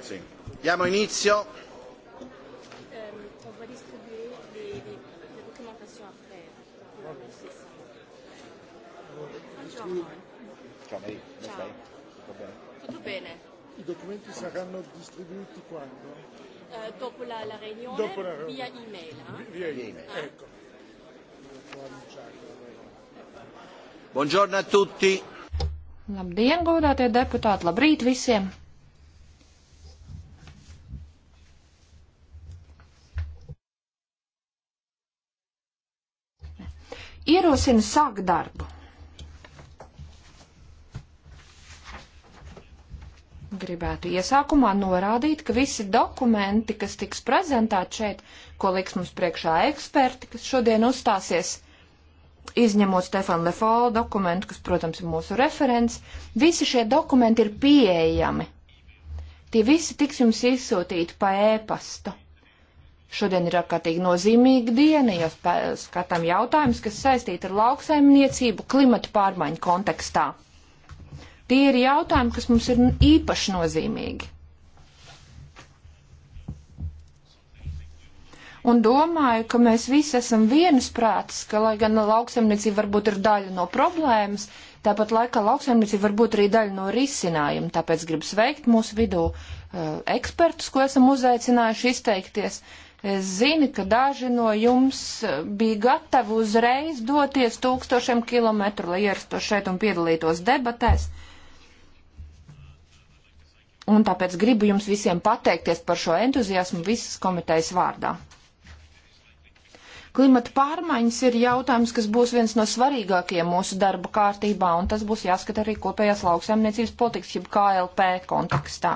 Sì. Diamo inizio. Ehm, Come stai? Tutto bene? Tutto bene. I documenti saranno distribuiti quando? Eh, dopo la, la riunione dopo la riunione. via email. Eh? Via email, eh. ecco. Buongiorno a tutti. Labdien, godātie deputāti! Labrīt visiem! Ierosina sākt darbu. Gribētu iesākumā norādīt, ka visi dokumenti, kas tiks prezentēti šeit, ko liks mums priekšā eksperti, kas šodien uzstāsies, izņemot Stefanu Lefolu dokumentu, kas, protams, ir mūsu referents, visi šie dokumenti ir pieejami. Tie visi tiks jums izsūtīti pa ēpastu. Šodien ir ārkārtīgi nozīmīga diena, jo skatām jautājumus, kas saistīti ar lauksaimniecību klimatu pārmaiņu kontekstā. Tie ir jautājumi, kas mums ir īpaši nozīmīgi. un domāju, ka mēs visi esam viensprāts, ka, lai gan lauksaimniecība varbūt ir daļa no problēmas, tāpat laikā lauksaimniecība varbūt arī daļa no risinājuma. Tāpēc gribu sveikt mūsu vidū uh, ekspertus, ko esam uzaicinājuši izteikties. Es zinu, ka daži no jums uh, bija gatavi uzreiz doties tūkstošiem kilometru, lai ierastos šeit un piedalītos debatēs. Un tāpēc gribu jums visiem pateikties par šo entuziasmu visas komitejas vārdā. Klimata pārmaiņas ir jautājums, kas būs viens no svarīgākajiem mūsu darba kārtībā, un tas būs jāskata arī kopējās lauksaimniecības politikas, jeb KLP kontekstā.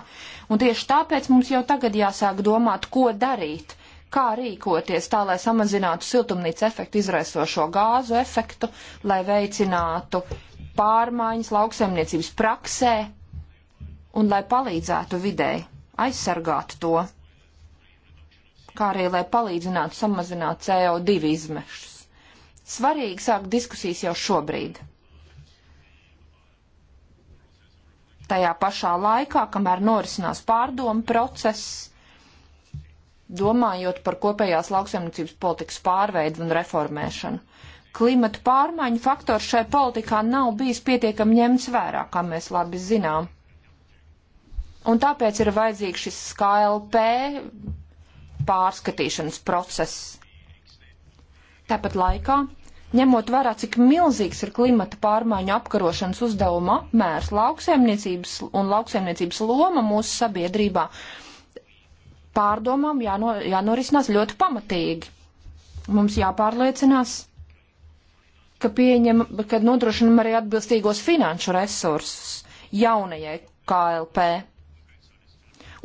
Un tieši tāpēc mums jau tagad jāsāk domāt, ko darīt kā rīkoties tā, lai samazinātu siltumnīca efektu izraisošo gāzu efektu, lai veicinātu pārmaiņas lauksaimniecības praksē un lai palīdzētu videi, aizsargātu to kā arī lai palīdzinātu samazināt CO2 izmešus. Svarīgi sākt diskusijas jau šobrīd. Tajā pašā laikā, kamēr norisinās pārdomu process, domājot par kopējās lauksaimniecības politikas pārveidu un reformēšanu. Klimata pārmaiņu faktors šai politikā nav bijis pietiekami ņemts vērā, kā mēs labi zinām. Un tāpēc ir vajadzīgs šis KLP pārskatīšanas process. Tāpat laikā, ņemot vērā, cik milzīgs ir klimata pārmaiņu apkarošanas uzdevuma apmērs, lauksaimniecības un lauksaimniecības loma mūsu sabiedrībā, pārdomām jāno, jānorisinās ļoti pamatīgi. Mums jāpārliecinās, ka, pieņem, ka nodrošinam arī atbilstīgos finanšu resursus jaunajai KLP.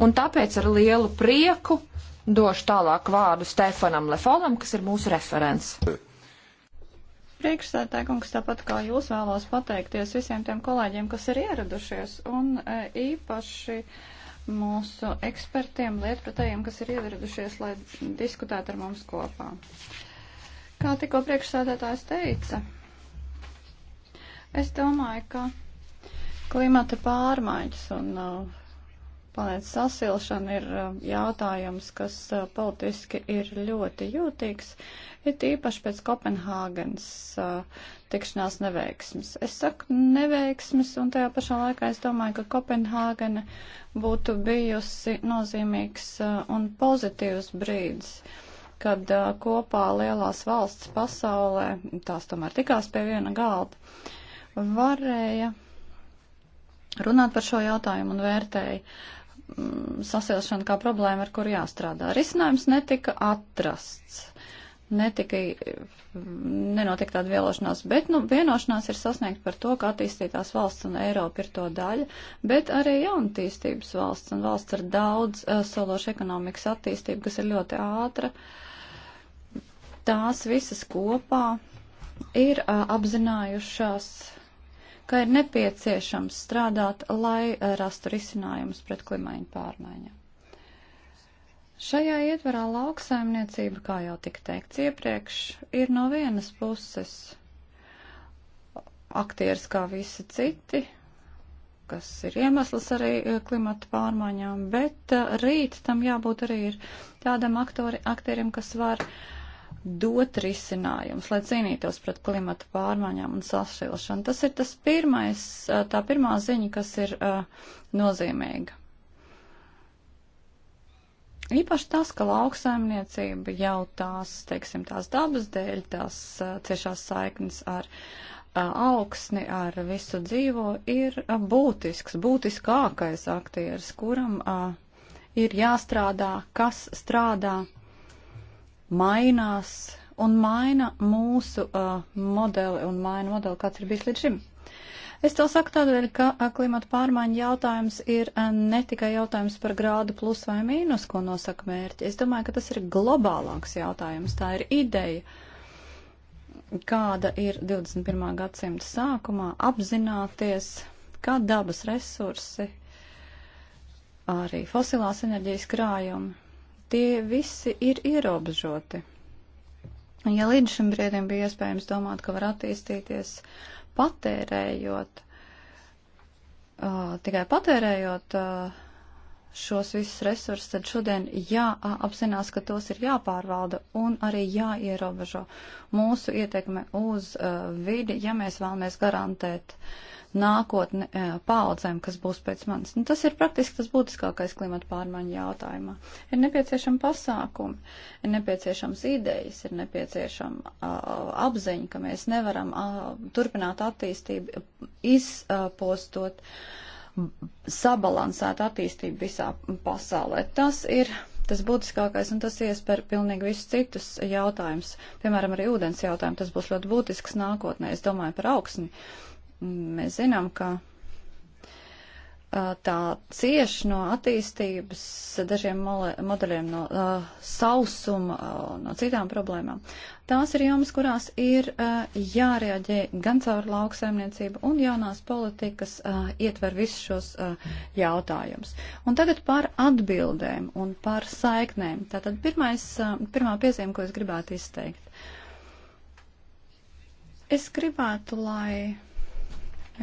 Un tāpēc ar lielu prieku Došu tālāk vārdu Stefanam Lefolam, kas ir mūsu referents. Priekšsētāji, kungs, tāpat kā jūs vēlos pateikties visiem tiem kolēģiem, kas ir ieradušies, un e, īpaši mūsu ekspertiem, lietpratējiem, kas ir ieradušies, lai diskutētu ar mums kopā. Kā tikko priekšsēdētājs teica, es domāju, ka klimata pārmaiņas un uh, Planētas sasilšana ir um, jautājums, kas uh, politiski ir ļoti jūtīgs, it īpaši pēc Kopenhāgenes uh, tikšanās neveiksmes. Es saku neveiksmes, un tajā pašā laikā es domāju, ka Kopenhāgene būtu bijusi nozīmīgs uh, un pozitīvs brīdis, kad kopā lielās valsts pasaulē, tās tomēr tikās pie viena galda, varēja runāt par šo jautājumu un vērtēja Mm, sasilšana kā problēma, ar kuru jāstrādā. Risinājums netika atrasts. Netika, nenotika tāda vielošanās, bet nu, vienošanās ir sasniegt par to, ka attīstītās valsts un Eiropa ir to daļa, bet arī jaunatīstības valsts un valsts ar daudz uh, sološu ekonomikas attīstību, kas ir ļoti ātra. Tās visas kopā ir uh, apzinājušās uh, ka ir nepieciešams strādāt, lai eh, rastu risinājumus pret klimaiņu pārmaiņām. Šajā ietvarā lauksaimniecība, kā jau tika teikts iepriekš, ir no vienas puses aktieris kā visi citi, kas ir iemesls arī eh, klimata pārmaiņām, bet eh, rīt tam jābūt arī ir tādam aktori, aktierim, kas var uh, dot risinājums, lai cīnītos pret klimata pārmaiņām un sasilšanu. Tas ir tas pirmais, tā pirmā ziņa, kas ir uh, nozīmīga. Īpaši tas, ka lauksaimniecība jau tās, teiksim, tās dabas dēļ, tās uh, ciešās saiknes ar uh, augsni, ar visu dzīvo, ir uh, būtisks, būtiskākais aktieris, kuram uh, ir jāstrādā, kas strādā mainās un maina mūsu uh, modeli un maina modeli, kāds ir bijis līdz šim. Es to saku tādēļ, ka uh, klimata pārmaiņu jautājums ir uh, ne tikai jautājums par grādu plus vai mīnus, ko nosaka mērķi. Es domāju, ka tas ir globālāks jautājums, tā ir ideja, kāda ir 21. gadsimta sākumā apzināties, kā dabas resursi, arī fosilās enerģijas krājumi tie visi ir ierobežoti. Ja līdz šim brīdim bija iespējams domāt, ka var attīstīties patērējot, uh, tikai patērējot uh, šos visus resursus, tad šodien jāapzinās, ka tos ir jāpārvalda un arī jāierobežo mūsu ietekme uz uh, vidi, ja mēs vēlamies garantēt uh, nākotni e, paaudzēm, kas būs pēc manis. Nu, tas ir praktiski tas būtiskākais klimata pārmaiņu jautājumā. Ir nepieciešama pasākumi, ir nepieciešams idejas, ir nepieciešama uh, apziņa, ka mēs nevaram uh, turpināt attīstību, izpostot uh, sabalansēt attīstību visā pasaulē. Tas ir tas būtiskākais, un tas iesper pilnīgi visus citus jautājumus. Piemēram, arī ūdens jautājumu. Tas būs ļoti būtisks nākotnē. Es domāju par augsni. Uh, Mēs zinām, ka tā cieš no attīstības dažiem modeļiem, no uh, sausuma, uh, no citām problēmām. Tās ir jomas, kurās ir uh, jārēģē gan caur lauksaimniecību, un jaunās politikas uh, ietver visus šos uh, jautājumus. Un tagad par atbildēm un par saiknēm. Tātad pirmais, uh, pirmā piezīme, ko es gribētu izteikt. Es gribētu, lai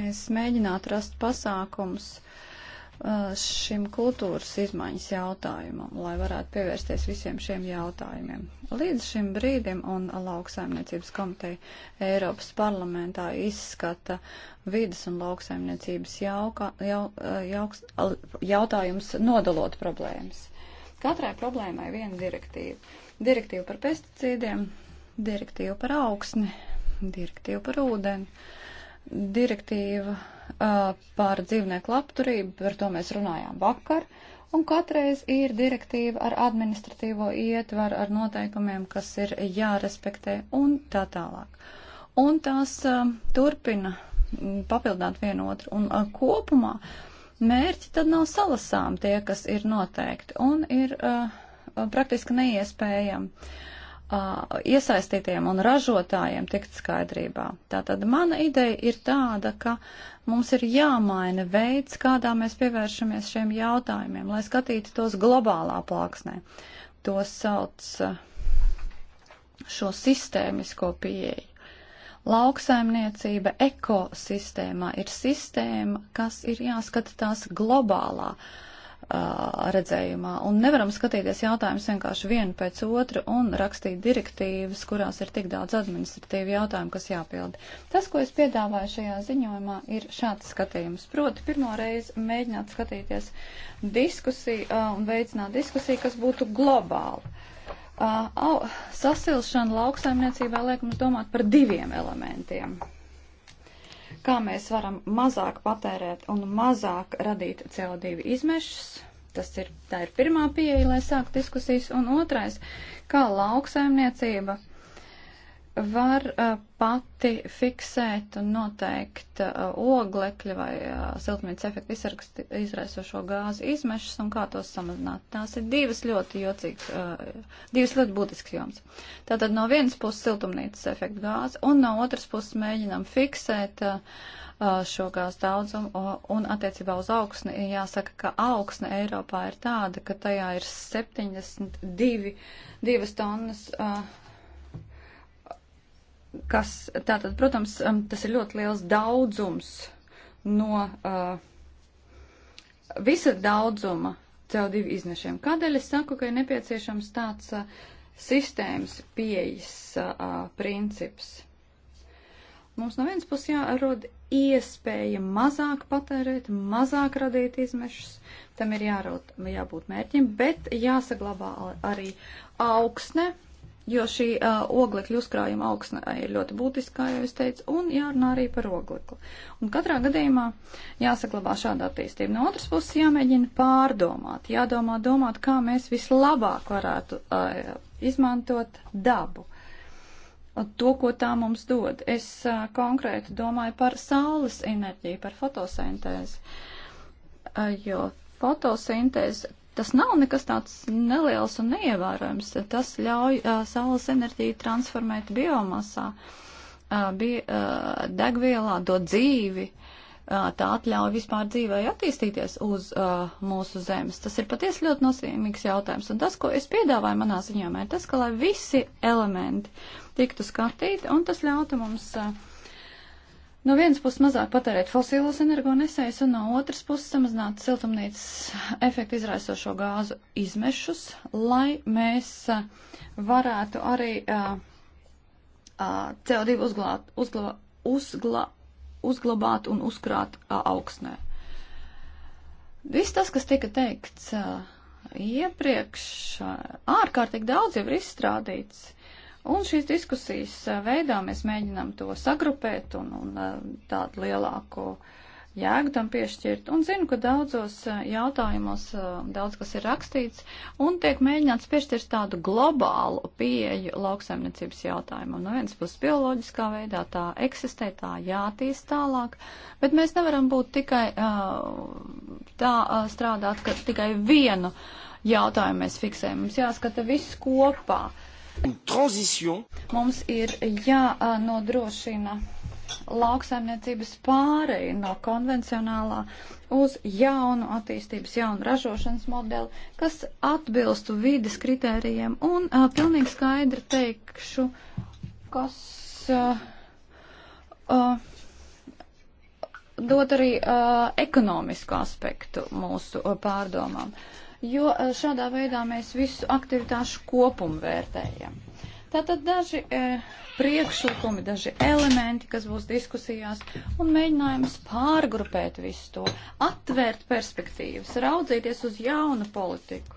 Es mēģinātu rast pasākums uh, šim kultūras izmaiņas jautājumam, lai varētu pievērsties visiem šiem jautājumiem. Līdz šim brīdim un lauksaimniecības komiteja Eiropas parlamentā izskata vidas un lauksaimniecības jauka, jau, uh, jauks, jautājums nodalot problēmas. Katrai problēmai viena direktīva. Direktīva par pesticīdiem, direktīva par augsni, direktīva par ūdeni direktīva uh, par dzīvnieku labturību, par to mēs runājām vakar, un katreiz ir direktīva ar administratīvo ietvaru, ar noteikumiem, kas ir jārespektē un tā tālāk. Un tās uh, turpina mm, papildināt vienotru un uh, kopumā mērķi tad nav salasām tie, kas ir noteikti un ir praktiski neiespējami iesaistītiem un ražotājiem tikt skaidrībā. Tātad mana ideja ir tāda, ka mums ir jāmaina veids, kādā mēs pievēršamies šiem jautājumiem, lai skatītu tos globālā plāksnē. To sauc šo sistēmisko pieeju. Lauksaimniecība ekosistēmā ir sistēma, kas ir jāskata tās globālā uh, redzējumā. Un nevaram skatīties jautājumus vienkārši vienu pēc otru un rakstīt direktīvas, kurās ir tik daudz administratīvu jautājumu, kas jāpilda. Tas, ko es piedāvāju šajā ziņojumā, ir šāds skatījums. Proti, pirmo reizi mēģināt skatīties diskusiju un veicināt diskusiju, kas būtu globāla. Sasilšana lauksaimniecībā liek mums domāt par diviem elementiem kā mēs varam mazāk patērēt un mazāk radīt CO2 izmešus. Tas ir, tā ir pirmā pieeja, lai sāktu diskusijas. Un otrais, kā lauksaimniecība var eh, pati fiksēt un noteikt eh, oglekļa vai eh, siltumnīca efekta izraisošo gāzi izmešas un kā tos samazināt. Tās ir divas ļoti jocīgas, divas ļoti būtiskas joms. Tātad no vienas puses siltumnīcas efekta gāze un no otras puses mēģinam fiksēt šo gāzi daudzumu un attiecībā uz augsni. Jāsaka, ka augsne Eiropā ir tāda, ka tajā ir 72 tonnas. Uh, kas, tātad, protams, um, tas ir ļoti liels daudzums no uh, visa daudzuma CO2 iznešiem. Kādēļ es saku, ka ir nepieciešams tāds uh, sistēmas pieejas uh, princips? Mums no vienas puses jārod iespēja mazāk patērēt, mazāk radīt izmešus, tam ir jārot, jābūt mērķim, bet jāsaglabā arī augsne jo šī uh, oglekļa uzkrājuma augsne ir ļoti būtiska, kā jau es teicu, un jārunā arī par oglekli. Un katrā gadījumā jāsaglabā šāda attīstība. No otras puses jāmēģina pārdomāt, jādomā domāt, kā mēs vislabāk varētu uh, izmantot dabu. To, ko tā mums dod. Es uh, konkrēti domāju par saules enerģiju, par fotosintēzi, uh, jo fotosintēze Tas nav nekas tāds neliels un neievērojams. Tas ļauj uh, saules enerģiju transformēt biomasā, uh, bi, uh, degvielā, dot dzīvi. Uh, tā atļauj vispār dzīvē attīstīties uz uh, mūsu zemes. Tas ir patiesi ļoti nozīmīgs jautājums. Un tas, ko es piedāvāju manā ziņojumā, ir tas, ka lai visi elementi tiktu skatīti, un tas ļautu mums uh, No vienas puses mazāk patērēt fosilos energonesējus un no otras puses samazināt siltumnīcas efektu izraisošo gāzu izmešus, lai mēs eh, varētu arī uh, eh, uh, eh, CO2 uzglāt, uzglā, uzglā, uzglabāt un uzkrāt uh, augstnē. Viss tas, kas tika teikts iepriekš, ārkārtīgi daudz jau ir izstrādīts. Un šīs diskusijas veidā mēs mēģinām to sagrupēt un, un tādu lielāku jēgu tam piešķirt. Un zinu, ka daudzos jautājumos daudz kas ir rakstīts un tiek mēģināts piešķirt tādu globālu pieeju lauksaimniecības jautājumam. No vienas puses bioloģiskā veidā tā eksistē, tā jātīst tālāk, bet mēs nevaram būt tikai tā strādāt, ka tikai vienu jautājumu mēs fiksējam. Mums jāskata viss kopā. Uh, Mums ir jānodrošina lauksaimniecības pārēja no konvencionālā uz jaunu attīstības, jaunu ražošanas modeli, kas atbilstu vides kritērijiem. Un uh, pilnīgi skaidri teikšu, kas uh, uh, dod arī uh, ekonomisku aspektu mūsu uh, pārdomām. Uh, jo e, šādā veidā mēs visu aktivitāšu kopumu vērtējam. Tātad daži e, priekšlikumi, daži elementi, kas būs diskusijās, un mēģinājums pārgrupēt visu to, atvērt perspektīvas, raudzīties uz jaunu politiku.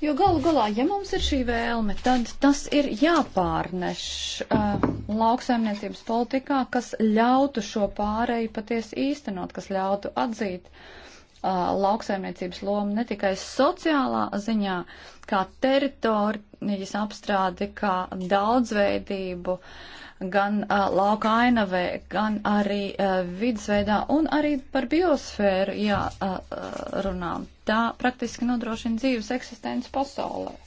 Jo galu galā, ja mums ir šī vēlme, tad tas ir jāpārneš uh, lauksaimniecības politikā, kas ļautu šo pārēju patiesi īstenot, kas ļautu atzīt uh, lauksaimniecības loma ne tikai sociālā ziņā, kā teritorijas apstrādi, kā daudzveidību, gan uh, lauka ainavē, gan arī uh, vidusveidā un arī par biosfēru jārunā. Uh, runā. Tā praktiski nodrošina dzīves eksistenci pasaulē.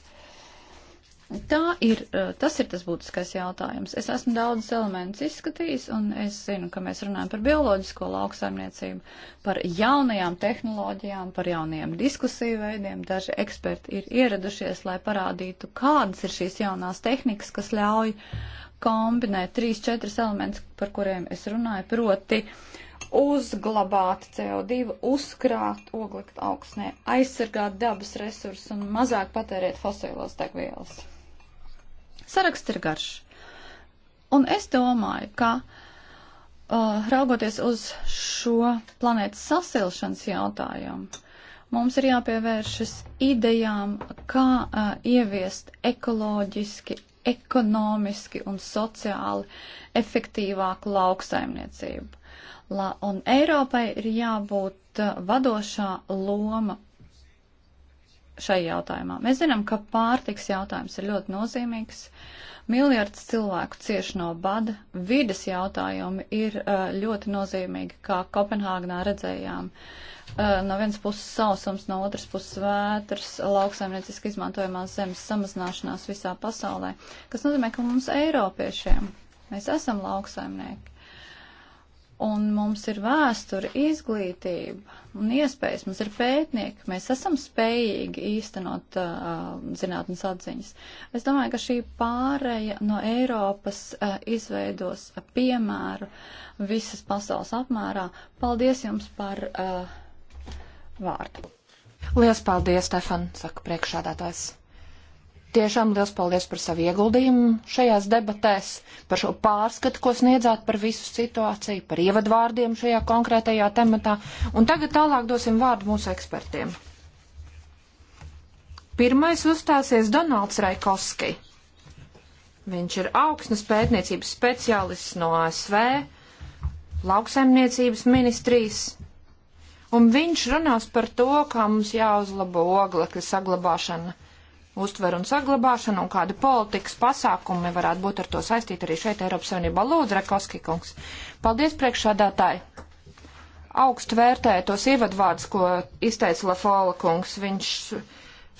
Tā ir, tas ir tas būtiskais jautājums. Es esmu daudzus elementus izskatījis, un es zinu, ka mēs runājam par bioloģisko lauksaimniecību, par jaunajām tehnoloģijām, par jaunajiem diskusiju veidiem. Daži eksperti ir ieradušies, lai parādītu, kādas ir šīs jaunās tehnikas, kas ļauj kombinēt trīs, četras elementus, par kuriem es runāju, proti uzglabāt CO2, uzkrāt oglikt augsnē, aizsargāt dabas resursus un mazāk patērēt fosilos degvielas. Saraksts ir garš. Un es domāju, ka uh, raugoties uz šo planētas sasilšanas jautājumu, mums ir jāpievēršas idejām, kā uh, ieviest ekoloģiski, ekonomiski un sociāli efektīvāku lauksaimniecību. La, un Eiropai ir jābūt uh, vadošā loma šai jautājumā. Mēs zinām, ka pārtiks jautājums ir ļoti nozīmīgs. Miljards cilvēku cieši no bada. Vides jautājumi ir uh, ļoti nozīmīgi, kā Kopenhāgnā redzējām. Uh, no vienas puses sausums, no otras puses vētras, lauksaimnieciski izmantojamās zemes samazināšanās visā pasaulē, kas nozīmē, ka mums Eiropiešiem, mēs esam lauksaimnieki Un mums ir vēsture, izglītība un iespējas, mums ir pētnieki, mēs esam spējīgi īstenot uh, zinātnes atziņas. Es domāju, ka šī pāreja no Eiropas uh, izveidos uh, piemēru visas pasaules apmērā. Paldies jums par uh, vārdu. Lielas paldies, Stefan, saka priekšādātājs. Tiešām liels paldies par savu ieguldījumu šajās debatēs, par šo pārskatu, ko sniedzāt par visu situāciju, par ievadvārdiem šajā konkrētajā tematā. Un tagad tālāk dosim vārdu mūsu ekspertiem. Pirmais uzstāsies Donalds Raikovski. Viņš ir augsnes pētniecības speciālists no ASV, lauksaimniecības ministrijas, un viņš runās par to, kā mums jāuzlabo oglekļa saglabāšana uztveru un saglabāšanu un kādi politikas pasākumi varētu būt ar to saistīti arī šeit Eiropas Savienībā. Lūdzu, Rekoski kungs. Paldies priekšādātāji. Augstu vērtēju tos ievadvārdus, ko izteica Lafola kungs. Viņš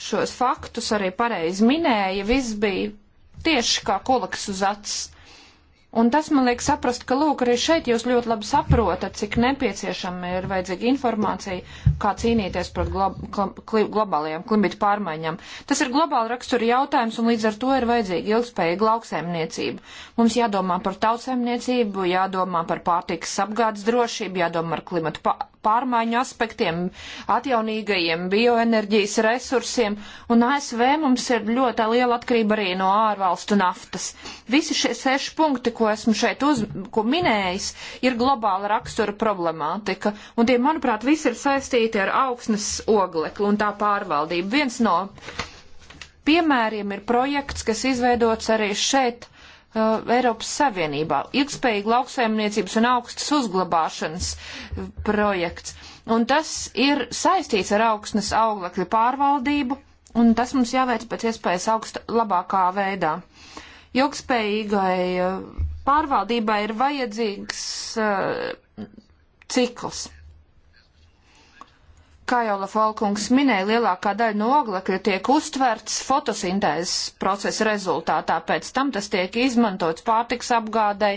šos faktus arī pareizi minēja. Viss bija tieši kā kolaks uz acis. Un tas man liek saprast, ka lūk, arī šeit jūs ļoti labi saprotat, cik nepieciešama ir vajadzīga informācija, kā cīnīties pret glob kli globālajām klimatu pārmaiņām. Tas ir globāla rakstura jautājums, un līdz ar to ir vajadzīga ilgspējīga lauksēmniecība. Mums jādomā par tautsēmniecību, jādomā par pārtikas apgādes drošību, jādomā par klimatu pārmaiņu aspektiem, atjaunīgajiem bioenerģijas resursiem, un ASV mums ir ļoti liela atkarība arī no ārvalstu naftas. Visi šie seši punkti, ko esmu šeit uz, ko minējis, ir globāla rakstura problemātika, un tie, manuprāt, visi ir saistīti ar augsnes oglekli un tā pārvaldību. Viens no piemēriem ir projekts, kas izveidots arī šeit uh, Eiropas Savienībā. Ilgspējīga lauksaimniecības un augstas uzglabāšanas projekts. Un tas ir saistīts ar augstnes auglekļa pārvaldību, un tas mums jāveic pēc iespējas augst labākā veidā. Ilgspējīgai uh, pārvaldībai ir vajadzīgs uh, cikls. Kā jau Lafolkungs minēja, lielākā daļa no oglekļa tiek uztverts fotosintēzes procesa rezultātā, pēc tam tas tiek izmantots pārtiks apgādai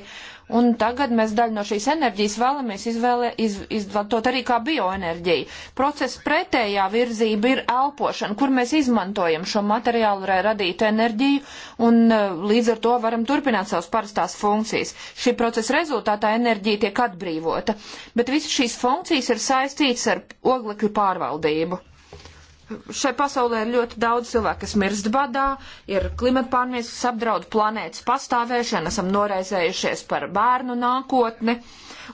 Un tagad mēs daļu no šīs enerģijas vēlamies izvēle, iz, izmantot arī kā bioenerģiju. Process pretējā virzība ir elpošana, kur mēs izmantojam šo materiālu, lai radītu enerģiju, un uh, līdz ar to varam turpināt savas parastās funkcijas. Šī procesa rezultātā enerģija tiek atbrīvota, bet visas šīs funkcijas ir saistītas ar oglekļu pārvaldību. Šai pasaulē ir ļoti daudz cilvēku, kas mirst badā, ir klimata pārmaiņas, kas apdraud planētas pastāvēšanu, esam noraizējušies par bērnu nākotni.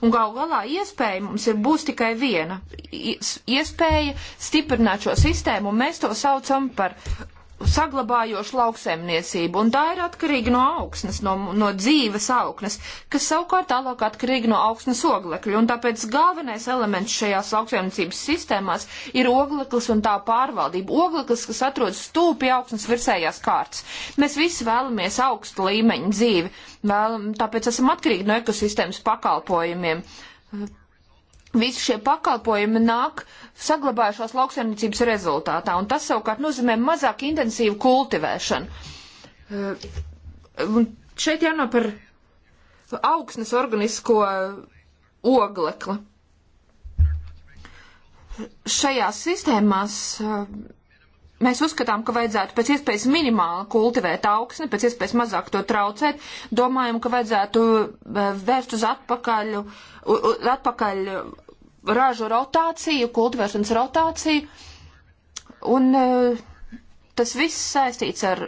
Un gal galā iespēja mums ir būs tikai viena. Iespēja stiprināt šo sistēmu, un mēs to saucam par saglabājošu lauksaimniecību, un tā ir atkarīga no augsnes, no, no dzīves augsnes, kas savukārt tālāk atkarīga no augsnes oglekļa, un tāpēc galvenais elements šajās lauksaimniecības sistēmās ir ogleklis un tā pārvaldība. Ogleklis, kas atrodas stūpi augsnes virsējās kārtas. Mēs visi vēlamies augstu līmeņu dzīvi, vēlam, tāpēc esam atkarīgi no ekosistēmas pakalpojumiem visi šie pakalpojumi nāk saglabājušās lauksaimniecības rezultātā, un tas savukārt nozīmē mazāk intensīvu kultivēšanu. Un šeit jāno par augsnes organisko oglekli. Šajās sistēmās eh, mēs uzskatām, ka vajadzētu pēc iespējas minimāli kultivēt augsni, pēc iespējas mazāk to traucēt. Domājam, ka vajadzētu eh, vērst uz atpakaļ, atpakaļ ražu rotāciju, kultvēšanas rotāciju, un e, tas viss saistīts ar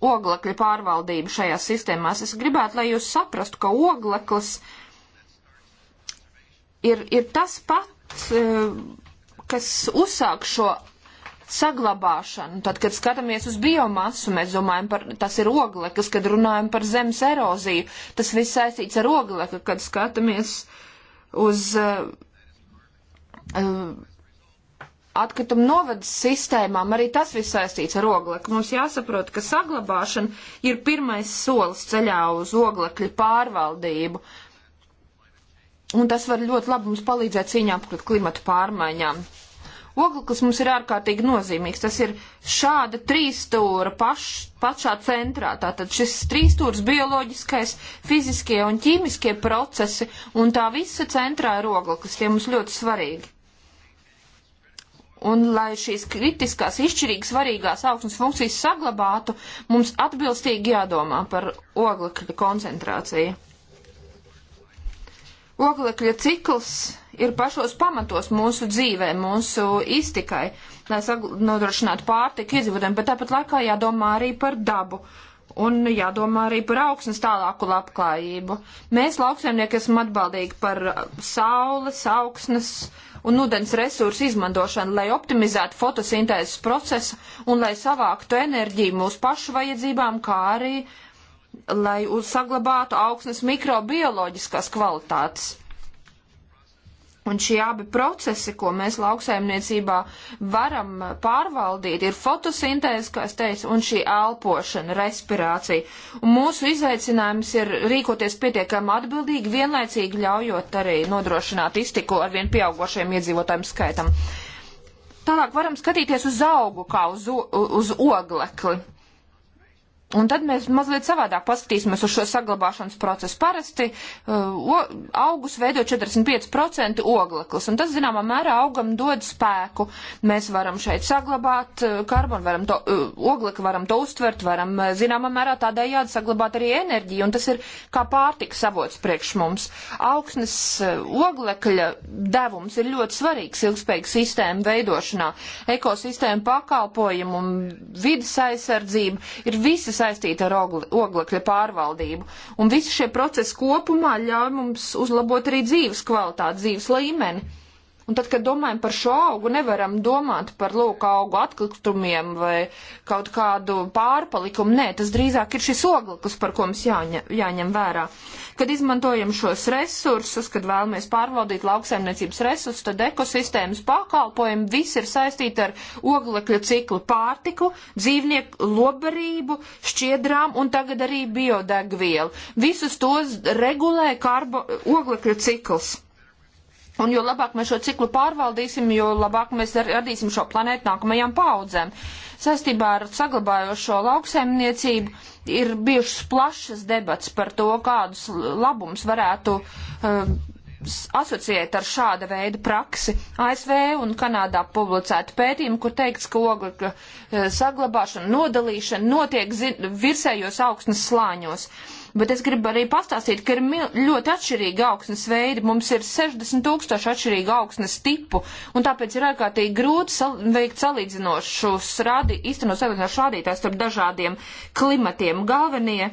oglekļa pārvaldību šajās sistēmās. Es gribētu, lai jūs saprastu, ka ogleklis ir, ir tas pats, e, kas uzsāk šo saglabāšanu. Tad, kad skatāmies uz biomasu, mēs domājam par, tas ir ogleklis, kad runājam par zemes eroziju. Tas viss saistīts ar oglekli, kad skatāmies uz uh, Eh, atkritumu novadas sistēmām arī tas viss saistīts ar oglekli. Mums jāsaprot, ka saglabāšana ir pirmais solis ceļā uz oglekļa pārvaldību. Un tas var ļoti labi mums palīdzēt cīņā pret klimatu pārmaiņām. Ogleklis mums ir ārkārtīgi nozīmīgs. Tas ir šāda trīstūra paš, pašā centrā. Tātad šis trīstūrs bioloģiskais, fiziskie un ķīmiskie procesi, un tā visa centrā ir ogleklis. Tie mums ļoti svarīgi. Un, lai šīs kritiskās, izšķirīgi svarīgās augsnes funkcijas saglabātu, mums atbilstīgi jādomā par oglekļa koncentrāciju. Oglekļa cikls ir pašos pamatos mūsu dzīvē, mūsu iztikai, lai nodrošinātu pārtiku iedzīvotājiem, bet tāpat laikā jādomā arī par dabu un jādomā arī par augsnes tālāku labklājību. Mēs, lauksaimnieki, esam atbaldīgi par saules, augsnes, uh, un ūdens resursu izmantošanu, lai optimizētu fotosintēzes procesu un lai savāktu enerģiju mūsu pašu vajadzībām, kā arī lai saglabātu augsnes mikrobioloģiskās kvalitātes. Un šie abi procesi, ko mēs lauksaimniecībā varam pārvaldīt, ir fotosintēze, kā es teicu, un šī elpošana, respirācija. Un mūsu izaicinājums ir rīkoties pietiekami atbildīgi, vienlaicīgi ļaujot arī nodrošināt iztiku ar vien pieaugošiem iedzīvotājiem skaitam. Tālāk varam skatīties uz augu kā uz, uz oglekli. Un tad mēs mazliet savādāk paskatīsimies uz šo saglabāšanas procesu. Parasti uh, augus veido 45% ogleklis, un tas, zināmā mērā, augam dod spēku. Mēs varam šeit saglabāt uh, karbonu, varam to, uh, oglekli varam to uztvert, varam, uh, zināmā mērā, tādējādi saglabāt arī enerģiju, un tas ir kā pārtiks avots priekš mums. Augsnes uh, oglekļa devums ir ļoti svarīgs ilgspējīgas sistēmu veidošanā. Ekosistēma pakalpojumu un vidas aizsardzība ir visas saistīta ar oglekļa pārvaldību. Un visi šie procesi kopumā ļauj mums uzlabot arī dzīves kvalitāti, dzīves līmeni. Un tad, kad domājam par šo augu, nevaram domāt par lūk augu atkritumiem vai kaut kādu pārpalikumu. Nē, tas drīzāk ir šis ogleklis, par ko mums jāņem, jāņem vērā. Kad izmantojam šos resursus, kad vēlamies pārvaldīt lauksaimniecības resursus, tad ekosistēmas pakalpojumi viss ir saistīti ar oglekļa ciklu pārtiku, dzīvnieku lobarību, šķiedrām un tagad arī biodegvielu. Visus tos regulē karbo, oglekļa cikls. Un jo labāk mēs šo ciklu pārvaldīsim, jo labāk mēs radīsim šo planētu nākamajām paudzēm. Sastībā ar saglabājošo lauksaimniecību ir bijušas plašas debats par to, kādus labums varētu uh, asociēt ar šāda veida praksi. ASV un Kanādā publicēta pētījuma, kur teikts, ka oglekļa eh, saglabāšana, nodalīšana notiek virsējos augstnes slāņos. Uh, Bet es gribu arī pastāstīt, ka ir ļoti atšķirīgi augsnes veidi. Mums ir 60 tūkstoši atšķirīgi augsnes tipu, un tāpēc ir ārkārtīgi grūti sal veikt salīdzinošus rādi, īstenot salīdzinošu rādītājs starp dažādiem klimatiem. Galvenie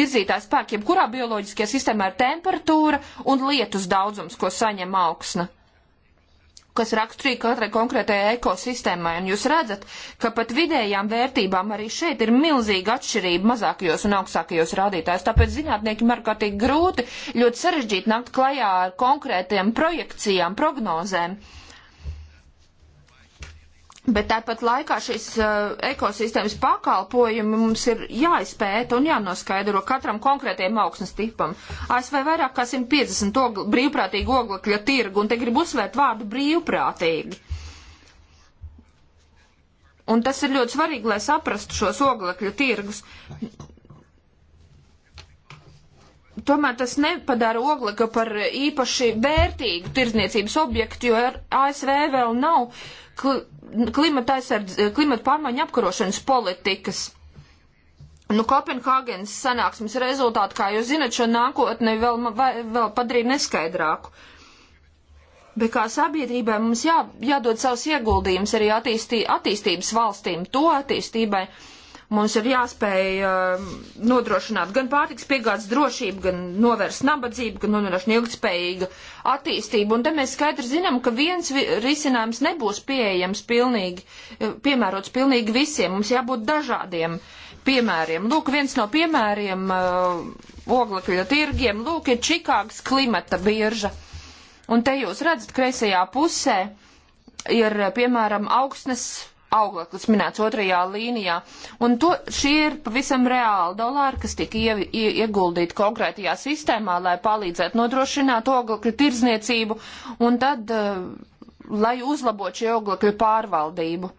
virzītājs spēkiem, kurā bioloģiskajā sistēmā ir temperatūra un lietus daudzums, ko saņem augsne kas raksturīgi katrai konkrētajai ekosistēmai. Un jūs redzat, ka pat vidējām vērtībām arī šeit ir milzīga atšķirība mazākajos un augstākajos rādītājos. Tāpēc zinātniekiem ir kārtīgi grūti, ļoti sarežģīti nākt klajā ar konkrētajām projekcijām, prognozēm. Uh, Bet tāpat laikā šīs uh, ekosistēmas pakalpojumi mums ir jāizpēta un jānoskaidro katram konkrētiem augsnes tipam. ASV vairāk kā 150 ogl brīvprātīgi oglekļa tirgu, un te gribu uzsvērt vārdu brīvprātīgi. Un tas ir ļoti svarīgi, lai saprastu šos oglekļa tirgus. Tomēr tas nepadara oglekli par īpaši vērtīgu tirdzniecības objektu, jo ASV vēl nav klimata, aizsardz, klimata pārmaiņa apkarošanas politikas. Nu, Kopenhāgenes sanāksmes rezultāti, kā jūs zinat, šo nākotni vēl, vēl padarīja neskaidrāku. Bet kā sabiedrībai mums jā, jādod savs ieguldījums arī attīstī, attīstības valstīm, to attīstībai. Uh, Mums ir jāspēj uh, nodrošināt gan pārtiks piegādes drošību, gan novērst nabadzību, gan nodrošināt ilgtspējīgu attīstību. Un te mēs skaidri zinām, ka viens vi risinājums nebūs pieejams pilnīgi, eh, piemērots pilnīgi visiem. Mums jābūt dažādiem piemēriem. Lūk, viens no piemēriem uh, oglekļa tirgiem, lūk, ir Čikāgas klimata birža. Un te jūs redzat kreisajā pusē ir, piemēram, augstnes augleklis minēts otrajā līnijā. Un to, šie ir pavisam reāli dolāri, kas tika ie, ie, ieguldīti konkrētajā sistēmā, lai palīdzētu nodrošināt oglekļu tirdzniecību un tad, eh, lai uzlabotu šī oglekļu pārvaldību.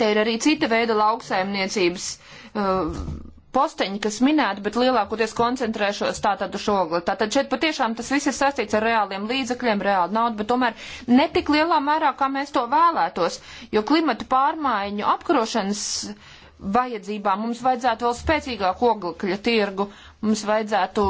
Te ir arī cita veida lauksaimniecības. Uh, posteņi, kas minēti, bet lielākoties koncentrēšos tātad uz ogli. Tātad šeit patiešām tas viss ir sastīts ar reāliem līdzekļiem, reāli naudu, bet tomēr netik lielā mērā, kā mēs to vēlētos, jo klimatu pārmaiņu apkarošanas vajadzībām mums vajadzētu vēl spēcīgāku oglekļa tirgu, mums vajadzētu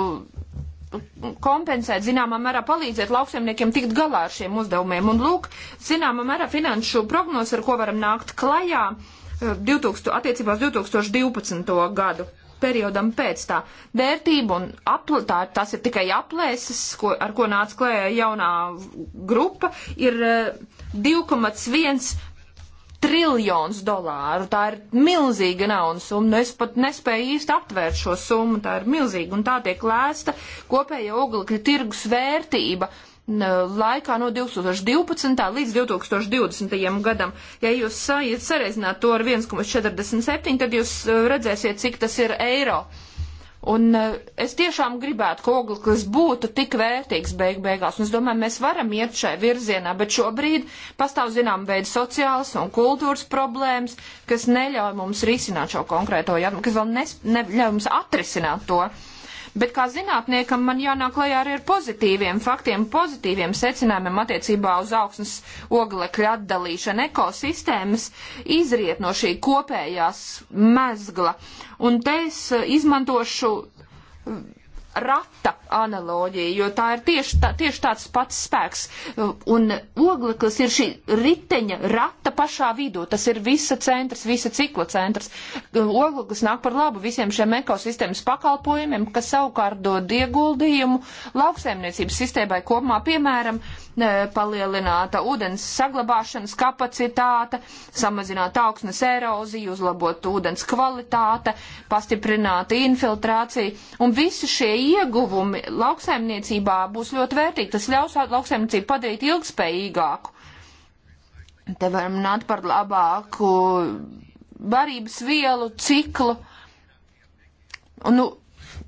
kompensēt, zināmā mērā palīdzēt lauksaimniekiem tikt galā ar šiem uzdevumiem. Un lūk, zināmā mērā finanšu prognoze, ar ko varam nākt klajā. Uh, 2000, attiecībā uz 2012. gadu periodam pēc tā. Vērtība un apl, tā, tas ir tikai aplēses, ko, ar ko nāca klējā jaunā grupa, ir 2,1 eh, triljons dolāru. Tā ir milzīga naudas summa. Nu, es pat nespēju īsti aptvērt šo summu. Tā ir milzīga un tā tiek lēsta kopēja oglekļa tirgus vērtība laikā no 2012. līdz 2020. gadam. Ja jūs sareizināt to ar 1,47, tad jūs uh, redzēsiet, cik tas ir eiro. Un uh, es tiešām gribētu, ka ogleklis būtu tik vērtīgs beig beigās, un es domāju, mēs varam iet šai virzienā, bet šobrīd pastāv zinām veidu sociālas un kultūras problēmas, kas neļauj mums risināt šo konkrēto jautājumu, kas vēl nes, neļauj mums atrisināt to. Uh, Bet kā zinātniekam man jānāk lajā arī ar pozitīviem faktiem, pozitīviem secinājumiem attiecībā uz augsnes oglekļa atdalīšanu. Ekosistēmas izriet no šī kopējās mezgla. Un te es eh, izmantošu eh, rata analoģija, jo tā ir tieši, tā, tieši tāds pats spēks. Un ogleklis ir šī riteņa rata pašā vidū, tas ir visa centrs, visa cikla centrs. Ogleklis nāk par labu visiem šiem ekosistēmas pakalpojumiem, kas savukārt dod ieguldījumu lauksaimniecības sistēmai kopumā, piemēram, palielināta ūdens saglabāšanas kapacitāte, samazināta augsnes erozija, uzlabot ūdens kvalitāte, pastiprināta infiltrācija. Un visi šie ieguvumi lauksaimniecībā būs ļoti vērtīgi. Tas ļaus lauksaimniecību padarīt ilgspējīgāku. Te varam runāt par labāku barības vielu ciklu. Un, nu,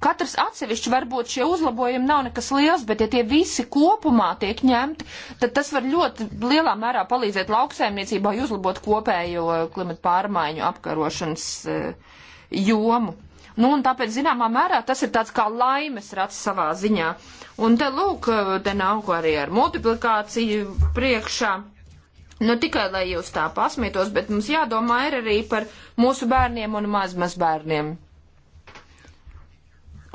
katrs atsevišķi varbūt šie uzlabojumi nav nekas liels, bet ja tie visi kopumā tiek ņemti, tad tas var ļoti lielā mērā palīdzēt lauksaimniecībai uzlabot kopējo klimatu pārmaiņu apkarošanas eh, jomu. Nu, un tāpēc, zināmā mērā, tas ir tāds kā laimes rats savā ziņā. Un te, lūk, te nav arī ar multiplikāciju priekšā. Nu, tikai lai jūs tā pasmietos, bet mums jādomā ir arī par mūsu bērniem un mazmazbērniem.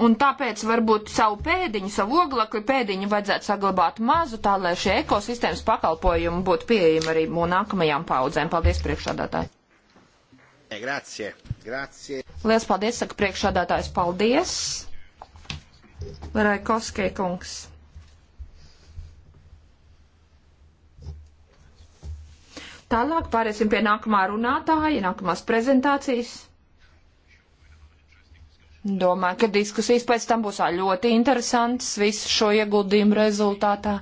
Un tāpēc varbūt savu pēdiņu, savu oglekļu pēdiņu vajadzētu saglabāt mazu, tā lai šie ekosistēmas pakalpojumi būtu pieejami arī mūsu nākamajām paudzēm. Paldies, priekšādātāji! Eh, grazie! Grazie. Lielas paldies, saka priekšādātājs, paldies. Raikovskie kungs. Tālāk pāriesim pie nākamā runātāja, nākamās prezentācijas. Domāju, ka diskusijas pēc tam būs ļoti interesantas visu šo ieguldījumu rezultātā.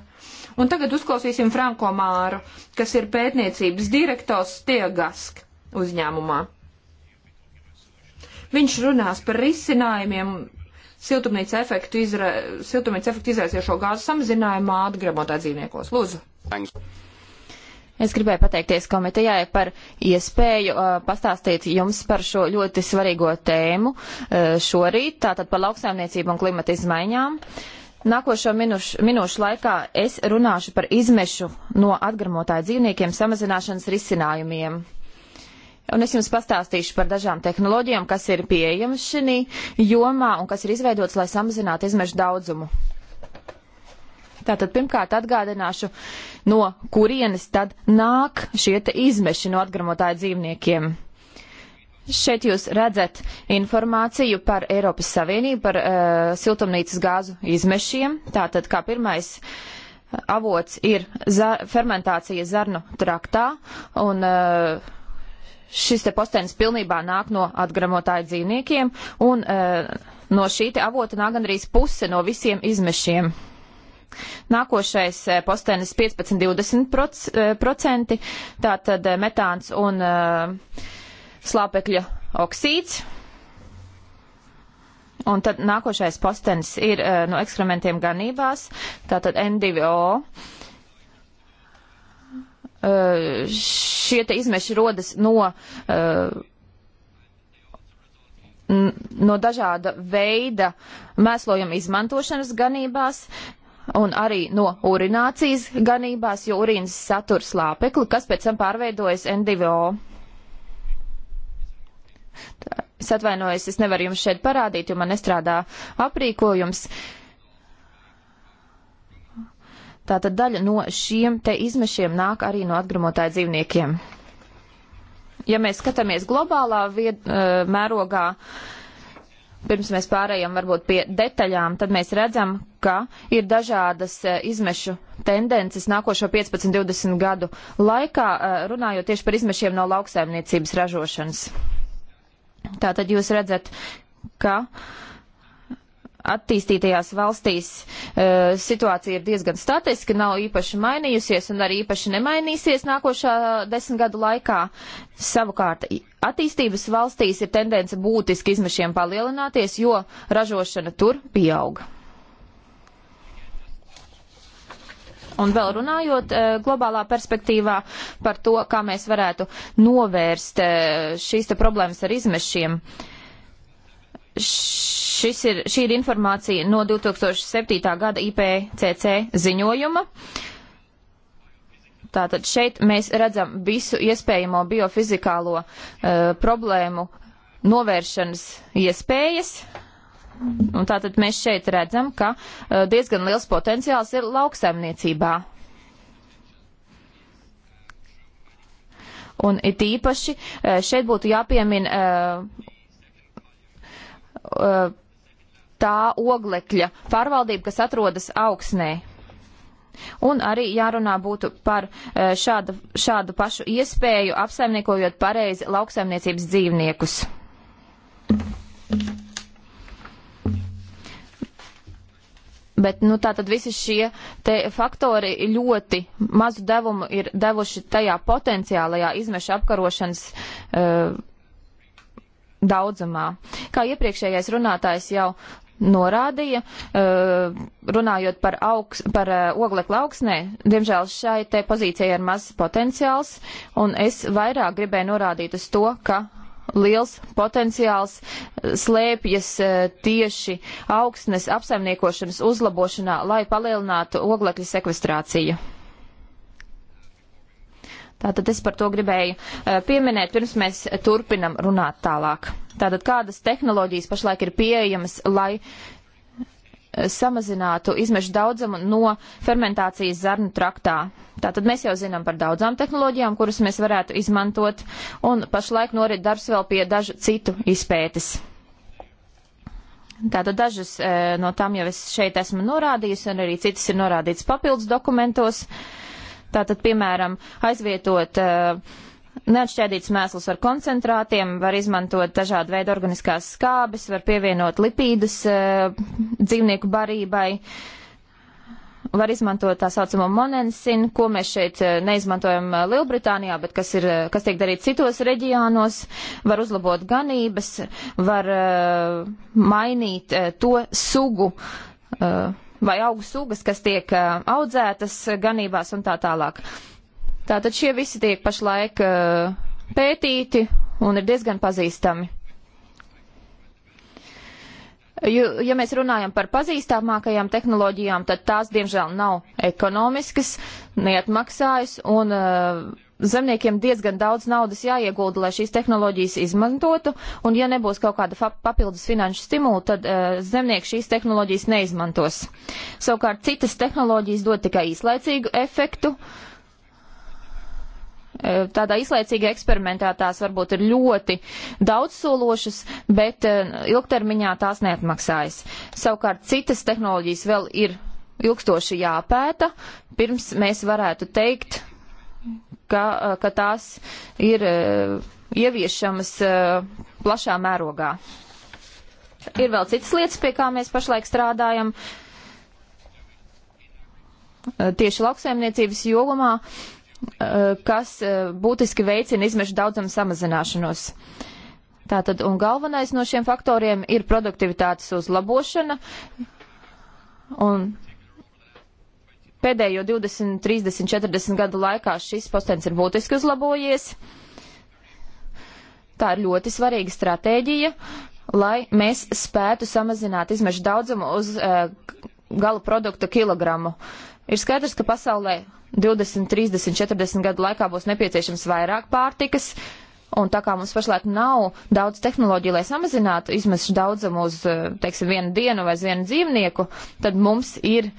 Un tagad uzklausīsim Franko Māru, kas ir pētniecības direktors Tiegask uzņēmumā. Viņš runās par risinājumiem siltumnīca efektu, izra... siltumnīca efektu izraisījušo gāzu samazinājumā atgremotā dzīvniekos. Lūdzu. Es gribēju pateikties komitejai par iespēju uh, pastāstīt jums par šo ļoti svarīgo tēmu uh, šorīt, tātad par lauksaimniecību un klimata izmaiņām. Nākošo minušu, minūšu laikā es runāšu par izmešu no atgramotāju dzīvniekiem samazināšanas risinājumiem. Un es jums pastāstīšu par dažām tehnoloģijām, kas ir pieejamas šī jomā un kas ir izveidotas, lai samazinātu izmešu daudzumu. Tātad pirmkārt atgādināšu, no kurienes tad nāk šie izmeši no atgramotāju dzīvniekiem. Šeit jūs redzat informāciju par Eiropas Savienību, par uh, siltumnīcas gāzu izmešiem. Tātad kā pirmais eh, avots ir za fermentācija zarnu traktā un uh, šis te postenis pilnībā nāk no atgramotāju dzīvniekiem, un e, no šī te avota nāk gandrīz puse no visiem izmešiem. Nākošais e, postenis 15-20%, e, tātad e, metāns un e, slāpekļa oksīds. Un tad nākošais postenis ir e, no ekskrementiem ganībās, tātad N2O Eh, šie te izmeši rodas no, eh, no dažāda veida mēslojuma izmantošanas ganībās un arī no urinācijas ganībās, jo urīnas satur slāpekli, kas pēc tam pārveidojas NDVO. Tā, es atvainojos, es nevaru jums šeit parādīt, jo man nestrādā aprīkojums. Uh, Tātad daļa no šiem te izmešiem nāk arī no atgremotāju dzīvniekiem. Ja mēs skatāmies globālā vied, uh, mērogā, pirms mēs pārējām varbūt pie detaļām, tad mēs redzam, ka ir dažādas uh, izmešu tendences nākošo 15-20 gadu laikā, uh, runājot tieši par izmešiem no lauksaimniecības ražošanas. Tātad jūs redzat, ka uh, attīstītajās valstīs uh, situācija ir diezgan statiska, nav īpaši mainījusies un arī īpaši nemainīsies nākošā desmitgadu laikā. Savukārt, attīstības valstīs ir tendence būtiski izmešiem palielināties, jo ražošana tur pieauga. Un vēl runājot e, globālā perspektīvā par to, kā mēs varētu novērst e, šīs problēmas ar izmešiem. Uh, Šis ir, šī ir informācija no 2007. gada IPCC ziņojuma. Tātad šeit mēs redzam visu iespējamo biofizikālo uh, problēmu novēršanas iespējas. Un tātad mēs šeit redzam, ka uh, diezgan liels potenciāls ir lauksaimniecībā. Un it īpaši e, šeit būtu jāpiemina uh, Uh, tā oglekļa pārvaldība, kas atrodas augsnē. Un arī jārunā būtu par uh, šādu, šādu pašu iespēju apsaimniekojot pareizi lauksaimniecības dzīvniekus. Bet, nu, tā tad visi šie te faktori ļoti mazu devumu ir devuši tajā potenciālajā izmeša apkarošanas uh, daudzumā. Kā iepriekšējais runātājs jau norādīja, eh, runājot par, augs, par eh, oglekla augsnē, diemžēl šai te pozīcijai ir maz potenciāls, un es vairāk gribēju norādīt uz to, ka liels potenciāls eh, slēpjas tieši augsnes apsaimniekošanas uzlabošanā, lai palielinātu oglekļa sekvestrāciju. Tātad es par to gribēju eh, pieminēt, pirms mēs turpinam runāt tālāk. Tātad kādas tehnoloģijas pašlaik ir pieejamas, lai eh, samazinātu izmešu daudzumu no fermentācijas zarnu traktā. Tātad mēs jau zinām par daudzām tehnoloģijām, kuras mēs varētu izmantot, un pašlaik norit darbs vēl pie dažu citu izpētes. Tātad dažas eh, no tām jau es šeit esmu norādījusi, un arī citas ir norādītas papildus dokumentos. Uh, Tātad, piemēram, aizvietot uh, Neatšķēdīts mēsls ar koncentrātiem, var izmantot dažādu veidu organiskās skābes, var pievienot lipīdus uh, dzīvnieku barībai, var izmantot tā saucamo monensinu, ko mēs šeit uh, neizmantojam uh, Lielbritānijā, bet kas, ir, kas tiek darīts citos reģionos, var uzlabot ganības, var mainīt to sugu. Uh, vai augu sugas, kas tiek audzētas ganībās un tā tālāk. Tātad šie visi tiek pašlaik pētīti un ir diezgan pazīstami. Ja mēs runājam par pazīstamākajām tehnoloģijām, tad tās, diemžēl, nav ekonomiskas, neatmaksājas un uh, zemniekiem diezgan daudz naudas jāiegulda, lai šīs tehnoloģijas izmantotu, un ja nebūs kaut kāda papildus finanšu stimula, tad uh, zemnieki šīs tehnoloģijas neizmantos. Savukārt citas tehnoloģijas dod tikai īslaicīgu efektu. Uh, tādā īslaicīgā eksperimentā tās varbūt ir ļoti daudzsološas, bet uh, ilgtermiņā tās neatmaksājas. Savukārt citas tehnoloģijas vēl ir ilgstoši jāpēta, pirms mēs varētu teikt, ka, eh, ka tās ir eh, ieviešamas eh, plašā mērogā. Ir vēl citas lietas, pie kā mēs pašlaik strādājam tieši lauksaimniecības jomā, kas būtiski veicina izmešu daudzumu samazināšanos. Tātad, un galvenais no šiem faktoriem ir produktivitātes uzlabošana, un pēdējo 20, 30, 40 gadu laikā šis postens ir būtiski uzlabojies. Tā ir ļoti svarīga stratēģija, lai mēs spētu samazināt izmešu daudzumu uz uh, gala produkta kilogramu. Ir skaidrs, ka pasaulē 20, 30, 40 gadu laikā būs nepieciešams vairāk pārtikas, un tā kā mums pašlaik nav daudz tehnoloģiju, lai samazinātu izmešu daudzumu uz, eh, teiksim, vienu dienu vai uz vienu dzīvnieku, tad mums ir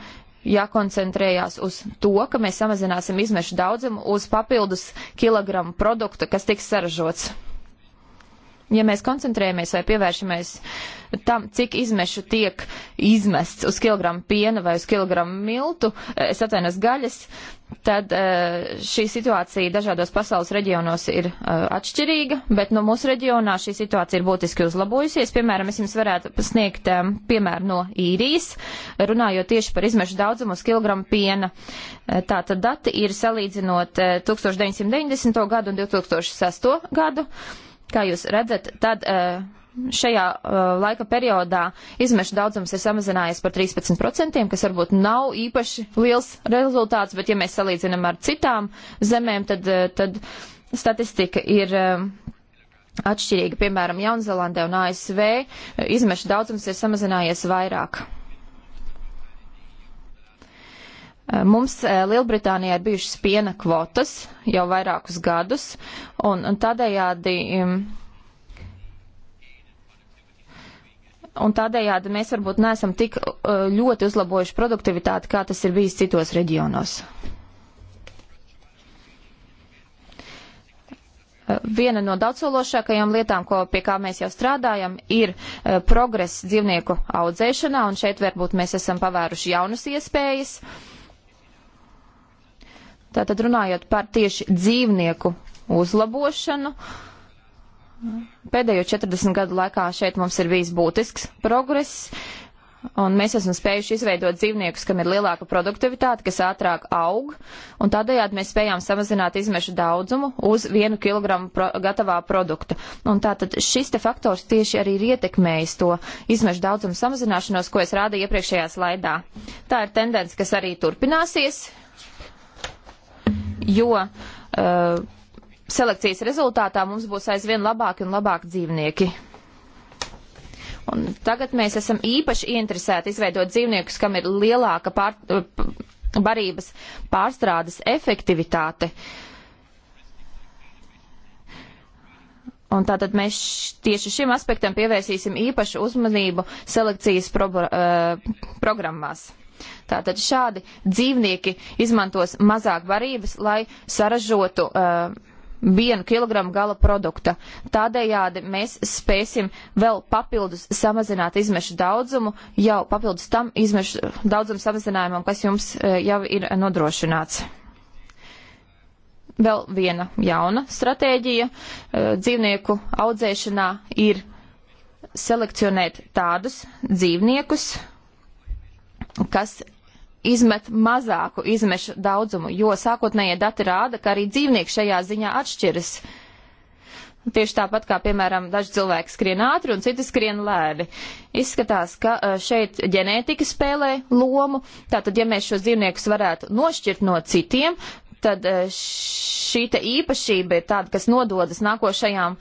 jākoncentrējās uz to, ka mēs samazināsim izmešu daudzumu uz papildus kilogramu produktu, kas tiks saražots ja mēs koncentrējamies vai pievēršamies tam, cik izmešu tiek izmests uz kilogramu piena vai uz kilogramu miltu, es atvainos gaļas, tad eh, šī situācija dažādos pasaules reģionos ir eh, atšķirīga, bet no mūsu reģionā šī situācija ir būtiski uzlabojusies. Piemēram, es jums varētu sniegt eh, piemēru no īrijas, runājot tieši par izmešu daudzumu uz kilogramu piena. Tātad dati ir salīdzinot 1990. gadu un 2006. gadu. Kā jūs redzat, tad eh, šajā eh, laika periodā izmešu daudzums ir samazinājies par 13%, kas varbūt nav īpaši liels rezultāts, bet ja mēs salīdzinām ar citām zemēm, tad, eh, tad statistika ir atšķirīga. Piemēram, Jaunzēlandē un ASV izmešu daudzums ir samazinājies vairāk. Eh, mums eh, Lielbritānijā ir bijušas piena kvotas jau vairākus gadus, un, un tādējādi. Mm, un tādējādi mēs varbūt neesam tik eh, ļoti uzlabojuši produktivitāti, kā tas ir bijis citos reģionos. viena no daudzsološākajām lietām, ko, pie kā mēs jau strādājam, ir progress dzīvnieku audzēšanā, un šeit varbūt mēs esam pavēruši jaunas iespējas. Uh, Tātad runājot par tieši dzīvnieku uzlabošanu, pēdējo 40 gadu laikā šeit mums ir bijis būtisks progress, un mēs esam spējuši izveidot dzīvniekus, kam ir lielāka produktivitāte, kas ātrāk aug, un tādējādi mēs spējām samazināt izmešu daudzumu uz vienu kilogramu pro gatavā produkta. Un tātad šis te faktors tieši arī ir ietekmējis to izmešu daudzumu samazināšanos, ko es rādīju iepriekšējā slaidā. Tā ir tendence, kas arī turpināsies, jo uh, selekcijas rezultātā mums būs aizvien labāki un labāki dzīvnieki. Un tagad mēs esam īpaši interesēti izveidot dzīvniekus, kam ir lielāka pār, eh, barības pārstrādes efektivitāte. Un tātad mēs tieši šim aspektam pievērsīsim īpašu uzmanību selekcijas pro, uh, eh, programmās. Tātad šādi dzīvnieki izmantos mazāk varības, lai saražotu uh, vienu kilogramu gala produkta. Tādējādi mēs spēsim vēl papildus samazināt izmešu daudzumu, jau papildus tam izmešu daudzumu samazinājumam, kas jums uh, jau ir nodrošināts. Vēl viena jauna stratēģija uh, dzīvnieku audzēšanā ir selekcionēt tādus dzīvniekus, kas izmet mazāku izmešu daudzumu, jo sākotnējie dati rāda, ka arī dzīvnieki šajā ziņā atšķiras. Tieši tāpat kā, piemēram, daži cilvēki skrien ātri un citi skrien lēni. Izskatās, ka eh, šeit ģenētika spēlē lomu. Tātad, ja mēs šos dzīvniekus varētu nošķirt no citiem, tad eh, šī īpašība ir tāda, kas nododas nākošajām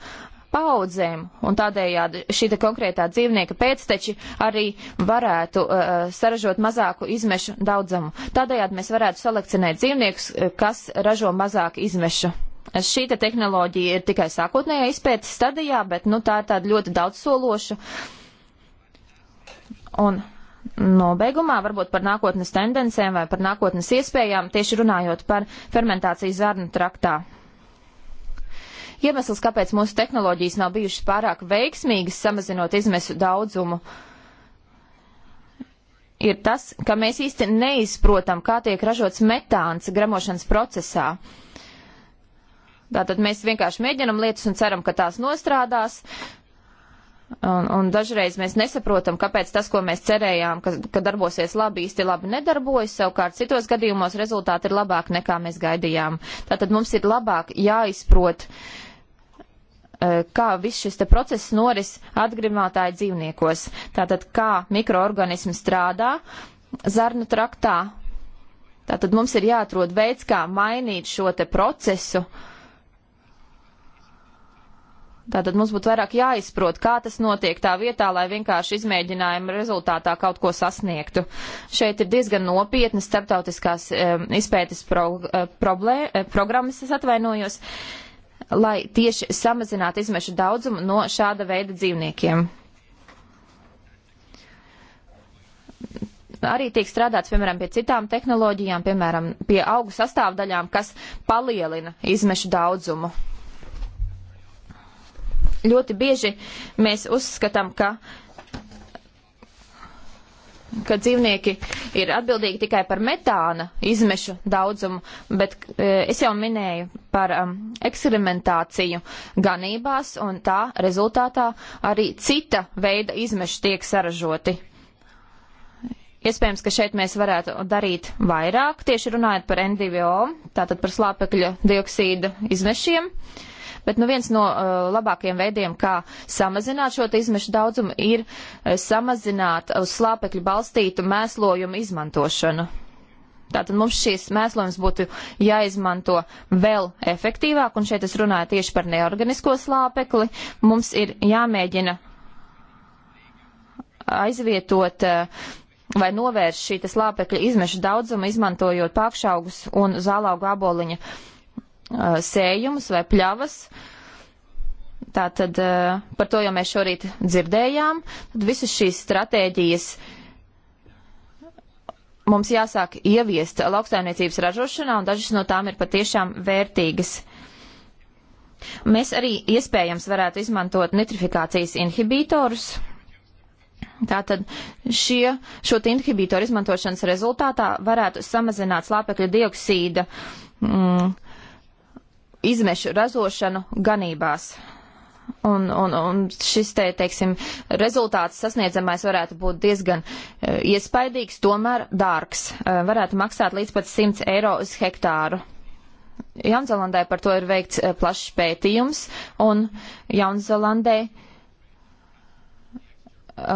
paudzēm, un tādējādi šī konkrētā dzīvnieka pēcteči arī varētu uh, saražot mazāku izmešu daudzumu. Tādējādi mēs varētu selekcionēt dzīvniekus, uh, kas ražo mazāk izmešu. Šī te tehnoloģija ir tikai sākotnējā izpētes stadijā, bet nu, tā ir tāda ļoti daudzsološa. Un nobeigumā, varbūt par nākotnes tendencēm vai par nākotnes iespējām, tieši runājot par fermentāciju zarnu traktā. Iemesls, kāpēc mūsu tehnoloģijas nav bijušas pārāk veiksmīgas, samazinot izmesu daudzumu, ir tas, ka mēs īsti neizprotam, kā tiek ražots metāns gramošanas procesā. Tātad mēs vienkārši mēģinam lietas un ceram, ka tās nostrādās, Un, un dažreiz mēs nesaprotam, kāpēc tas, ko mēs cerējām, ka, ka darbosies labi, īsti labi nedarbojas. Savukārt citos gadījumos rezultāti ir labāk nekā mēs gaidījām. Tātad mums ir labāk jāizprot, uh, Eh, kā viss šis process noris atgrimātāju dzīvniekos. Tātad, kā mikroorganismi strādā zarnu traktā. Tātad mums ir jāatrod veids, kā mainīt šo te procesu. Tātad mums būtu vairāk jāizprot, kā tas notiek tā vietā, lai vienkārši izmēģinājuma rezultātā kaut ko sasniegtu. Šeit ir diezgan nopietnas starptautiskās e, izpētes pro, e, problē, e, programmas, es atvainojos. E, lai tieši samazinātu izmešu daudzumu no šāda veida dzīvniekiem. Arī tiek strādāts, piemēram, pie citām tehnoloģijām, piemēram, pie augu sastāvdaļām, kas palielina izmešu daudzumu. Ļoti bieži mēs uzskatām, ka uh, ka dzīvnieki ir atbildīgi tikai par metāna izmešu daudzumu, bet e, es jau minēju par um, eksperimentāciju ganībās, un tā rezultātā arī cita veida izmeši tiek saražoti. Iespējams, ka šeit mēs varētu darīt vairāk, tieši runājot par NDVO, tātad par slāpekļa dioksīda izmešiem. Uh, Bet nu, viens no uh, labākajiem veidiem, kā samazināt šo izmešu daudzumu, ir uh, samazināt uz uh, slāpekļu balstītu mēslojumu izmantošanu. Tātad mums šīs mēslojums būtu jāizmanto vēl efektīvāk, un šeit es runāju tieši par neorganisko slāpekli. Mums ir jāmēģina aizvietot uh, vai novērst šī slāpekļa izmeša daudzumu, izmantojot pakšaugus un zālaugu aboliņu sējumus vai pļavas. Tātad par to jau mēs šorīt dzirdējām. Tad visas šīs stratēģijas mums jāsāk ieviest lauksaimniecības ražošanā, un dažas no tām ir patiešām vērtīgas. Mēs arī iespējams varētu izmantot nitrifikācijas inhibītorus. Tātad šie, šo inhibītoru izmantošanas rezultātā varētu samazināt slāpekļa dioksīda mm, izmešu ražošanu ganībās. Un, un, un šis te, teiksim, rezultāts sasniedzamais varētu būt diezgan e, iespaidīgs, tomēr dārgs. E, varētu maksāt līdz pat 100 eiro uz hektāru. Jaunzēlandē par to ir veikts e, plašs pētījums, un Jaunzēlandē,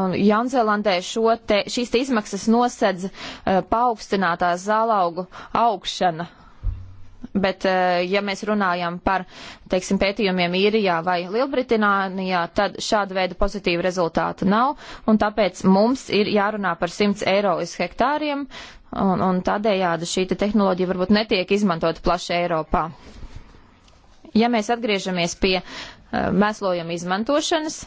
un Jaunzēlandē šo te, šīs te izmaksas nosedz uh, paaugstinātā zālaugu augšana, Bet, eh, ja mēs runājam par, teiksim, pētījumiem īrijā vai Lielbritānijā, tad šāda veida pozitīva rezultāta nav, un tāpēc mums ir jārunā par 100 eiro uz hektāriem, un, un tādējādi šī te tehnoloģija varbūt netiek izmantota plaši Eiropā. Ja mēs atgriežamies pie uh, mēslojuma izmantošanas,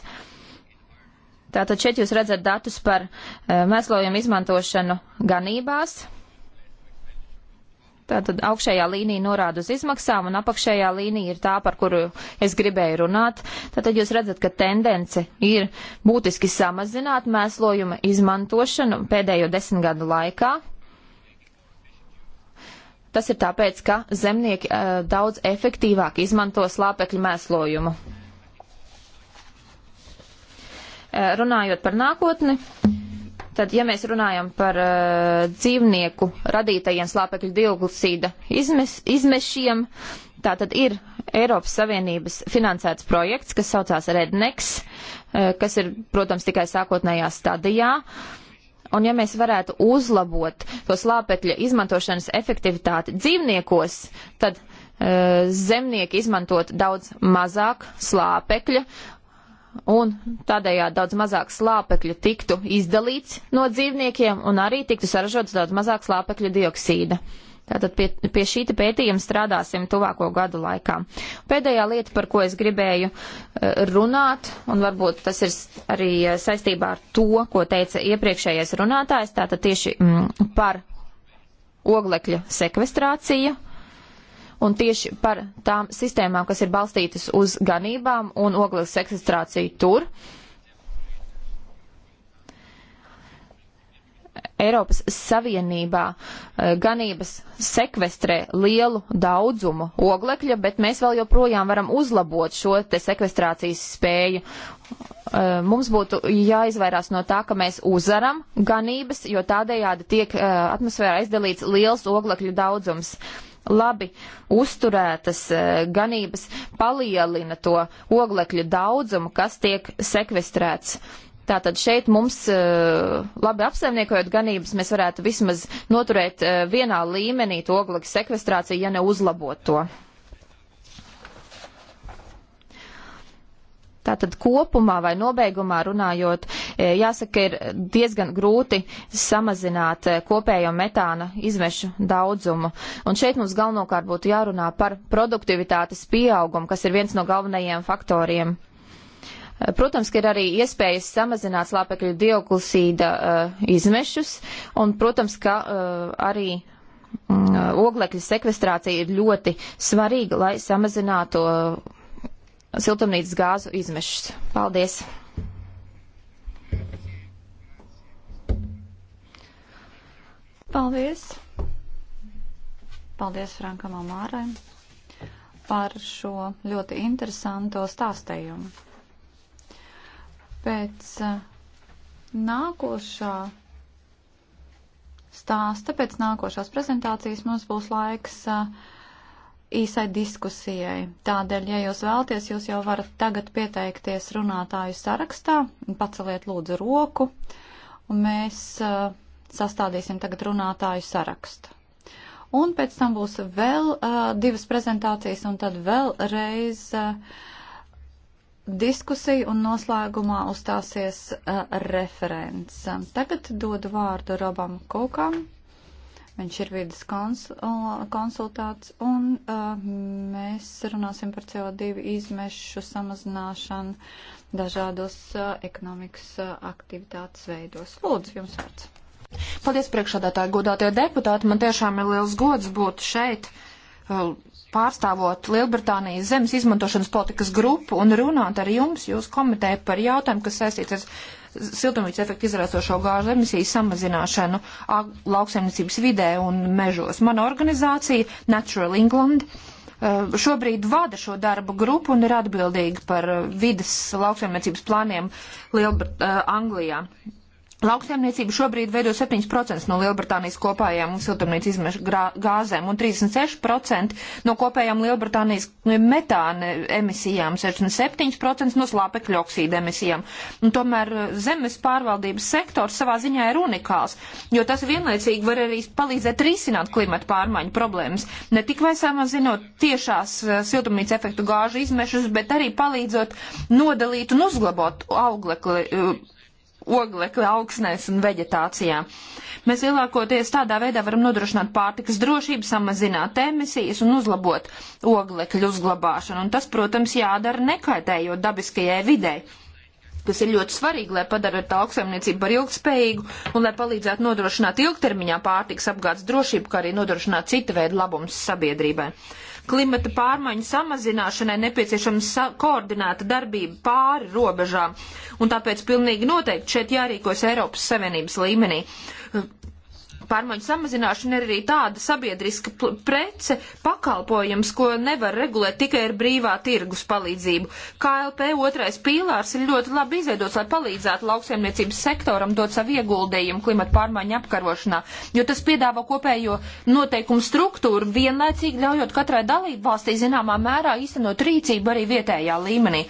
tātad šeit jūs redzat datus par uh, mēslojuma izmantošanu ganībās Tātad augšējā līnija norāda uz izmaksām, un apakšējā līnija ir tā, par kuru es gribēju runāt. Tātad jūs redzat, ka tendence ir būtiski samazināt mēslojuma izmantošanu pēdējo desmit gadu laikā. Tas ir tāpēc, ka zemnieki uh, daudz efektīvāk izmanto slāpekļu mēslojumu. Uh, runājot par nākotni, uh, Tad, ja mēs runājam par uh, dzīvnieku radītajiem slāpekļu dioksīda izmes, izmešiem, tā tad ir Eiropas Savienības finansēts projekts, kas saucās Rednex, uh, kas ir, protams, tikai sākotnējā stadijā. Un ja mēs varētu uzlabot to slāpekļa izmantošanas efektivitāti dzīvniekos, tad uh, zemnieki izmantot daudz mazāk slāpekļa un tādējādi daudz mazāk slāpekļu tiktu izdalīts no dzīvniekiem un arī tiktu saražots daudz mazāk slāpekļu dioksīda. Tātad pie, pie šī pētījuma strādāsim tuvāko gadu laikā. Pēdējā lieta, par ko es gribēju eh, runāt, un varbūt tas ir arī eh, saistībā ar to, ko teica iepriekšējais runātājs, tātad tieši mm, par oglekļa sekvestrāciju un tieši par tām sistēmām, kas ir balstītas uz ganībām un ogles ekstrāciju tur. Eiropas Savienībā eh, ganības sekvestrē lielu daudzumu oglekļa, bet mēs vēl joprojām varam uzlabot šo te sekvestrācijas spēju. Eh, mums būtu jāizvairās no tā, ka mēs uzaram ganības, jo tādējādi tiek eh, atmosfērā izdalīts liels oglekļa daudzums. Uh, labi uzturētas e, ganības palielina to oglekļa daudzumu, kas tiek sekvestrēts. Tātad šeit mums, e, labi apsaimniekojot ganības, mēs varētu vismaz noturēt e, vienā līmenī to oglekļa sekvestrāciju, ja ne uzlabot to. Tātad kopumā vai nobeigumā runājot, e, jāsaka, ir diezgan grūti samazināt e, kopējo metāna izmešu daudzumu. Un šeit mums galvenokārt būtu jārunā par produktivitātes pieaugumu, kas ir viens no galvenajiem faktoriem. E, protams, ka ir arī iespējas samazināt slāpekļu dioksīda uh, izmešus, un, protams, ka uh, arī uh, oglekļa sekvestrācija ir ļoti svarīga, lai samazinātu uh, siltumnīcas gāzu izmešus. Paldies! Paldies! Paldies Frankam Amārai par šo ļoti interesanto stāstījumu. Pēc eh, nākošā stāsta, pēc nākošās prezentācijas mums būs laiks uh, īsai diskusijai. Tādēļ, ja jūs vēlaties, jūs jau varat tagad pieteikties runātāju sarakstā, paceliet lūdzu roku, un mēs uh, sastādīsim tagad runātāju sarakstu. Un pēc tam būs vēl uh, divas prezentācijas, un tad vēlreiz uh, diskusija, un noslēgumā uzstāsies uh, referents. Tagad dodu vārdu Robam Kokam Viņš ir vidas konsultāts, un uh, mēs runāsim par CO2 izmešu samazināšanu dažādos uh, ekonomikas uh, aktivitātes veidos. Lūdzu, jums vārds. Paldies, priekšādātāji, godātie deputāti. Man tiešām ir liels gods būt šeit. Uh, Uh, pārstāvot Lielbritānijas zemes izmantošanas politikas grupu un runāt ar jums, jūs komiteju par jautājumu, kas saistīts ar siltumvīdes efektu izraisošo gāžu emisiju samazināšanu lauksaimniecības vidē un mežos. Mana organizācija Natural England uh, šobrīd vada šo darbu grupu un ir atbildīga par uh, vidas lauksaimniecības plāniem Lielbrit uh, Anglijā. Lauksaimniecība šobrīd veido 7% no Lielbritānijas kopējām siltumnīcas izmešu gāzēm un 36% no kopējām Lielbritānijas metāna emisijām, 67% no slāpekļa oksīda emisijām. Un tomēr eh, zemes pārvaldības sektors savā ziņā ir unikāls, jo tas vienlaicīgi var arī palīdzēt risināt klimata pārmaiņu problēmas, ne tikai samazinot tiešās eh, siltumnīca efektu gāžu izmešus, bet arī palīdzot nodalīt un uzglabot auglekli eh, oglekļa augsnēs un veģetācijā. Mēs lielākoties tādā veidā varam nodrošināt pārtikas drošību, samazināt emisijas un uzlabot oglekļu uzglabāšanu. Un tas, protams, jādara nekaitējot dabiskajai videi kas ir ļoti svarīgi, lai padarītu lauksaimniecību par ilgspējīgu un lai palīdzētu nodrošināt ilgtermiņā pārtiks apgādes drošību, kā arī nodrošināt cita veida labums sabiedrībai. Klimata pārmaiņu samazināšanai nepieciešama sa koordinēta darbība pāri robežām, un tāpēc pilnīgi noteikti šeit jārīkojas Eiropas Savienības līmenī Pārmaiņu samazināšana ir arī tāda sabiedriska prece, pakalpojums, ko nevar regulēt tikai ar brīvā tirgus palīdzību. KLP otrais pīlārs ir ļoti labi izveidots, lai palīdzētu lauksaimniecības sektoram dot savu ieguldījumu klimata pārmaiņu apkarošanā, jo tas piedāvā kopējo noteikumu struktūru, vienlaicīgi ļaujot katrai dalību valstī zināmā mērā īstenot rīcību arī vietējā līmenī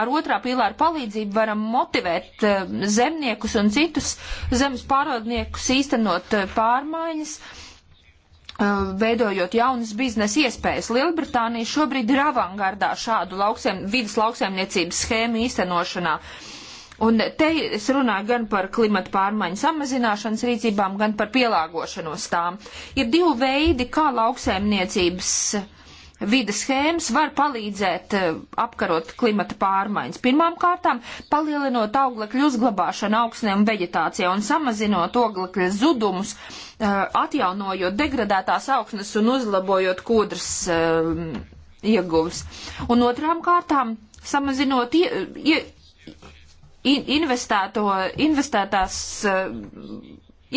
ar otrā pīlāra palīdzību varam motivēt eh, zemniekus un citus zemes pārvaldniekus īstenot eh, pārmaiņas eh, veidojot jaunas biznesa iespējas. Lielbritānija šobrīd ir avangardā šādu lauksiem, vidas lauksaimniecības schēmu īstenošanā. Un te es runāju gan par klimata pārmaiņu samazināšanas rīcībām, gan par pielāgošanos tām. Ir divi veidi, kā lauksaimniecības uh, vides schēmas var palīdzēt eh, apkarot klimata pārmaiņas. Pirmām kārtām, palielinot auglekļu uzglabāšanu augsnē un veģetācijā un samazinot oglekļa zudumus, eh, atjaunojot degradētās augsnes un uzlabojot kodras eh, ieguvas. Un otrām kārtām, samazinot ie, ie, investēto, investētās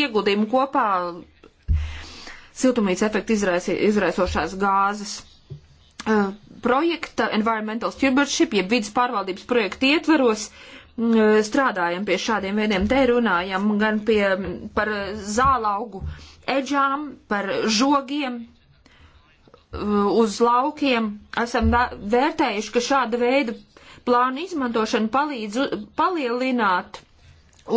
ieguldījumu kopā siltumnīca efekta izraisošās gāzes uh, projekta Environmental Stewardship, jeb vidas pārvaldības projekta ietvaros, uh, strādājam pie šādiem veidiem. Te runājam gan pie, par zālaugu eģām, par žogiem, uz laukiem. Esam vērtējuši, ka šāda veida plānu izmantošana palīdz palielināt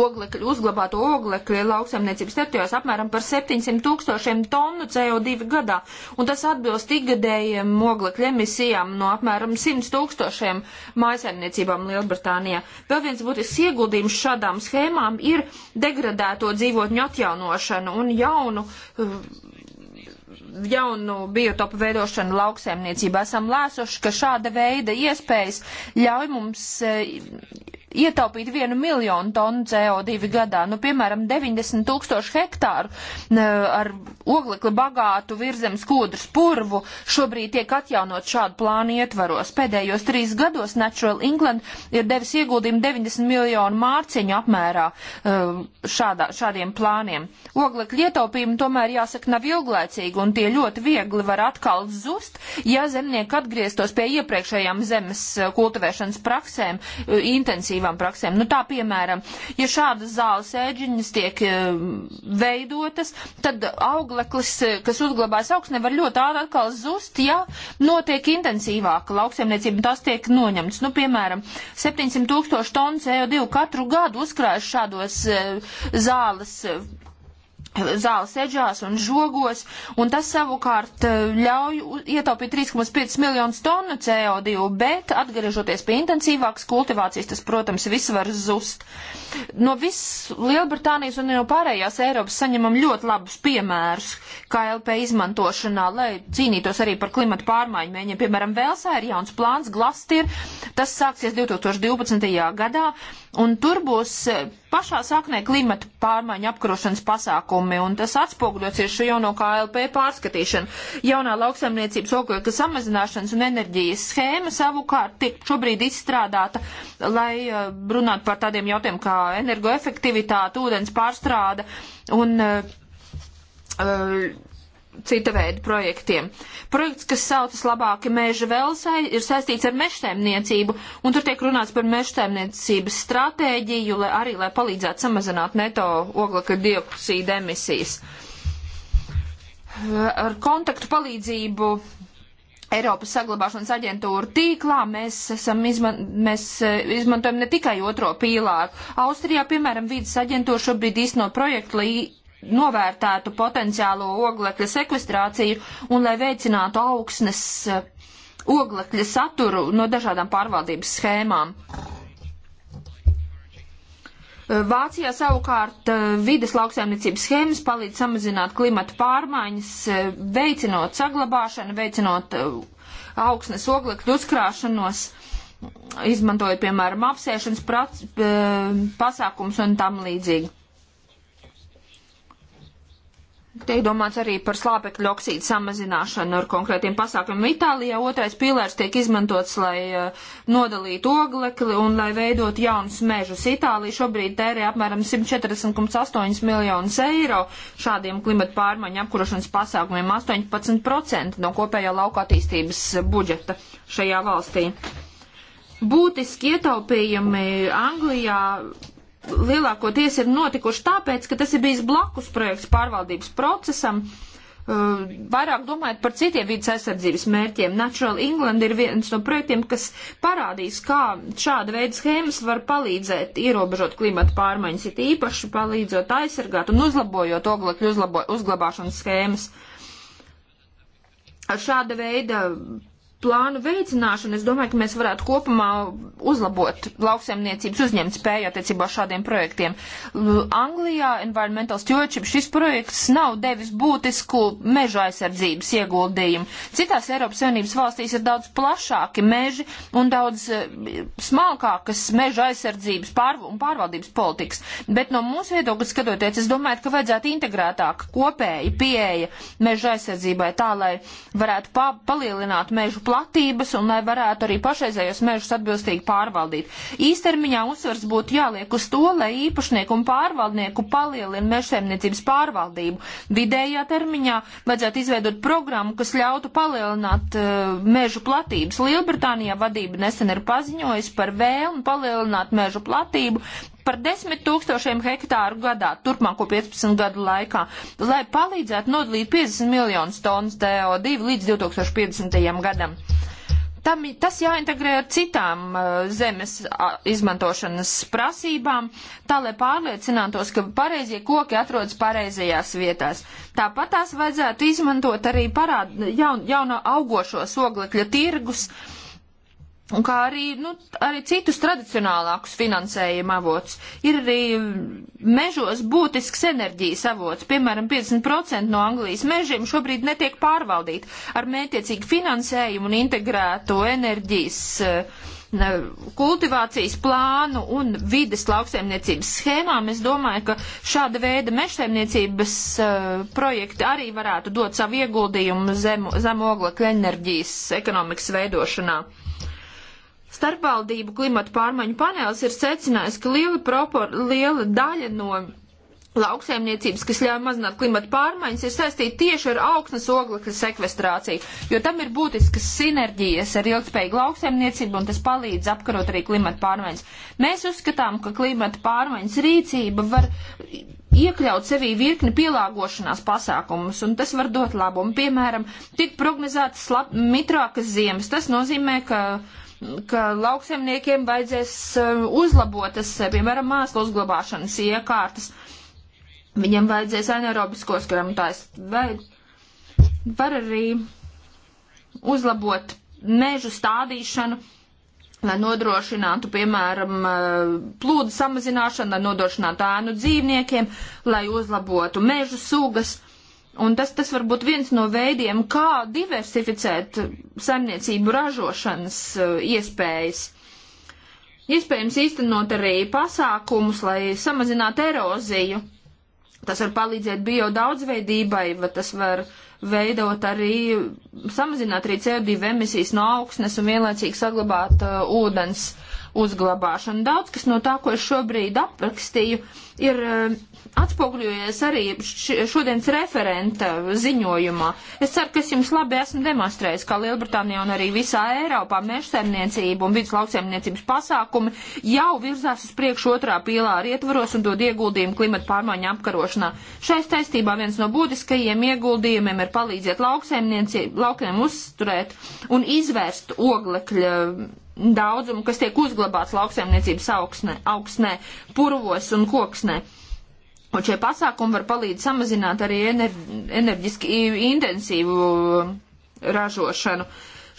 oglekļu, uzglabāto oglekļu lauksaimniecības teritorijās apmēram par 700 tūkstošiem tonu CO2 gadā, un tas atbilst ikgadējiem oglekļu emisijām no apmēram 100 tūkstošiem mājasaimniecībām Lielbritānijā. Vēl viens būtisks ieguldījums šādām schēmām ir degradēto dzīvotņu atjaunošanu un jaunu eh, jaunu biotopu veidošanu lauksēmniecībā. Esam lēsuši, ka šāda veida iespējas ļauj mums eh, ietaupīt vienu miljonu tonu CO2 gadā. Nu, piemēram, 90 tūkstoši hektāru ar oglekli bagātu virzemes kūdras purvu šobrīd tiek atjaunot šādu plānu ietvaros. Pēdējos trīs gados Natural England ir devis ieguldījumu 90 miljonu mārciņu apmērā e, šādā, šādiem plāniem. Oglekļa ietaupījumi tomēr jāsaka nav ilglaicīgi un tie ļoti viegli var atkal zust, ja zemnieki atgrieztos pie iepriekšējām zemes e, kultivēšanas praksēm e, intensīvāk negatīvām praksēm. Nu, tā piemēram, ja šādas zāles ēģiņas tiek eh, veidotas, tad augleklis, eh, kas uzglabājas augstnē, var ļoti ātri atkal zust, ja notiek intensīvāka lauksaimniecība, tas tiek noņemts. Nu, piemēram, 700 tūkstoši tonu CO2 katru gadu uzkrājas šādos eh, zāles zāles eģās un žogos, un tas savukārt eh, ļauj ietaupīt 3,5 miljonus tonu CO2, bet atgriežoties pie intensīvākas kultivācijas, tas, protams, viss var zust. No viss Lielbritānijas un no pārējās Eiropas saņemam ļoti labus piemērus KLP izmantošanā, lai cīnītos arī par klimatu pārmaiņu mēģiem. Piemēram, Velsā ir jauns plāns, Glastir, tas sāksies 2012. gadā, un tur būs eh, pašā sāknē klimata pārmaiņu apkarošanas pasākumi, un tas atspoguļots ir šo jauno KLP pārskatīšanu. Jaunā lauksaimniecības oglekļa samazināšanas un enerģijas schēma savukārt tiek šobrīd izstrādāta, lai eh, runātu par tādiem jautājumiem kā energoefektivitāte, ūdens pārstrāde un. Uh, cita veida projektiem. Projekts, kas saucas labāki mēža vēlsai, ir saistīts ar mežtēmniecību, un tur tiek runāts par mežtēmniecības stratēģiju, lai arī, lai palīdzētu samazināt neto oglaka dioksīda emisijas. Ar kontaktu palīdzību Eiropas saglabāšanas aģentūra tīklā mēs, esam izman, mēs e, izmantojam ne tikai otro pīlāru. Austrijā, piemēram, vīdas aģentūra šobrīd īsno projektu, lai novērtētu potenciālo oglekļa sekvestrāciju un lai veicinātu augsnes eh, oglekļa saturu no dažādām pārvaldības schēmām. Eh, Vācijā savukārt eh, vides lauksaimniecības schēmas palīdz samazināt klimatu pārmaiņas, veicinot saglabāšanu, veicinot augsnes oglekļu uzkrāšanos, izmantojot, piemēram, apsēšanas pasākums un tam līdzīgi. Te ir domāts arī par slāpekļa oksīdu samazināšanu ar konkrētiem pasākumiem. Itālijā otrais pilārs tiek izmantots, lai eh, nodalītu oglekli un lai veidot jaunus mežus. Itālija šobrīd tērē apmēram 140,8 miljonus eiro šādiem klimata pārmaiņu apkurošanas pasākumiem, 18% no kopējā lauka attīstības budžeta šajā valstī. Būtiski ietaupījumi Anglijā lielākoties ir notikuši tāpēc, ka tas ir bijis blakus projekts pārvaldības procesam. Uh, vairāk domājot par citiem vidas aizsardzības mērķiem, Natural England ir viens no projektiem, kas parādīs, kā šāda veida schēmas var palīdzēt ierobežot klimata pārmaiņas, it īpaši palīdzot aizsargāt un uzlabojot oglekļu uzglabāšanas schēmas. Ar šāda veida plānu veicināšanu, es domāju, ka mēs varētu kopumā uzlabot lauksaimniecības uzņemt spēju attiecībā šādiem projektiem. Anglijā Environmental Stewardship šis projekts nav devis būtisku meža aizsardzības ieguldījumu. Citās Eiropas Savienības valstīs ir daudz plašāki meži un daudz e, smalkākas meža aizsardzības pārv un pārvaldības politikas. Bet no mūsu viedokļa skatoties, es domāju, ka vajadzētu integrētāk kopēji pieeja meža aizsardzībai tā, lai varētu pa palielināt mežu platības un lai varētu arī pašreizējos mežus atbilstīgi pārvaldīt. Īstermiņā uzsvars būtu jāliek uz to, lai īpašnieku un pārvaldnieku palielina mežsaimniecības pārvaldību. Vidējā termiņā vajadzētu izveidot programmu, kas ļautu palielināt uh, mežu platības. Lielbritānijā vadība nesen ir paziņojusi par vēlmu palielināt mežu platību par 10 tūkstošiem hektāru gadā turpmāko 15 gadu laikā, lai palīdzētu nodalīt 50 miljonus tonnas CO2 līdz 2050. gadam. Tam, tas jāintegrē ar citām uh, zemes uh, izmantošanas prasībām, tā lai pārliecinātos, ka pareizie koki atrodas pareizajās vietās. Tāpat tās vajadzētu izmantot arī parād, jaun, jauno augošos oglekļa tirgus, uh, Un kā arī, nu, arī citus tradicionālākus finansējuma avots. Ir arī mežos būtisks enerģijas avots. Piemēram, 50% no Anglijas mežiem šobrīd netiek pārvaldīti ar mētiecīgu finansējumu un integrēto enerģijas eh, kultivācijas plānu un vides lauksaimniecības schēmām. Es domāju, ka šāda veida mežsaimniecības eh, projekti arī varētu dot savu ieguldījumu zem, zem oglekļa enerģijas ekonomikas veidošanā. Starpvaldību klimatu pārmaiņu panelis ir secinājis, ka liela, propor, liela daļa no Lauksaimniecības, kas ļauj mazināt klimata pārmaiņas, ir saistīta tieši ar augsnes oglekļa sekvestrāciju, jo tam ir būtiskas sinerģijas ar ilgspējīgu lauksaimniecību, un tas palīdz apkarot arī klimata pārmaiņas. Mēs uzskatām, ka klimata pārmaiņas rīcība var iekļaut sevī virkni pielāgošanās pasākumus, un tas var dot labumu. Piemēram, tik prognozētas mitrākas ziemas, tas nozīmē, ka ka lauksemniekiem vajadzēs eh, uzlabotas, eh, piemēram, māslu uzglabāšanas iekārtas. Viņam vajadzēs anaerobiskos gramatājs. Vai var arī uzlabot mežu stādīšanu, lai nodrošinātu, piemēram, eh, plūdu samazināšanu, lai nodrošinātu ēnu dzīvniekiem, lai uzlabotu mežu sugas. Un tas, tas var būt viens no veidiem, kā diversificēt saimniecību ražošanas eh, iespējas. Iespējams īstenot arī pasākumus, lai samazinātu eroziju. Tas var palīdzēt bio daudzveidībai, vai tas var veidot arī, samazināt arī CO2 emisijas no augsnes un vienlaicīgi saglabāt uh, ūdens uh, uzglabāšanu. Daudz kas no tā, ko es šobrīd aprakstīju, ir eh, atspoguļojies arī šodienas referenta ziņojumā. Es ceru, ka es jums labi esmu demonstrējis, kā Lielbritānijā un arī visā Eiropā mežsaimniecība un vidus lauksaimniecības pasākumi jau virzās uz priekšu otrā pīlāra ietvaros un dod ieguldījumu klimata pārmaiņu apkarošanā. Šai saistībā viens no būtiskajiem ieguldījumiem ir palīdzēt lauksaimniecību, laukiem uzturēt un izvērst oglekļa daudzumu, kas tiek uzglabāts lauksaimniecības augsnē, augsnē, purvos un koksnē. Un šie pasākumi var palīdz samazināt arī enerģi, enerģiski intensīvu ražošanu.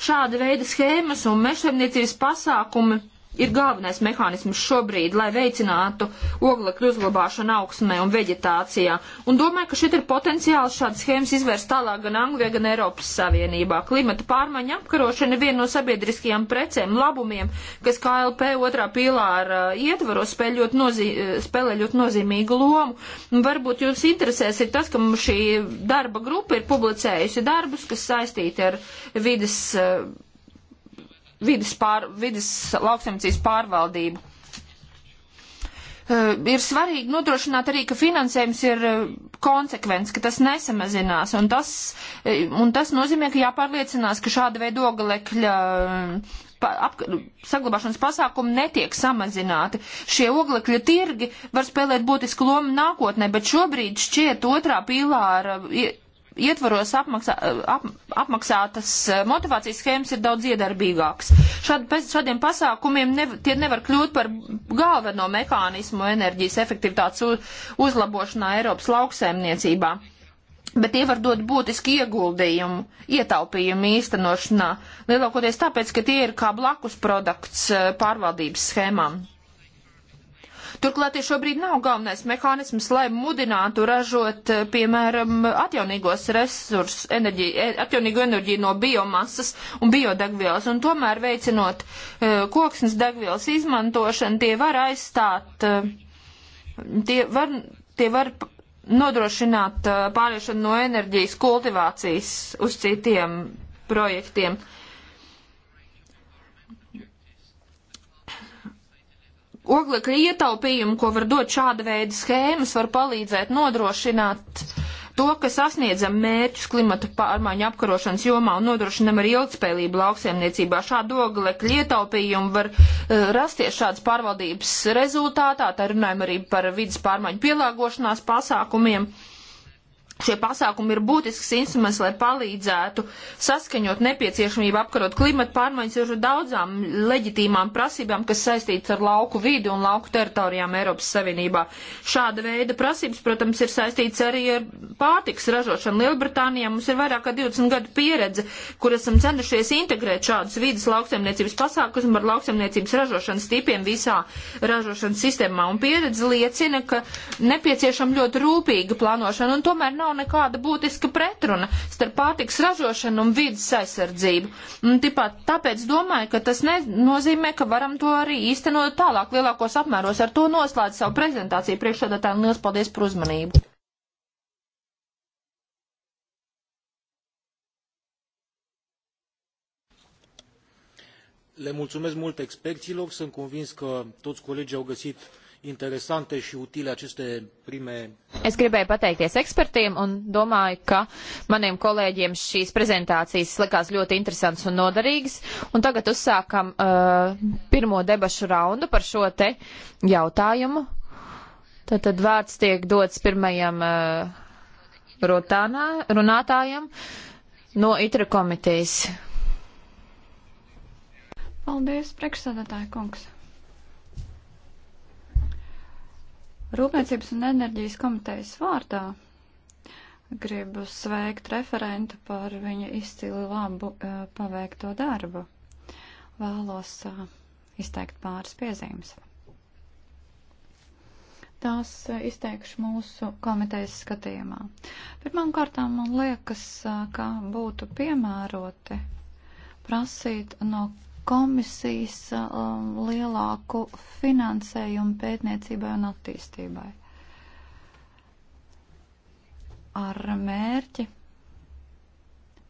Šāda veida schēmas un mežsaimniecības pasākumi ir galvenais mehānisms šobrīd, lai veicinātu oglekļu uzglabāšanu augsmē un veģetācijā. Un domāju, ka šeit ir potenciāls šādas schēmas izvērst tālāk gan Anglijā, gan Eiropas Savienībā. Klimata pārmaiņa apkarošana ir viena no sabiedriskajām precēm, labumiem, kas KLP otrā pīlāra uh, ietvaros spēlē ļoti, nozī uh, spēlē ļoti nozīmīgu lomu. Un varbūt jūs interesēs ir tas, ka šī darba grupa ir publicējusi darbus, kas saistīti ar vides uh, vidas, pār, vidas lauksaimniecības pārvaldību. Uh, ir svarīgi nodrošināt arī, ka finansējums ir uh, konsekvents, ka tas nesamazinās, un tas, eh, un tas nozīmē, ka jāpārliecinās, ka šāda veida oglekļa pa, ap, saglabāšanas pasākumi netiek samazināti. Šie oglekļa tirgi var spēlēt būtisku lomu nākotnē, bet šobrīd šķiet otrā pīlāra. Uh, ietvaros apmaksā, ap, apmaksātas eh, motivācijas schēmas ir daudz iedarbīgākas. Šād, šādiem pasākumiem ne, tie nevar kļūt par galveno mehānismu enerģijas efektivitātes uz, uzlabošanā Eiropas lauksaimniecībā. Bet tie var dot būtiski ieguldījumu, ietaupījumu īstenošanā, lielākoties tāpēc, ka tie ir kā blakus produkts eh, pārvaldības schēmām. Turklāt tie šobrīd nav galvenais mehānisms, lai mudinātu ražot, eh, piemēram, atjaunīgos resursus, enerģiju, e, atjaunīgu enerģiju no biomasas un biodegvielas, un tomēr veicinot eh, koksnes degvielas izmantošanu, tie var aizstāt, eh, tie var, tie var nodrošināt pāriešanu no enerģijas kultivācijas uz citiem projektiem. Uh, Oglekļa ietaupījumi, ko var dot šāda veida schēmas, var palīdzēt nodrošināt to, ka sasniedzam mērķus klimata pārmaiņu apkarošanas jomā un nodrošinam arī ilgspēlību lauksiemniecībā. Šādu oglekļa ietaupījumu var uh, rasties šādas pārvaldības rezultātā, tā runājam arī par vidas pārmaiņu pielāgošanās pasākumiem. Uh, Šie pasākumi ir būtisks instruments, lai palīdzētu saskaņot nepieciešamību apkarot klimatu pārmaiņas ar daudzām leģitīmām prasībām, kas saistītas ar lauku vidi un lauku teritorijām Eiropas Savienībā. Šāda veida prasības, protams, ir saistītas arī ar pārtiks ražošanu Lielbritānijā. Mums ir vairāk kā 20 gadu pieredze, kur esam cenušies integrēt šādus vidas lauksaimniecības pasākumus ar lauksaimniecības ražošanas tipiem visā ražošanas sistēmā. Un pieredze liecina, ka nepieciešama ļoti rūpīga plānošana un tomēr nav nav nekāda būtiska pretruna starp pārtiks ražošanu un vidas aizsardzību. Un, tipāt, tāpēc domāju, ka tas nozīmē, ka varam to arī īstenot tālāk lielākos apmēros. Ar to noslēdz savu prezentāciju priekšsēdētājiem. Liels paldies par uzmanību! Le mulțumesc mult experților, sunt convins că toți colegii au găsit uh, interesante și utile aceste prime. Es gribēju pateikties ekspertiem un domāju, ka maniem kolēģiem šīs prezentācijas likās ļoti interesants un noderīgs. Un tagad uzsākam uh, pirmo debašu raundu par šo te jautājumu. Tad, tad vārds tiek dots pirmajam uh, rotānā, runātājam no ITRA komitejas. Paldies, priekšsādātāja kungs. Rūpniecības un enerģijas komitejas vārdā gribu sveikt referentu par viņa izcili labu uh, paveikto darbu. Vēlos uh, izteikt pāris piezīmes. Tās uh, izteikšu mūsu komitejas skatījumā. Pirmām kārtām man liekas, uh, ka būtu piemēroti prasīt no komisijas um, lielāku finansējumu pētniecībai un attīstībai. Ar mērķi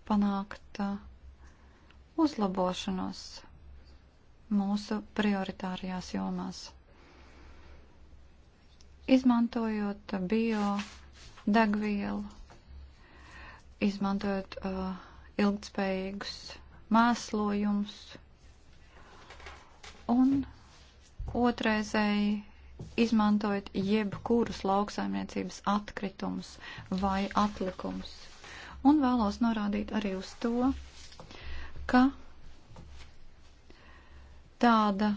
panākt uh, uzlabošanos mūsu prioritārajās jomās. Izmantojot bio degvielu, izmantojot uh, ilgtspējīgus mēslojumus, un otraizēji izmantojot jebkurus lauksaimniecības atkritumus vai atlikumus. Un vēlos norādīt arī uz to, ka tāda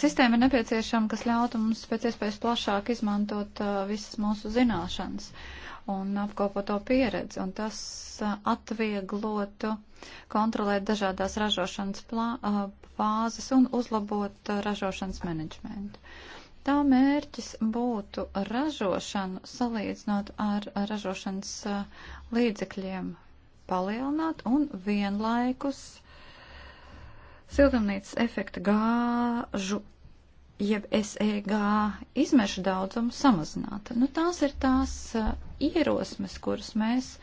sistēma ir nepieciešama, kas ļautu mums pēc iespējas plašāk izmantot uh, visas mūsu zināšanas. Uh, un apkopoto pieredzi, un tas atvieglotu kontrolēt dažādās ražošanas plā, fāzes un uzlabot ražošanas menedžmentu. Tā mērķis būtu ražošanu salīdzinot ar ražošanas līdzekļiem palielināt un vienlaikus siltumnīcas efekta gāžu jeb SEG izmešu daudzumu samazināta. Nu, tās ir tās eh, ierosmes, kuras mēs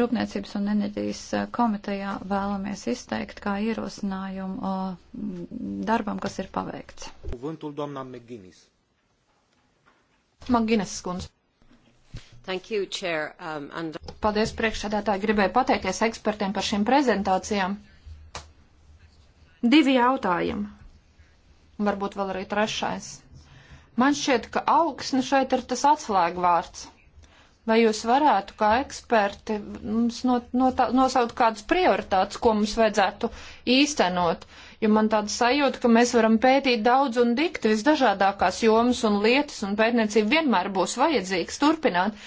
Rūpniecības un enerģijas eh, komitejā vēlamies izteikt kā ierosinājumu darbam, kas ir paveikts. Kuvântul doamna McGuinness. McGuinness skundze. You, chair, um, and... Paldies priekšsādātāji. Gribēju pateikties ekspertiem par šīm prezentācijām. Divi jautājumi un varbūt vēl arī trešais. Man šķiet, ka augsne šeit ir tas atslēgvārds. Vai jūs varētu, kā eksperti, mums no, no tā, nosaukt kādas prioritātes, ko mums vajadzētu īstenot? Jo man tāda sajūta, ka mēs varam pētīt daudz un dikt visdažādākās jomas un lietas, un pētniecība vienmēr būs vajadzīgs turpināt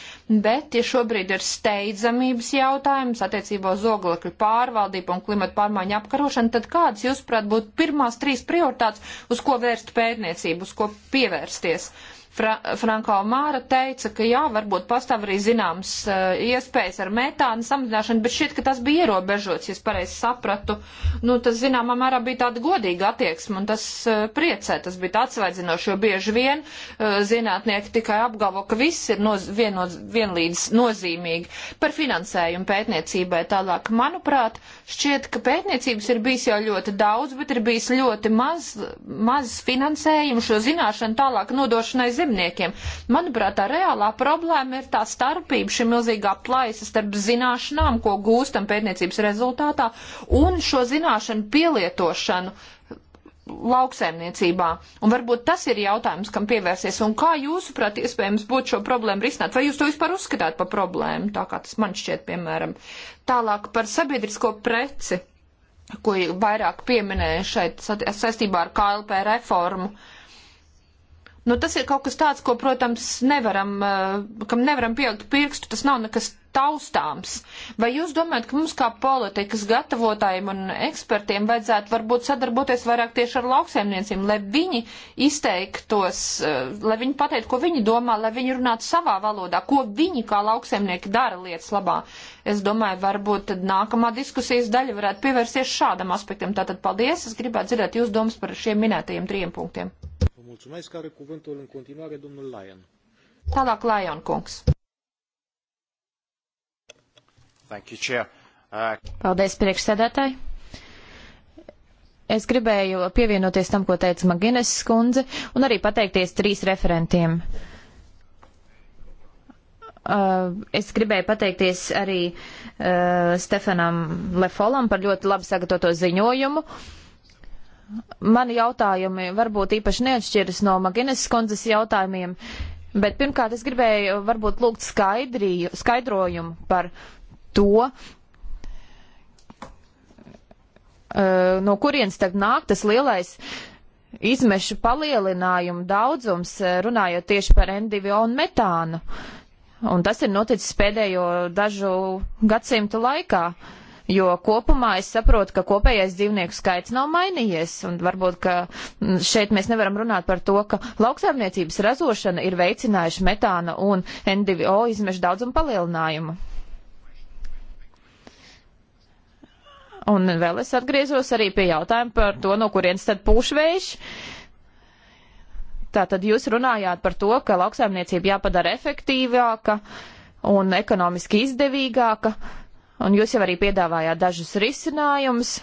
bet, ja šobrīd ir steidzamības jautājums attiecībā uz oglekļu pārvaldību un klimatu pārmaiņu apkarošanu, tad kādas, jūsuprāt, būtu pirmās trīs prioritātes, uz ko vērst pētniecību, uz ko pievērsties? Uh, Fra Franko Māra teica, ka jā, varbūt pastāv arī zināms eh, iespējas ar metānu samazināšanu, bet šķiet, ka tas bija ierobežots, ja es pareizi sapratu. Nu, tas zināmā mērā bija tāda godīga attieksme, un tas eh, priecē, tas bija tāds vajadzinoši, jo bieži vien eh, zinātnieki tikai apgalvo, ka viss ir noz vieno vienlīdz nozīmīgi par finansējumu pētniecībai tālāk. Manuprāt, šķiet, ka pētniecības ir bijis jau ļoti daudz, bet ir bijis ļoti maz, maz finansējumu šo zināšanu tālāk nodošanai zinātnē zemniekiem. Manuprāt, tā reālā problēma ir tā starpība, šī milzīgā plaisa starp zināšanām, ko gūstam pētniecības rezultātā, un šo zināšanu pielietošanu lauksaimniecībā. Un varbūt tas ir jautājums, kam pievērsies. Un kā jūsuprāt, iespējams būtu šo problēmu risināt? Vai jūs to vispār uzskatāt par problēmu, tā kā tas man šķiet, piemēram, tālāk par sabiedrisko preci, ko vairāk pieminēja šeit saistībā ar KLP reformu? Uh, Nu, tas ir kaut kas tāds, ko, protams, nevaram, eh, kam nevaram pielikt pirkstu, tas nav nekas taustāms. Vai jūs domājat, ka mums kā politikas gatavotājiem un ekspertiem vajadzētu varbūt sadarboties vairāk tieši ar lauksaimniecību, lai viņi izteiktos, eh, lai viņi pateiktu, ko viņi domā, lai viņi runātu savā valodā, ko viņi kā lauksaimnieki dara lietas labā? Es domāju, varbūt tad nākamā diskusijas daļa varētu pievērsties šādam aspektam. Tātad paldies, es gribētu dzirdēt jūs domas par šiem minētajiem trim punktiem. Mulțumesc. Are cuvântul în continuare domnul Lyon. Tālāk Lyon kungs. Thank you, Chair. Uh... Paldies priekšsēdētāji. Es gribēju pievienoties tam, ko teica Magines skundze, un arī pateikties trīs referentiem. Uh, es gribēju pateikties arī uh, Stefanam Lefolam par ļoti labi sagatavoto ziņojumu. Uh, mani jautājumi varbūt īpaši neatšķiras no Magineses kundzes jautājumiem, bet pirmkārt es gribēju varbūt lūgt skaidrīju, skaidrojumu par to, eh, no kurienes tagad nāk tas lielais izmešu palielinājumu daudzums, eh, runājot tieši par NDVO un metānu. Un tas ir noticis pēdējo dažu gadsimtu laikā. Uh, jo kopumā es saprotu, ka kopējais dzīvnieku skaits nav mainījies, un varbūt, ka mm, šeit mēs nevaram runāt par to, ka lauksaimniecības ražošana ir veicinājuši metāna un NDVO izmešu daudzumu palielinājumu. Un vēl es atgriezos arī pie jautājuma par to, no kurienes tad pūš vējš. Tātad jūs runājāt par to, ka lauksaimniecība jāpadara efektīvāka un ekonomiski izdevīgāka. Uh, un jūs jau arī piedāvājāt dažus risinājumus.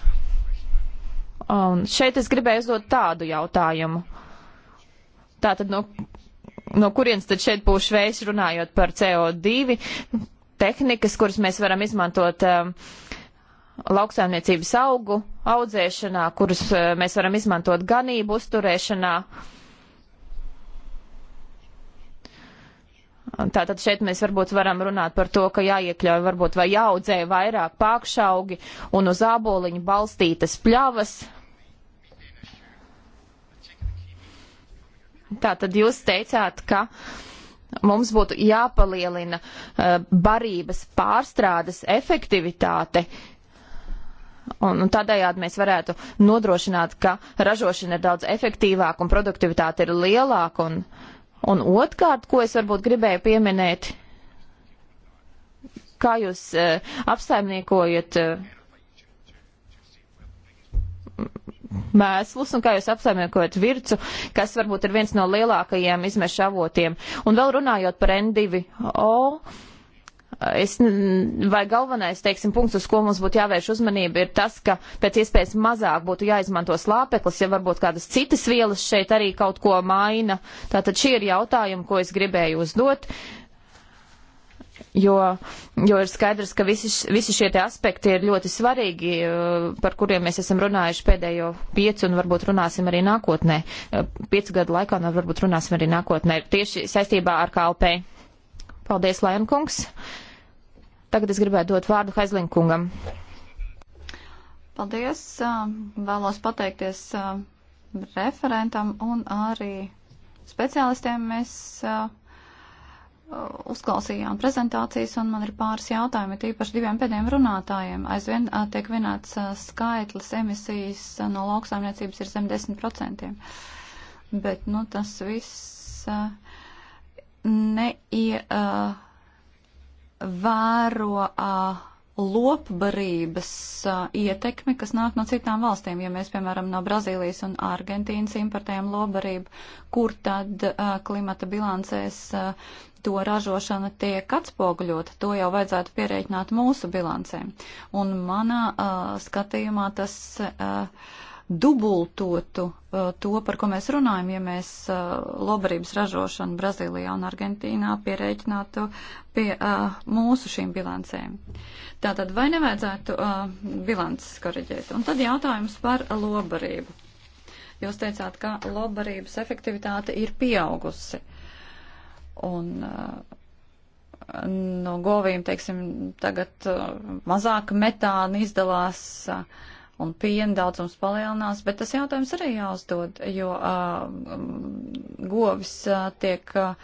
Un šeit es gribēju uzdot tādu jautājumu. Tātad no, no kurienes tad šeit būs vējš runājot par CO2 tehnikas, kuras mēs varam izmantot um, lauksaimniecības augu audzēšanā, kuras uh, mēs varam izmantot ganību uzturēšanā. Uh, Tātad šeit mēs varbūt varam runāt par to, ka jāiekļauj varbūt vai jāaudzē vairāk pākšaugi un uz āboliņu balstītas pļavas. Tātad jūs teicāt, ka mums būtu jāpalielina e, barības pārstrādes efektivitāte. Un, un tādējādi mēs varētu nodrošināt, ka ražošana ir daudz efektīvāka un produktivitāte ir lielāka. Un, uh, Un otrkārt, ko es varbūt gribēju pieminēt, kā jūs uh, apsaimniekojat uh, mēslus un kā jūs apsaimniekojat vircu, kas varbūt ir viens no lielākajiem izmešu avotiem. Un vēl runājot par N2O es, vai galvenais, teiksim, punkts, uz ko mums būtu jāvērš uzmanība, ir tas, ka pēc iespējas mazāk būtu jāizmanto slāpeklis, ja varbūt kādas citas vielas šeit arī kaut ko maina. Tātad šie ir jautājumi, ko es gribēju uzdot. Jo, jo ir skaidrs, ka visi, visi šie aspekti ir ļoti svarīgi, eh, par kuriem mēs esam runājuši pēdējo piecu un varbūt runāsim arī nākotnē. Eh, piecu gadu laikā un varbūt runāsim arī nākotnē tieši saistībā ar KLP. Paldies, Lēnkungs! Uh, Tagad es gribētu dot vārdu Haizlinkungam. Paldies! Eh, vēlos pateikties eh, referentam un arī speciālistiem. Mēs eh, uzklausījām prezentācijas, un man ir pāris jautājumi, tīpaši diviem pēdējiem runātājiem. Aizvien tiek vienāds skaitlis emisijas no lauksaimniecības ir zem 10%. Bet, nu, tas viss neie. Uh, vēro uh, lopbarības uh, ietekmi, kas nāk no citām valstīm. Ja mēs, piemēram, no Brazīlijas un Argentīnas importējam lopbarību, kur tad uh, klimata bilancēs uh, to ražošana tiek atspoguļota, to jau vajadzētu pierēķināt mūsu bilancēm. Un manā uh, skatījumā tas. Uh, dubultotu uh, to, par ko mēs runājam, ja mēs uh, lobarības ražošanu Brazīlijā un Argentīnā pierēķinātu pie uh, mūsu šīm bilancēm. Tātad vai nevajadzētu uh, bilances koriģēt? Un tad jautājums par lobarību. Jūs teicāt, ka lobarības efektivitāte ir pieaugusi. Un, uh, no govīm, teiksim, tagad uh, mazāk metāna izdalās uh, un piena daudzums palielinās, bet tas jautājums arī jāuzdod, jo uh, govis uh, tiek uh,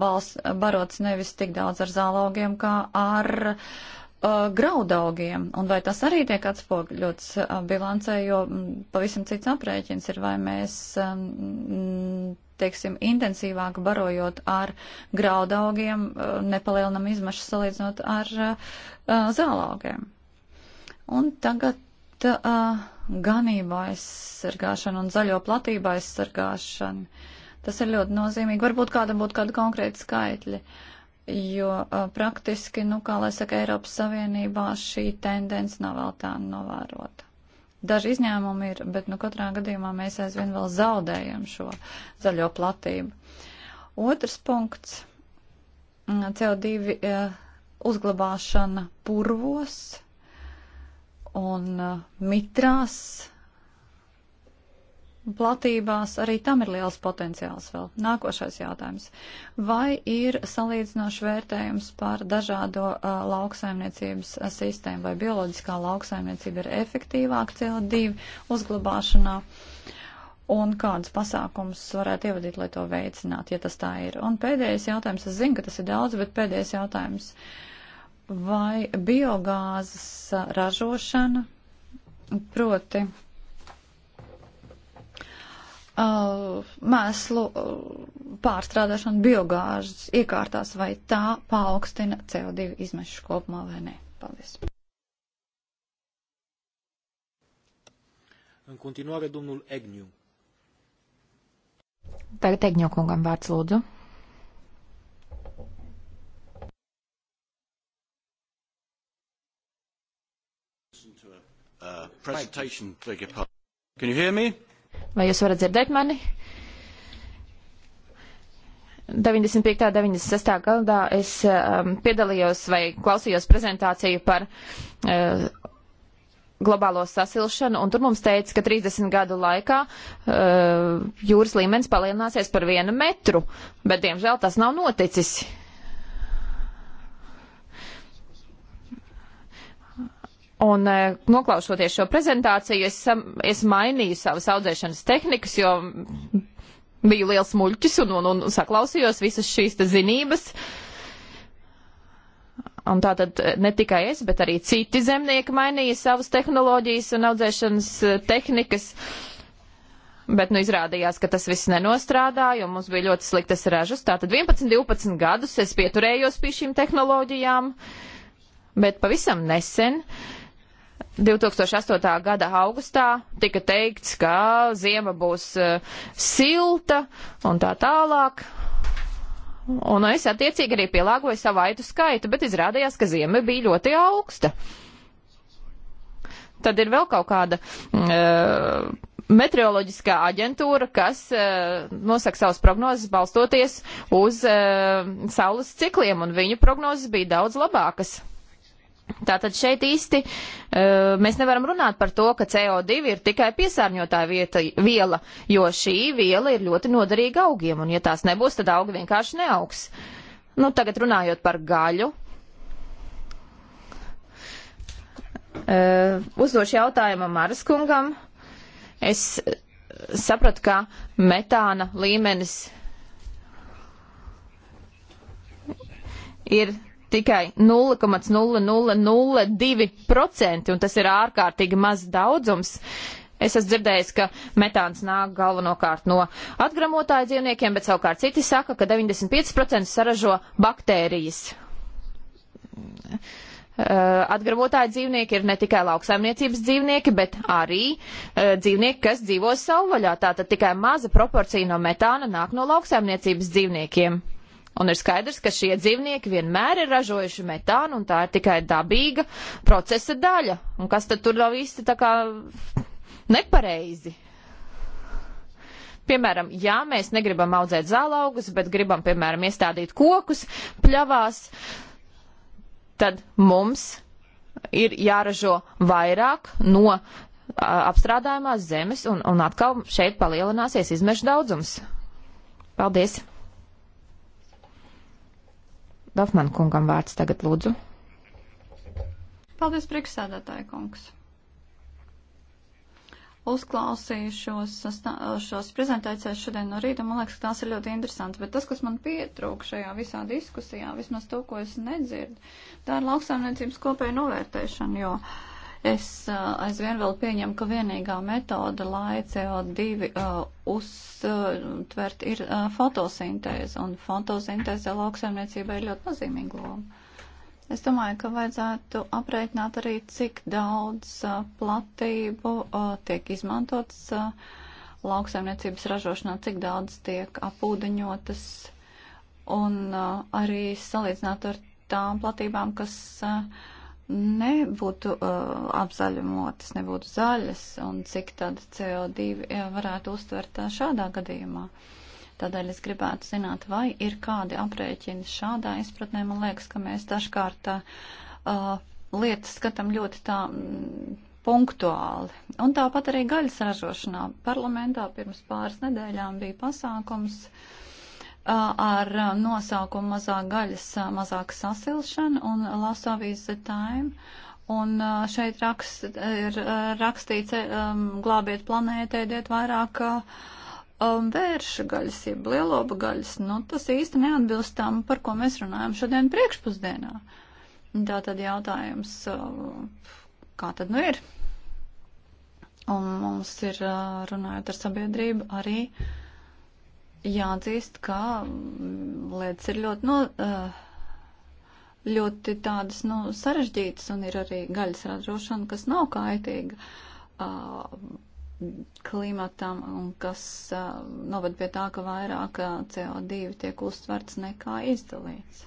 bals, barots nevis tik daudz ar zālaugiem, kā ar uh, graudaugiem. Un vai tas arī tiek atspogļots uh, bilancē, jo m, pavisam cits aprēķins ir, vai mēs, um, teiksim, intensīvāk barojot ar graudaugiem, uh, nepalielinam izmašas salīdzinot ar uh, zālaugiem. Un tagad Tātad uh, ganība aizsargāšana un zaļo platība aizsargāšana. Tas ir ļoti nozīmīgi. Varbūt kāda būtu kāda konkrēta skaitļa, jo uh, praktiski, nu, kā lai saka, Eiropas Savienībā šī tendence nav vēl tā novērota. Daži izņēmumi ir, bet, nu, katrā gadījumā mēs aizvien vēl zaudējam šo zaļo platību. Otrs punkts - CO2 uh, uzglabāšana purvos un uh, mitrās platībās arī tam ir liels potenciāls vēl. Nākošais jautājums. Vai ir salīdzinoši vērtējums par dažādo uh, lauksaimniecības uh, sistēmu vai bioloģiskā lauksaimniecība ir efektīvāka CO2 uzglabāšanā? Un kādus pasākumus varētu ievadīt, lai to veicinātu, ja tas tā ir? Un pēdējais jautājums, es zinu, ka tas ir daudz, bet pēdējais jautājums. Uh, vai biogāzes ražošana, proti uh, mēslu uh, pārstrādāšana biogāzes iekārtās, vai tā paaugstina CO2 izmešus kopumā vai nē. Paldies. În continuare, domnul Egniu. Tagad Egniu kungam vārds lūdzu. uh, presentation, beg your pardon. Can you hear me? Vai jūs varat dzirdēt mani? 95. un 96. gadā es um, piedalījos vai klausījos prezentāciju par uh, globālo sasilšanu, un tur mums teica, ka 30 gadu laikā uh, jūras līmenis palielināsies par vienu metru, bet diemžēl tas nav noticis. Uh, Un e, noklausoties šo prezentāciju, es, es mainīju savas audzēšanas tehnikas, jo biju liels muļķis un, un, un saklausījos visas šīs zinības. Un tā tad e, ne tikai es, bet arī citi zemnieki mainīja savas tehnoloģijas un audzēšanas e, tehnikas. Bet nu izrādījās, ka tas viss nenostrādāja, jo mums bija ļoti sliktas ražas. Tātad 11, 12 gadus es pieturējos pie šīm tehnoloģijām, bet pavisam nesen uh, 2008. gada augustā tika teikts, ka ziema būs uh, silta un tā tālāk. Un es attiecīgi arī pielāgoju savu aitu skaitu, bet izrādījās, ka ziema bija ļoti augsta. Tad ir vēl kaut kāda uh, meteoroloģiskā aģentūra, kas uh, nosaka savas prognozes balstoties uz uh, saules cikliem, un viņu prognozes bija daudz labākas. Tātad šeit īsti eh, mēs nevaram runāt par to, ka CO2 ir tikai piesārņotāja vieta, viela, jo šī viela ir ļoti noderīga augiem, un ja tās nebūs, tad augi vienkārši neaugs. Nu, tagad runājot par gaļu. Eh, uzdošu jautājumu Maras kungam. Es sapratu, ka metāna līmenis ir tikai 0,0002%, un tas ir ārkārtīgi maz daudzums. Es esmu dzirdējis, ka metāns nāk galvenokārt no atgramotāju dzīvniekiem, bet savukārt citi saka, ka 95% saražo baktērijas. Uh, Atgravotāji dzīvnieki ir ne tikai lauksaimniecības dzīvnieki, bet arī uh, dzīvnieki, kas dzīvo savvaļā. Tātad tikai maza proporcija no metāna nāk no lauksaimniecības dzīvniekiem. Un ir skaidrs, ka šie dzīvnieki vienmēr ir ražojuši metānu, un tā ir tikai dabīga procesa daļa. Un kas tad tur nav īsti tā kā nepareizi? Piemēram, ja mēs negribam audzēt zālaugus, bet gribam, piemēram, iestādīt kokus pļavās, tad mums ir jāražo vairāk no a, apstrādājumās zemes, un, un atkal šeit palielināsies izmešu daudzums. Paldies! Dafman kungam vārds tagad lūdzu. Paldies, priekšsēdētāja kungs. Uzklausīju šos, šos prezentācijas šodien no rīta, man liekas, ka tās ir ļoti interesantas, bet tas, kas man pietrūk šajā visā diskusijā, vismaz to, ko es nedzirdu, tā ir lauksaimniecības kopēja novērtēšana, jo uh, Es aizvien vēl pieņemu, ka vienīgā metode, lai CO2 uztvert, ir fotosintēze, un fotosintēze lauksaimniecībai ir ļoti nozīmīga loma. Es domāju, ka vajadzētu aprēķināt arī, cik daudz a, platību a, tiek izmantotas lauksaimniecības ražošanā, cik daudz tiek apūdeņotas un a, arī salīdzināt ar tām platībām, kas uh, nebūtu uh, apzaļumotas, nebūtu zaļas, un cik tad CO2 varētu uztvert uh, šādā gadījumā. Tādēļ es gribētu zināt, vai ir kādi aprēķini šādā izpratnē. Man liekas, ka mēs dažkārt uh, uh lietas skatām ļoti tā. Mm, punktuāli. Un tāpat arī gaļas ražošanā. Parlamentā pirms pāris nedēļām bija pasākums uh, ar nosaukumu mazāk gaļas, mazāk sasilšana un lasu avīzi The Time. Un šeit rakst, ir rakstīts, um, glābiet planētē, diet vairāk um, vērša gaļas, jeb lieloba gaļas. Nu, tas īsti neatbilst tam, par ko mēs runājam šodien priekšpusdienā. Tā tad jautājums, kā tad nu ir? Un mums ir runājot ar sabiedrību arī. Uh, jāatzīst, ka mm, lietas ir ļoti, no, eh, ļoti tādas nu, no, sarežģītas un ir arī gaļas ražošana, kas nav kaitīga eh, klimatam un kas eh, noved pie tā, ka vairāk CO2 tiek uztverts nekā izdalīts.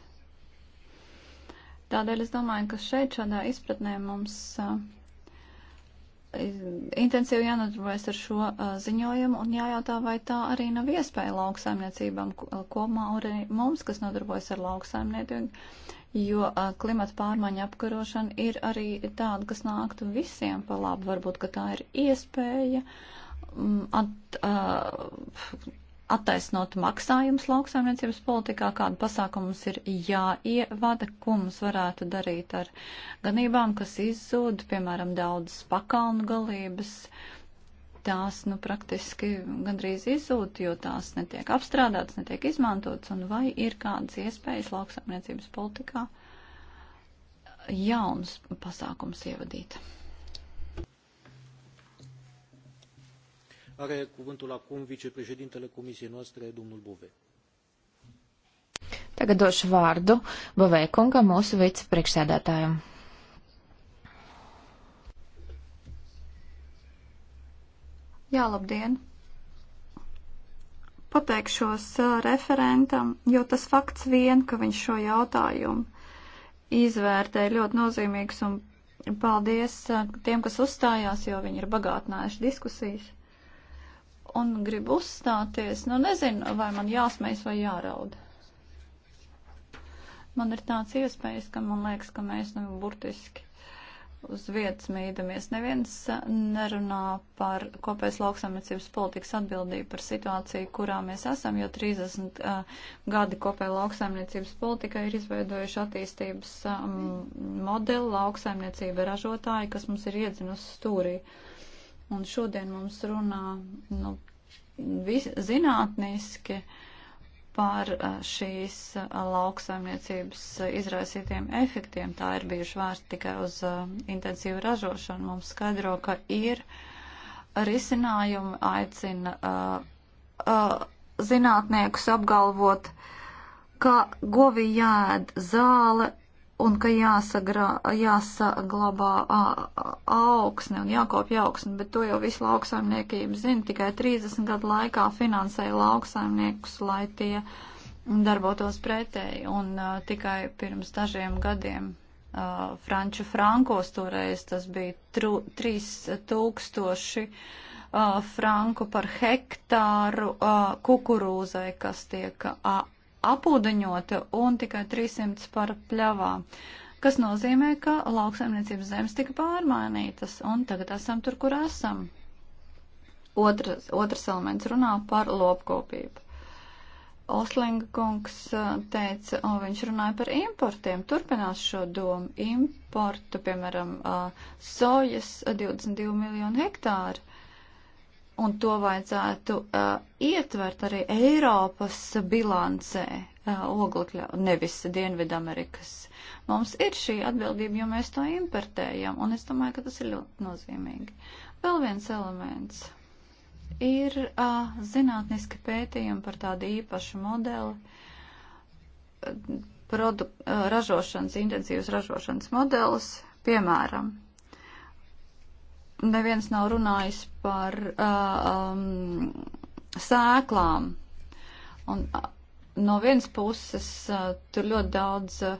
Tādēļ es domāju, ka šeit šādā izpratnē mums uh, intensīvi jānodarbojas ar šo uh, ziņojumu un jājautā, vai tā arī nav iespēja lauksaimniecībām kopumā arī mums, kas nodarbojas ar lauksaimniecību, jo uh, klimata pārmaiņa apkarošana ir arī tāda, kas nāktu visiem pa labu. Varbūt, ka tā ir iespēja um, at, uh, attaisnot maksājumus lauksaimniecības politikā, kādu pasākumu mums ir jāievada, ko mums varētu darīt ar ganībām, kas izzūd, piemēram, daudzas pakalnu galības. Tās, nu, praktiski gandrīz izzūd, jo tās netiek apstrādātas, netiek izmantotas, un vai ir kādas iespējas lauksaimniecības politikā jaunus pasākumus ievadīt? Are cuvântul acum vicepreședintele comisiei noastre, domnul Bove. Tagad došu vārdu Bovē kungam, mūsu vicepriekšsēdētājam. Jā, labdien! Pateikšos uh, referentam, jo tas fakts vien, ka viņš šo jautājumu izvērtēja ļoti nozīmīgs un paldies uh, tiem, kas uzstājās, jo viņi ir bagātinājuši diskusijas un grib uzstāties, nu nezinu, vai man jāsmējas vai jāraud. Man ir tāds iespējas, ka man liekas, ka mēs nu burtiski uz vietas mīdamies. Neviens eh, nerunā par kopējas lauksamniecības politikas atbildību par situāciju, kurā mēs esam, jo 30 uh, eh, gadi kopēja lauksamniecības politika ir izveidojuši attīstības um, modeli lauksamniecība ražotāji, kas mums ir iedzinusi stūrī. Uh, Un šodien mums runā nu, vis, zinātniski par šīs lauksaimniecības izraisītiem efektiem. Tā ir bijuši vērsta tikai uz intensīvu ražošanu. Mums skaidro, ka ir risinājumi, aicina uh, uh, zinātniekus apgalvot, ka govi jāēd zāle un ka jāsagrā, jāsaglabā augsne un jākopja augsne, bet to jau visu lauksaimniekību zina. Tikai 30 gadu laikā finansēja lauksaimniekus, lai tie darbotos pretēji, un uh, tikai pirms dažiem gadiem uh, Franču frankos toreiz tas bija tru, 3000 uh, franku par hektāru uh, kukurūzai, kas tiek uh, apūdeņota un tikai 300 par pļavām. Kas nozīmē, ka lauksaimniecības zemes tika pārmainītas un tagad esam tur, kur esam. Otras, otrs elements runā par lopkopību. Oslinga kungs uh, teica, un viņš runāja par importiem, turpinās šo domu, importu, piemēram, uh, sojas 22 uh, miljonu hektāru un to vajadzētu uh, ietvert arī Eiropas bilancē uh, oglekļa, nevis Dienvidamerikas. Mums ir šī atbildība, jo mēs to importējam, un es domāju, ka tas ir ļoti nozīmīgi. Vēl viens elements ir uh, zinātniski pētījumi par tādu īpašu modeli, produ, uh, ražošanas, intensīvas ražošanas modelus, piemēram, neviens nav runājis par uh, um, sēklām. Un, uh, no vienas puses uh, tur ļoti daudz uh,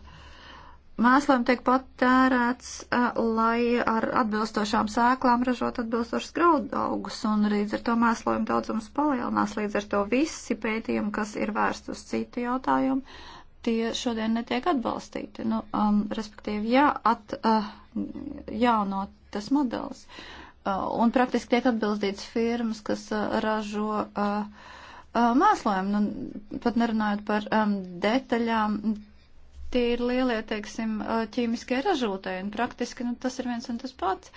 mēslēm tiek patērēts, uh, lai ar atbilstošām sēklām ražot atbilstošas graudaugus, un līdz ar to mēslojuma daudzums palielinās, līdz ar to visi pētījumi, kas ir vērsti uz citu jautājumu, tie šodien netiek atbalstīti. Nu, um, respektīvi, jā, at, uh, jā, no tas modelis. Uh, un praktiski tiek atbildīts firmas, kas uh, ražo uh, mēslojumu, nu, pat nerunājot par um, detaļām. Tie ir lielie, teiksim, ķīmiskie ražotāji, un praktiski nu, tas ir viens un tas pats.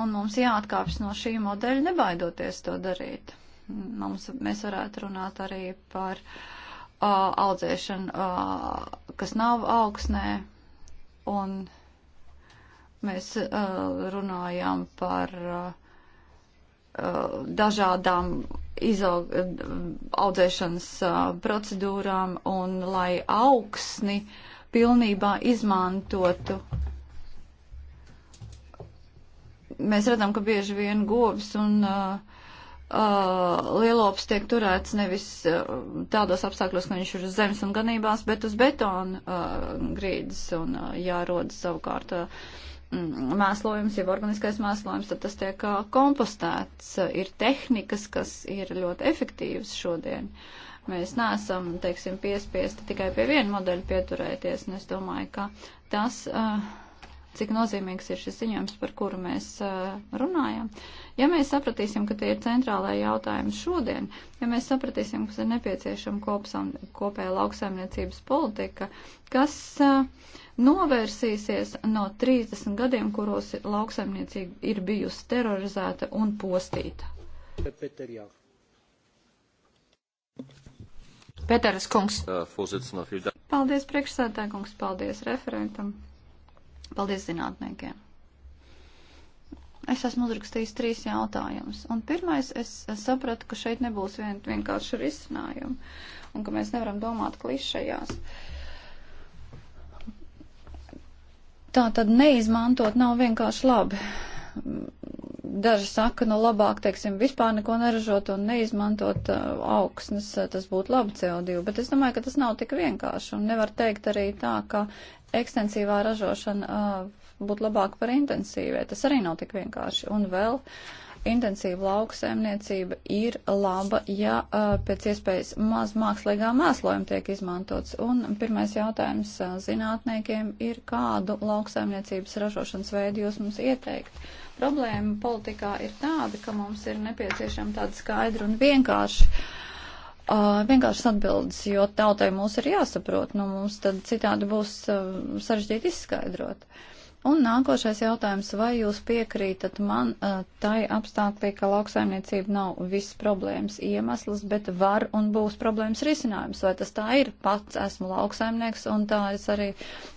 Un mums jāatkāpjas no šī modeļa, nebaidoties to darīt. Mums, mēs varētu runāt arī par uh, audzēšanu, uh, kas nav augsnē, un Mēs uh, runājām par uh, dažādām izaug, audzēšanas uh, procedūrām un lai augsni pilnībā izmantotu. Mēs redzam, ka bieži vien govs un uh, uh, lielops tiek turēts nevis uh, tādos apstākļos, ka viņš ir uz zemes un ganībās, bet uz betona uh, grīdas un uh, jārodas savukārt. Uh, Mm, mēslojums, jau organiskais mēslojums, tad tas tiek kompostēts. Ir tehnikas, kas ir ļoti efektīvas šodien. Mēs neesam, teiksim, piespiesti tikai pie viena modeļa pieturēties, un es domāju, ka tas, cik nozīmīgs ir šis ziņojums, par kuru mēs runājam, ja mēs sapratīsim, ka tie ir centrālai jautājumi šodien, ja mēs sapratīsim, kas ir nepieciešama kopsam, kopēja lauksaimniecības politika, kas uh, novērsīsies no 30 gadiem, kuros lauksaimniecība ir bijusi terorizēta un postīta. Pēteras kungs. Paldies priekšsētā kungs, paldies referentam, paldies zinātniekiem. Es esmu uzrakstījis trīs jautājumus. Un pirmais, es sapratu, ka šeit nebūs vien, vienkārši risinājumi un ka mēs nevaram domāt klišajās. Uh, Tā tad neizmantot nav vienkārši labi. Daži saka, nu labāk, teiksim, vispār neko neražot un neizmantot uh, augsnes, uh, tas būtu labi CO2, bet es domāju, ka tas nav tik vienkārši un nevar teikt arī tā, ka ekstensīvā ražošana uh, būtu labāka par intensīvē. Tas arī nav tik vienkārši. Un vēl. Uh, intensīva lauksaimniecība ir laba, ja pēc iespējas maz mākslīgā mēslojuma tiek izmantots. Un pirmais jautājums zinātniekiem ir, kādu lauksaimniecības ražošanas veidu jūs mums ieteikt? Problēma politikā ir tāda, ka mums ir nepieciešama tāda skaidra un vienkārša. Uh, vienkārši atbildes, jo tautai mūs ir jāsaprot, nu mums tad citādi būs uh, sarežģīti izskaidrot. Uh, Un nākošais jautājums, vai jūs piekrītat man tai apstākļī, ka lauksaimniecība nav viss problēmas iemesls, bet var un būs problēmas risinājums? Vai tas tā ir? Pats esmu lauksaimnieks un tā es arī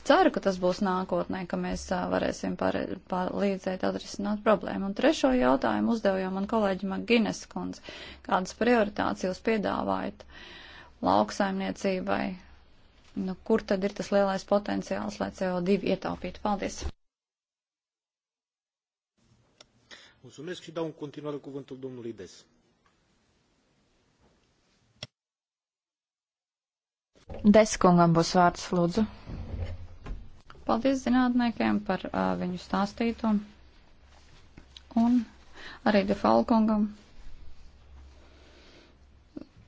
ceru, ka tas būs nākotnē, ka mēs varēsim palīdzēt atrisināt problēmu. Un trešo jautājumu uzdevu jau man kolēģi Magines kundze. Kādas prioritātes jūs piedāvājat lauksaimniecībai? Nu, kur tad ir tas lielais potenciāls, lai CO2 ietaupītu? Paldies! Mulțumesc și dau în continuare cuvântul domnului Des. Deskungam būs vārds, lūdzu. Paldies zinātniekiem par uh, viņu stāstīto. Un arī Defalkungam.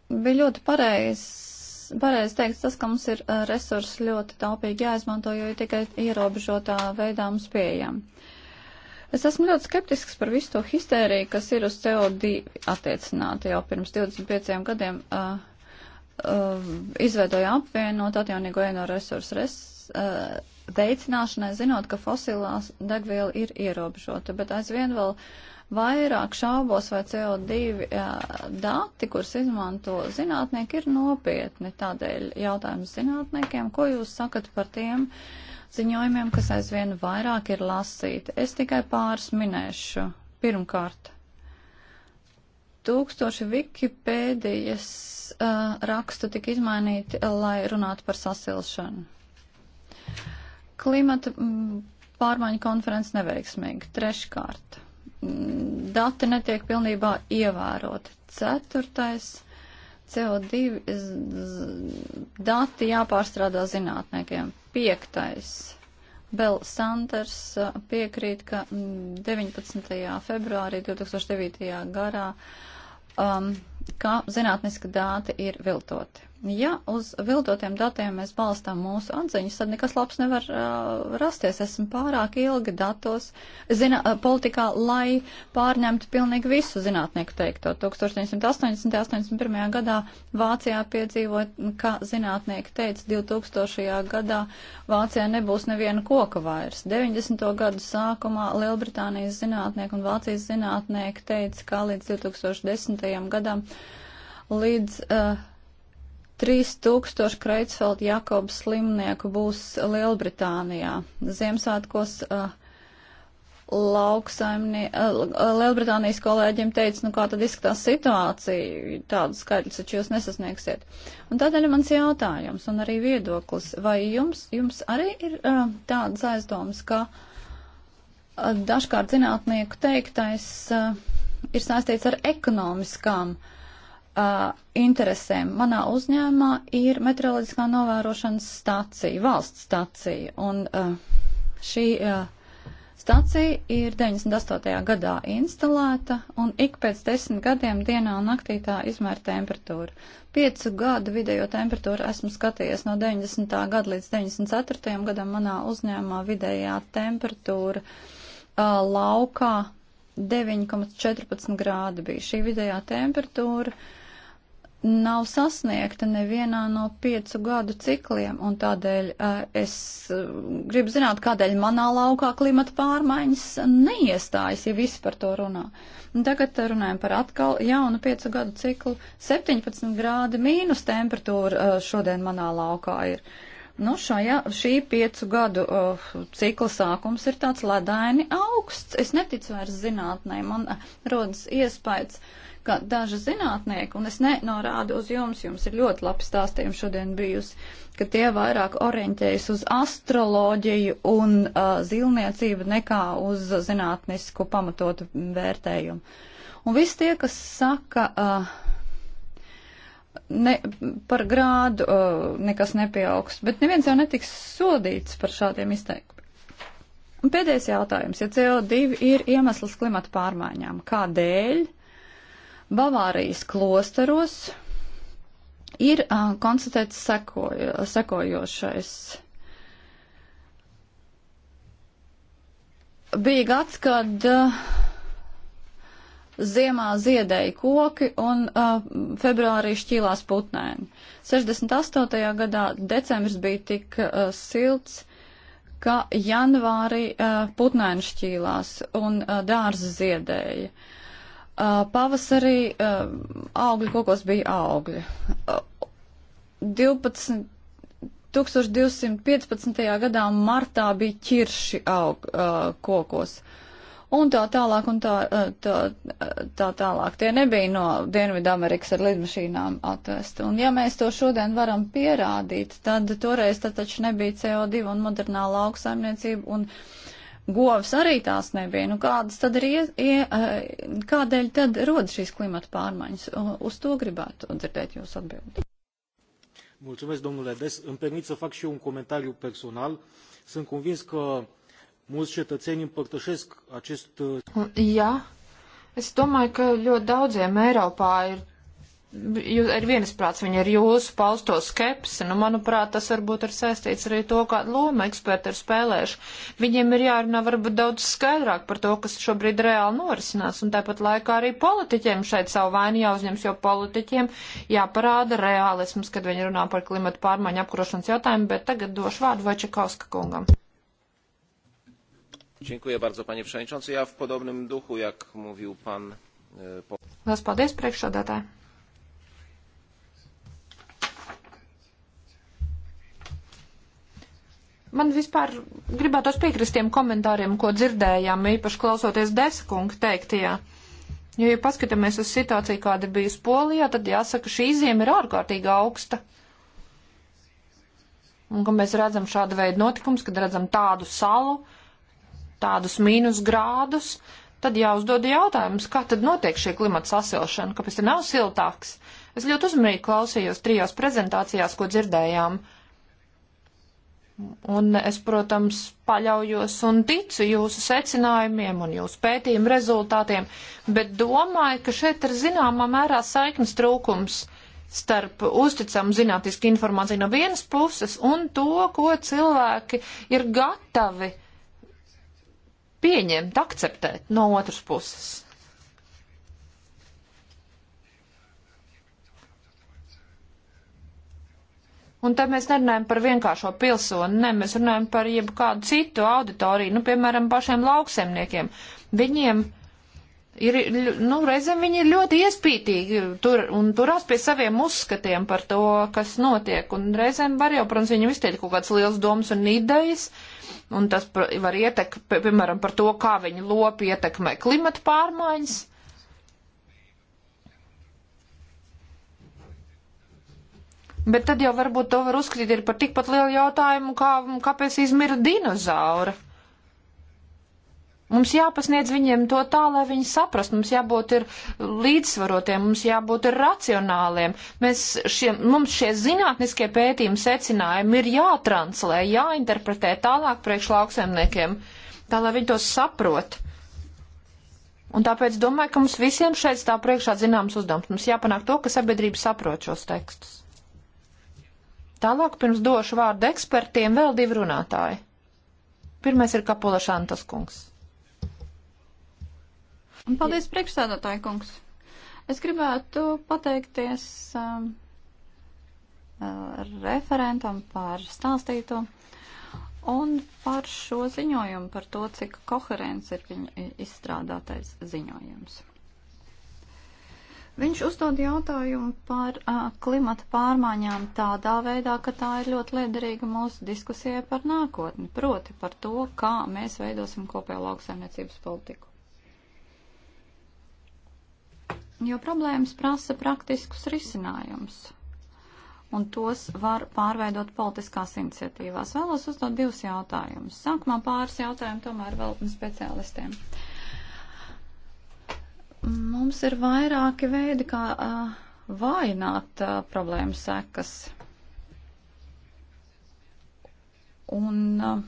Bija ļoti pareizi pareiz teikt tas, ka mums ir uh, resursi ļoti taupīgi jāizmanto, jo ir tikai ierobežotā veidā mums pieejami. Es esmu ļoti skeptisks par visu to histēriju, kas ir uz CO2 attiecināta jau pirms 25 gadiem. Uh, uh, izveidoja apvienot atjaunīgo energoresursu res, uh, veicināšanai, zinot, ka fosilās degviela ir ierobežota, bet aizvien vēl vairāk šaubos, vai CO2 uh, dati, kurus izmanto zinātnieki, ir nopietni. Tādēļ jautājums zinātniekiem, ko jūs sakat par tiem? Uh, ziņojumiem, kas aizvien vairāk ir lasīti. Es tikai pāris minēšu. Pirmkārt, tūkstoši Wikipēdijas uh, rakstu tika izmainīti, lai runātu par sasilšanu. Klimata mm, pārmaiņu konferences neveiksmīgi. Treškārt, mm, dati netiek pilnībā ievēroti. Ceturtais CO2 dati jāpārstrādā zinātniekiem. Piektais. Bel Sanders piekrīt, ka 19. Mm, februārī 2009. garā, um, ka zinātniska dāti ir viltoti. Ja uz viltotiem datiem mēs balstām mūsu atziņas, tad nekas labs nevar uh, rasties. Esmu pārāk ilgi datos, zina, uh, politikā, lai pārņemtu pilnīgi visu zinātnieku teikto. 1980. 81. gadā Vācijā piedzīvoja, ka zinātnieki teica, 2000. gadā Vācijā nebūs neviena koka vairs. 90. gadu sākumā Lielbritānijas zinātnieki un Vācijas zinātnieki teica, ka līdz 2010. gadam līdz. Uh, 3000 Kreitsfeld Jakobu slimnieku būs Lielbritānijā. Ziemassvētkos uh, lauksaimnie, uh, uh Lielbritānijas kolēģiem teica, nu kā tad izskatās situācija, tādu skaitļu taču jūs nesasniegsiet. Un tādēļ mans jautājums un arī viedoklis, vai jums, jums arī ir uh, tādas aizdomas, ka uh, dažkārt zinātnieku teiktais uh, ir saistīts ar ekonomiskām uh, uh, interesēm. Manā uzņēmumā ir meteoroloģiskā novērošanas stācija, valsts stācija, un uh, šī uh, stācija ir 98. gadā instalēta, un ik pēc desmit gadiem dienā un naktī tā izmēra temperatūru. Piecu gadu vidējo temperatūru esmu skatījies no 90. gada līdz 94. gadam manā uzņēmumā vidējā temperatūra uh, laukā 9,14 grādi bija šī vidējā temperatūra. Uh, nav sasniegta nevienā no piecu gadu cikliem, un tādēļ eh, es eh, gribu zināt, kādēļ manā laukā klimata pārmaiņas neiestājas, ja viss par to runā. Un tagad runājam par atkal jaunu piecu gadu ciklu. 17 grādi mīnus temperatūra eh, šodien manā laukā ir. Nu, šajā, šī piecu gadu uh, cikla sākums ir tāds ledaini augsts. Es neticu vairs zinātnē, man rodas iespējas. Uh, ka daži zinātnieki, un es nenorādu uz jums, jums ir ļoti labi stāstījumi šodien bijusi, ka tie vairāk orientējas uz astroloģiju un uh, zilniecību nekā uz zinātnisku pamatotu vērtējumu. Un visi tie, kas saka, uh, ne, par grādu uh, nekas nepieaugs, bet neviens jau netiks sodīts par šādiem izteikumiem. Un pēdējais jautājums, ja CO2 ir iemesls klimata pārmaiņām, kādēļ Bavārijas klosteros ir uh, konstatēts sekojo, sekojošais. Bija gads, kad uh, ziemā ziedēja koki un uh, februārī šķīlās putnēni. 68. gadā decembris bija tik uh, silts, ka janvārī uh, putnēni šķīlās un uh, dārzi ziedēja. Uh, Uh, pavasarī uh, augļu kokos bija augļi. 12, uh, 1215. gadā martā bija ķirši aug, kokos un tā tālāk un tā, tā, tā tālāk. Tie nebija no Dienvidu Amerikas ar lidmašīnām atvest. Un ja mēs to šodien varam pierādīt, tad toreiz tad taču nebija CO2 un modernā lauksaimniecība un govs arī tās nebija. Nu, kādas tad ir, ie, ie, eh, kādēļ tad rodas šīs klimata pārmaiņas? Uz to gribētu dzirdēt jūs atbildi. Mulțumesc, domnule Des. Îmi permit să fac și eu un comentariu personal. Sunt convins că mulți cetățeni împărtășesc acest... Jā, es domāju, ka ļoti daudziem Eiropā ir ir viensprāts, viņi ir jūsu pausto skepsi, nu, manuprāt, tas varbūt ir saistīts arī to, kādu lomu eksperti ir spēlējuši. Viņiem ir jārunā varbūt daudz skaidrāk par to, kas šobrīd reāli norisinās, un tāpat laikā arī politiķiem šeit savu vainu jāuzņems, jo politiķiem jāparāda reālisms, kad viņi runā par klimatu pārmaiņu apkurošanas jautājumu, bet tagad došu vārdu Vačekauska kungam. Dziękuję bardzo, panie przewodniczący. Ja w podobnym duchu, jak mówił pan. E, po... Paldies, priekšsādātāji. Man vispār gribētos piekrist tiem komentāriem, ko dzirdējām, īpaši klausoties Deskunga teiktajā. Jo, ja paskatāmies uz situāciju, kāda bija Polijā, tad jāsaka, šī ziema ir ārkārtīgi augsta. Un, kad mēs redzam šādu veidu notikums, kad redzam tādu salu, tādus mīnus grādus, tad jāuzdod jautājums, kā tad notiek šī klimata sasilšana, kāpēc te nav siltāks. Es ļoti uzmanīgi klausījos trijās prezentācijās, ko dzirdējām. Uh, Un es, protams, paļaujos un ticu jūsu secinājumiem un jūsu pētījumu rezultātiem, bet domāju, ka šeit ir zināmā mērā saiknes trūkums starp uzticamu zinātnisku informāciju no vienas puses un to, ko cilvēki ir gatavi pieņemt, akceptēt no otras puses. Un te mēs nerunājam par vienkāršo pilsoni, ne, mēs runājam par jebkādu citu auditoriju, nu, piemēram, pašiem lauksemniekiem. Viņiem ir, nu, reizēm viņi ir ļoti iespītīgi tur, un turās pie saviem uzskatiem par to, kas notiek, un reizēm var jau, protams, viņiem izteikt kaut kāds liels domas un idejas, un tas var ietek, piemēram, par to, kā viņi lopi ietekmē klimata pārmaiņas. Bet tad jau varbūt to var uzskatīt par tikpat lielu jautājumu, kā, kāpēc izmira dinozaura. Mums jāpasniedz viņiem to tā, lai viņi saprast, mums jābūt ir līdzsvarotiem, mums jābūt ir racionāliem. Mēs šie, mums šie zinātniskie pētījumi secinājumi ir jātranslē, jāinterpretē tālāk priekš lauksaimniekiem, tā lai viņi to saprot. Un tāpēc domāju, ka mums visiem šeit stāv priekšā zināms uzdevums. Mums jāpanāk to, ka sabiedrība saprot šos tekstus. Tālāk pirms došu vārdu ekspertiem vēl divi runātāji. Pirmais ir Kapula Šantas kungs. Un paldies priekšsēdētāji kungs. Es gribētu pateikties um, uh, referentam par stāstīto un par šo ziņojumu, par to, cik koherents ir viņa izstrādātais ziņojums. Viņš uzdod jautājumu par uh, klimata pārmaiņām tādā veidā, ka tā ir ļoti liederīga mūsu diskusijai par nākotni, proti par to, kā mēs veidosim kopējo lauksaimniecības politiku. Jo problēmas prasa praktiskus risinājumus, un tos var pārveidot politiskās iniciatīvās. Vēlos uzdot divus jautājumus. Sākumā pāris jautājumu tomēr vēl speciālistiem. Uh, Mums ir vairāki veidi, kā uh, vājināt uh, problēmu sekas. Un uh,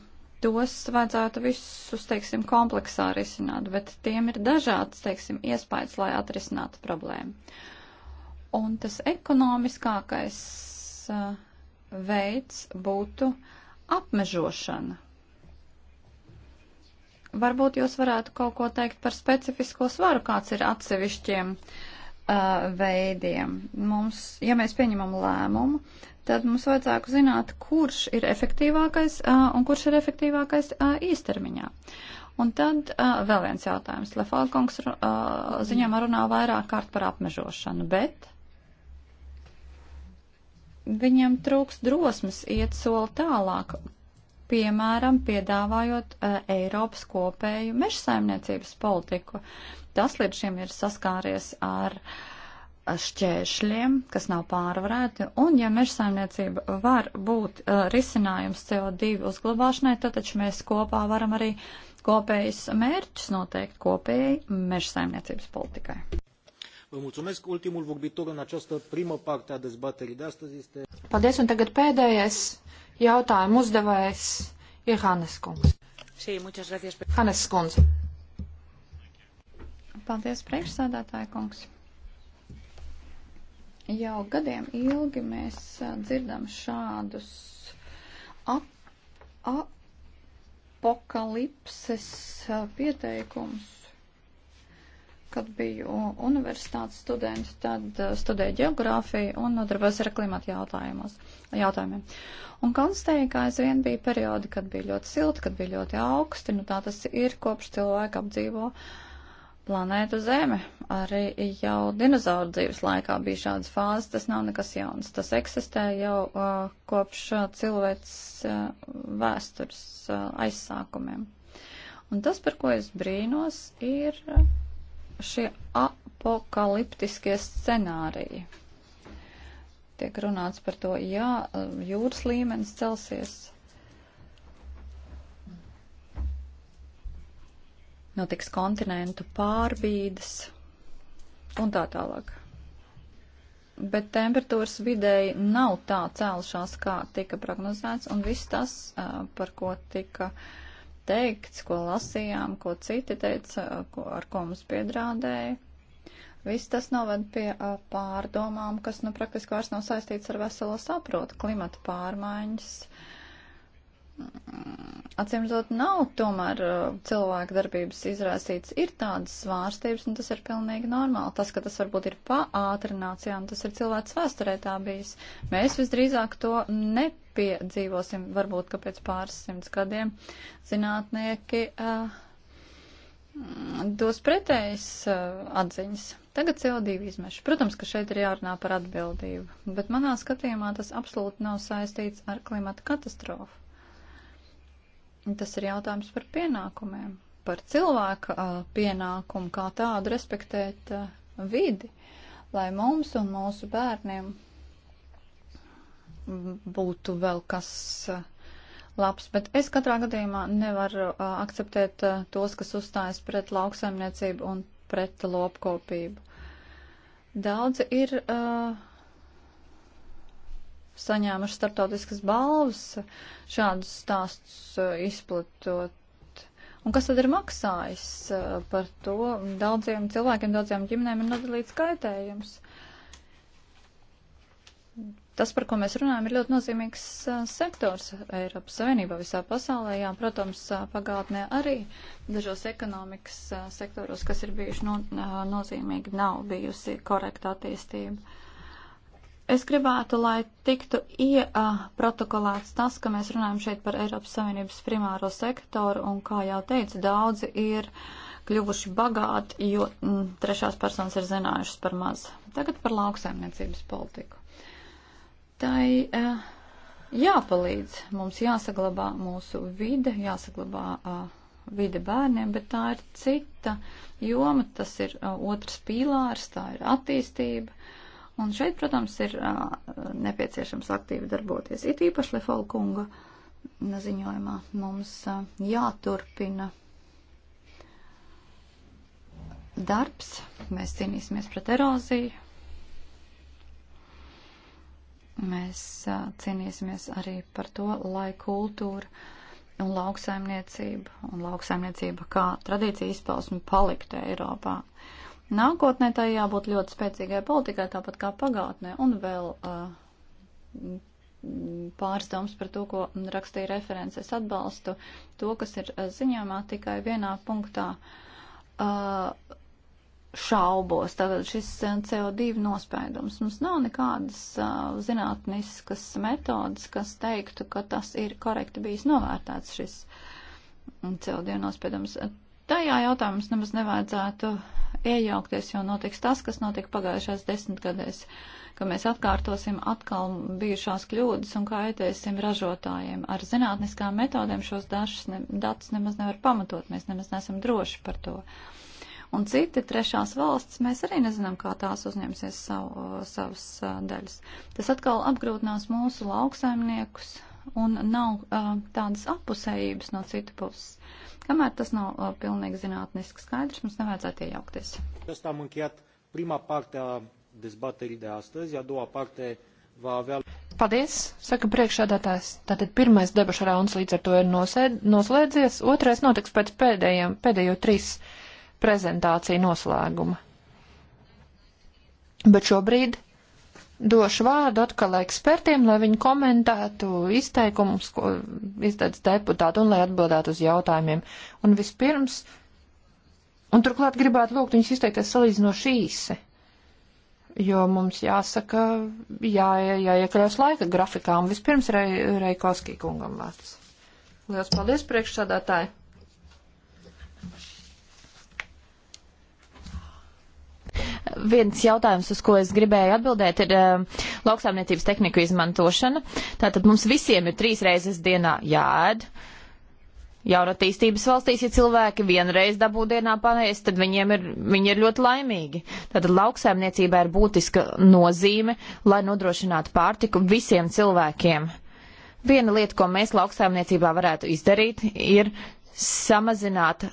tos vajadzētu visus, teiksim, kompleksā risināt, bet tiem ir dažāds, teiksim, iespējas, lai atrisinātu problēmu. Un tas ekonomiskākais uh, veids būtu apmežošana Varbūt jūs varētu kaut ko teikt par specifisko svaru, kāds ir atsevišķiem uh, veidiem. Mums, ja mēs pieņemam lēmumu, tad mums vajadzētu zināt, kurš ir efektīvākais uh, un kurš ir efektīvākais uh, īstermiņā. Un tad uh, vēl viens jautājums. Lefalkungs uh, ziņām runā vairāk kārt par apmežošanu, bet viņam trūks drosmes iet soli tālāk, piemēram, piedāvājot uh, Eiropas kopēju mežsaimniecības politiku. Tas līdz šim ir saskāries ar eh, šķēršļiem, kas nav pārvarēti, un ja mežsaimniecība var būt uh, risinājums CO2 uzglabāšanai, tad taču mēs kopā varam arī kopējus mērķus noteikt kopējai mežsaimniecības politikai. Vă mulțumesc. Ultimul vorbitor în această primă parte a dezbaterii de astăzi este... Paldies, un tagad pēdējais jautājumu uzdevējs ir Hannes Kungs. Sí, muchas gracias. Hannes Kungs. Paldies, priekšsādātāja kungs. Jau gadiem ilgi mēs dzirdam šādus ap, apokalipses pieteikumus Kad biju universitātes students, tad eh, studēju geogrāfiju un nodarbojos ar klimatu jautājumiem. Un konstatēju, ka aizvien bija periodi, kad bija ļoti silti, kad bija ļoti augsti. Nu, tā tas ir kopš cilvēka apdzīvo planētu Zeme. Arī jau dinozauru dzīves laikā bija šādas fāzes, tas nav nekas jauns. Tas eksistē jau uh, kopš uh, cilvēks uh, vēstures uh, aizsākumiem. Un tas, par ko es brīnos, ir šie apokaliptiskie scenāriji. Tiek runāts par to, jā, jūras līmenis celsies. Notiks kontinentu pārbīdes un tā tālāk. Bet temperatūras vidēji nav tā cēlušās, kā tika prognozēts, un viss tas, par ko tika uh, teikts, ko lasījām, ko citi teica, ko, ar ko mums piedrādēja. Viss tas noved pie a, pārdomām, kas nu praktiski vairs nav saistīts ar veselo saprotu. Klimata pārmaiņas, uh, Acīm redzot, nav tomēr uh, cilvēka darbības izraisīts. Ir tādas svārstības, un tas ir pilnīgi normāli. Tas, ka tas varbūt ir paātrināts, jā, un tas ir cilvēks vēsturē tā bijis. Mēs visdrīzāk to nepiedzīvosim, varbūt, ka pēc pāris simts gadiem zinātnieki uh, mm, dos pretējas uh, atziņas. Tagad CO2 izmešu. Protams, ka šeit ir jārunā par atbildību, bet manā skatījumā tas absolūti nav saistīts ar klimata katastrofu. Tas ir jautājums par pienākumiem, par cilvēka pienākumu kā tādu respektēt vidi, lai mums un mūsu bērniem būtu vēl kas labs. Bet es katrā gadījumā nevaru akceptēt tos, kas uzstājas pret lauksaimniecību un pret lopkopību. Daudzi ir uh, saņēmuši starptautiskas balvas šādus stāstus uh, izplatot. Un kas tad ir maksājis uh, par to? Daudziem cilvēkiem, daudziem ģimenēm ir nodalīts kaitējums. Tas, par ko mēs runājam, ir ļoti nozīmīgs uh, sektors Eiropas Savienībā visā pasaulē. Jā, protams, pagātnē arī dažos ekonomikas sektoros, kas ir bijuši no, nozīmīgi, nav bijusi korekta attīstība. Es gribētu, lai tiktu ieprotokolēts tas, ka mēs runājam šeit par Eiropas Savienības primāro sektoru, un, kā jau teicu, daudzi ir kļuvuši bagāti, jo m, mm, trešās personas ir zinājušas par maz. Tagad par lauksaimniecības politiku. Tai uh, jāpalīdz, mums jāsaglabā mūsu vide, jāsaglabā uh, vide bērniem, bet tā ir cita joma, tas ir uh, otrs pīlārs, tā ir attīstība. Uh, Un šeit, protams, ir uh, nepieciešams aktīvi darboties. It īpaši Lefola kunga ziņojumā mums uh, jāturpina darbs. Mēs cīnīsimies pret eroziju. Mēs uh, cīnīsimies arī par to, lai kultūra un lauksaimniecība un lauksaimniecība kā tradīcija izpausme paliktu Eiropā. Uh, Nākotnē tai jābūt ļoti spēcīgai politikai, tāpat kā pagātnē, un vēl uh, pārstāvums par to, ko rakstīja referents. Es atbalstu to, kas ir uh, ziņojumā tikai vienā punktā. Uh, šaubos. Tātad šis uh, CO2 nospēdums. Mums nav nekādas uh, zinātniskas metodas, kas teiktu, ka tas ir korekti bijis novērtēts šis mm, CO2 nospēdums. Tajā jautājums nemaz nevajadzētu iejaukties, jo notiks tas, kas notika pagājušās desmitgadēs, ka mēs atkārtosim atkal bijušās kļūdas un kaitēsim ražotājiem. Ar zinātniskām metodēm šos dažus ne, datus nemaz nevar pamatot, mēs nemaz neesam droši par to. Un citi trešās valsts, mēs arī nezinām, kā tās uzņemsies savu, savas daļas. Tas atkal apgrūtinās mūsu lauksaimniekus un nav uh, tādas apusējības no citu puses. Kamēr tas nav uh, pilnīgi zinātniski skaidrs, mums nevajadzētu iejaukties. Asta am încheiat prima parte a dezbaterii de astăzi, a doua parte va avea... Paldies, saka priekšādātājs. Tātad pirmais debašu rauns līdz ar to ir nosēd, noslēdzies, otrais notiks pēc pēdējiem, pēdējo trīs prezentāciju noslēguma. Bet šobrīd došu vārdu atkal ekspertiem, lai viņi komentētu izteikumus, ko izteica deputāti, un lai atbildētu uz jautājumiem. Un vispirms, un turklāt gribētu lūgt viņus izteikties salīdzinoši īsi, jo mums jāsaka, jā, jāiekļaus laika grafikā, un vispirms Re, Reikovskī kungam vārds. Liels paldies priekšsādātāji! viens jautājums, uz ko es gribēju atbildēt, ir uh, lauksaimniecības tehniku izmantošana. Tātad mums visiem ir trīs reizes dienā jāēd. Jaunatīstības valstīs, ja cilvēki vienreiz dabū dienā panēst, tad viņiem ir, viņi ir ļoti laimīgi. Tātad lauksaimniecībā ir būtiska nozīme, lai nodrošinātu pārtiku visiem cilvēkiem. Viena lieta, ko mēs lauksaimniecībā varētu izdarīt, ir samazināt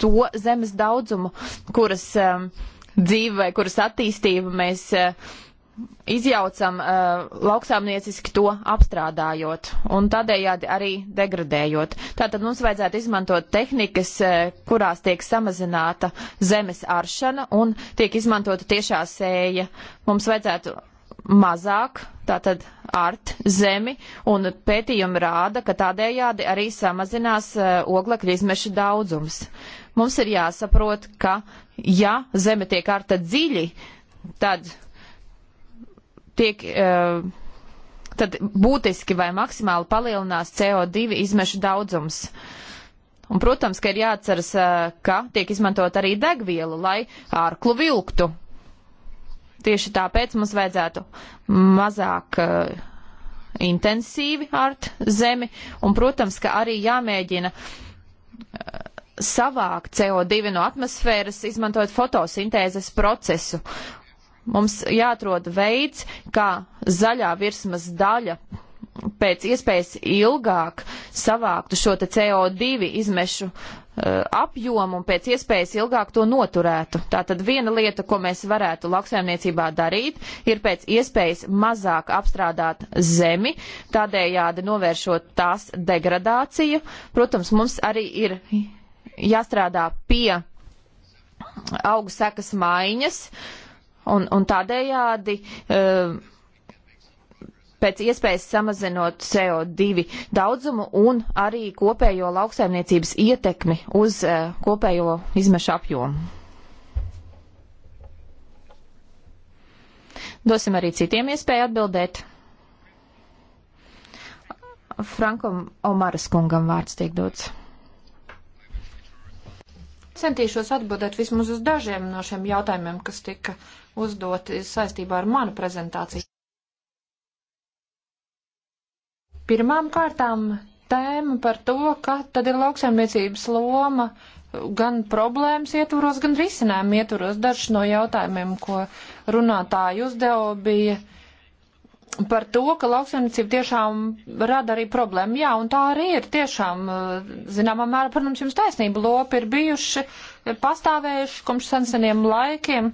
to zemes daudzumu, kuras um, dzīve vai kuras attīstību mēs eh, izjaucam eh, lauksāmnieciski to apstrādājot un tādējādi arī degradējot. Tātad mums vajadzētu izmantot tehnikas, eh, kurās tiek samazināta zemes aršana un tiek izmantota tiešā sēja. Mums vajadzētu mazāk, tātad art zemi, un pētījumi rāda, ka tādējādi arī samazinās oglekļa izmeša daudzums. Uh, Mums ir jāsaprot, ka ja zeme tiek arta dziļi, tad tiek. Uh, tad būtiski vai maksimāli palielinās CO2 izmešu daudzums. Un, protams, ka ir jāatceras, eh, ka tiek izmantot arī degviela, lai ārklu vilktu. Tieši tāpēc mums vajadzētu mazāk uh, intensīvi ārt zemi, un, protams, ka arī jāmēģina uh, savākt CO2 no atmosfēras, izmantojot fotosintēzes procesu. Mums jāatrod veids, kā zaļā virsmas daļa pēc iespējas ilgāk savāktu šo CO2 izmešu uh, apjomu un pēc iespējas ilgāk to noturētu. Tātad viena lieta, ko mēs varētu lauksaimniecībā darīt, ir pēc iespējas mazāk apstrādāt zemi, tādējādi novēršot tās degradāciju. Protams, mums arī ir jāstrādā pie augu sekas maiņas, un, un tādējādi e, pēc iespējas samazinot CO2 daudzumu un arī kopējo lauksaimniecības ietekmi uz e, kopējo izmešu apjomu. Dosim arī citiem iespēju atbildēt. Frankam Omaras kungam vārds tiek dots. Centīšos atbildēt vismaz uz dažiem no šiem jautājumiem, kas tika uzdoti saistībā ar manu prezentāciju. Pirmām kārtām tēma par to, ka tad ir lauksaimniecības loma gan problēmas ietvaros, gan risinājumu ietvaros. Dažs no jautājumiem, ko runātāji uzdeva, bija uh, par to, ka lauksaimniecība tiešām rada arī problēmu. Jā, un tā arī ir tiešām, eh, zināmā mērā, protams, jums taisnība, lopi ir bijuši, pastāvējuši kopš senseniem laikiem.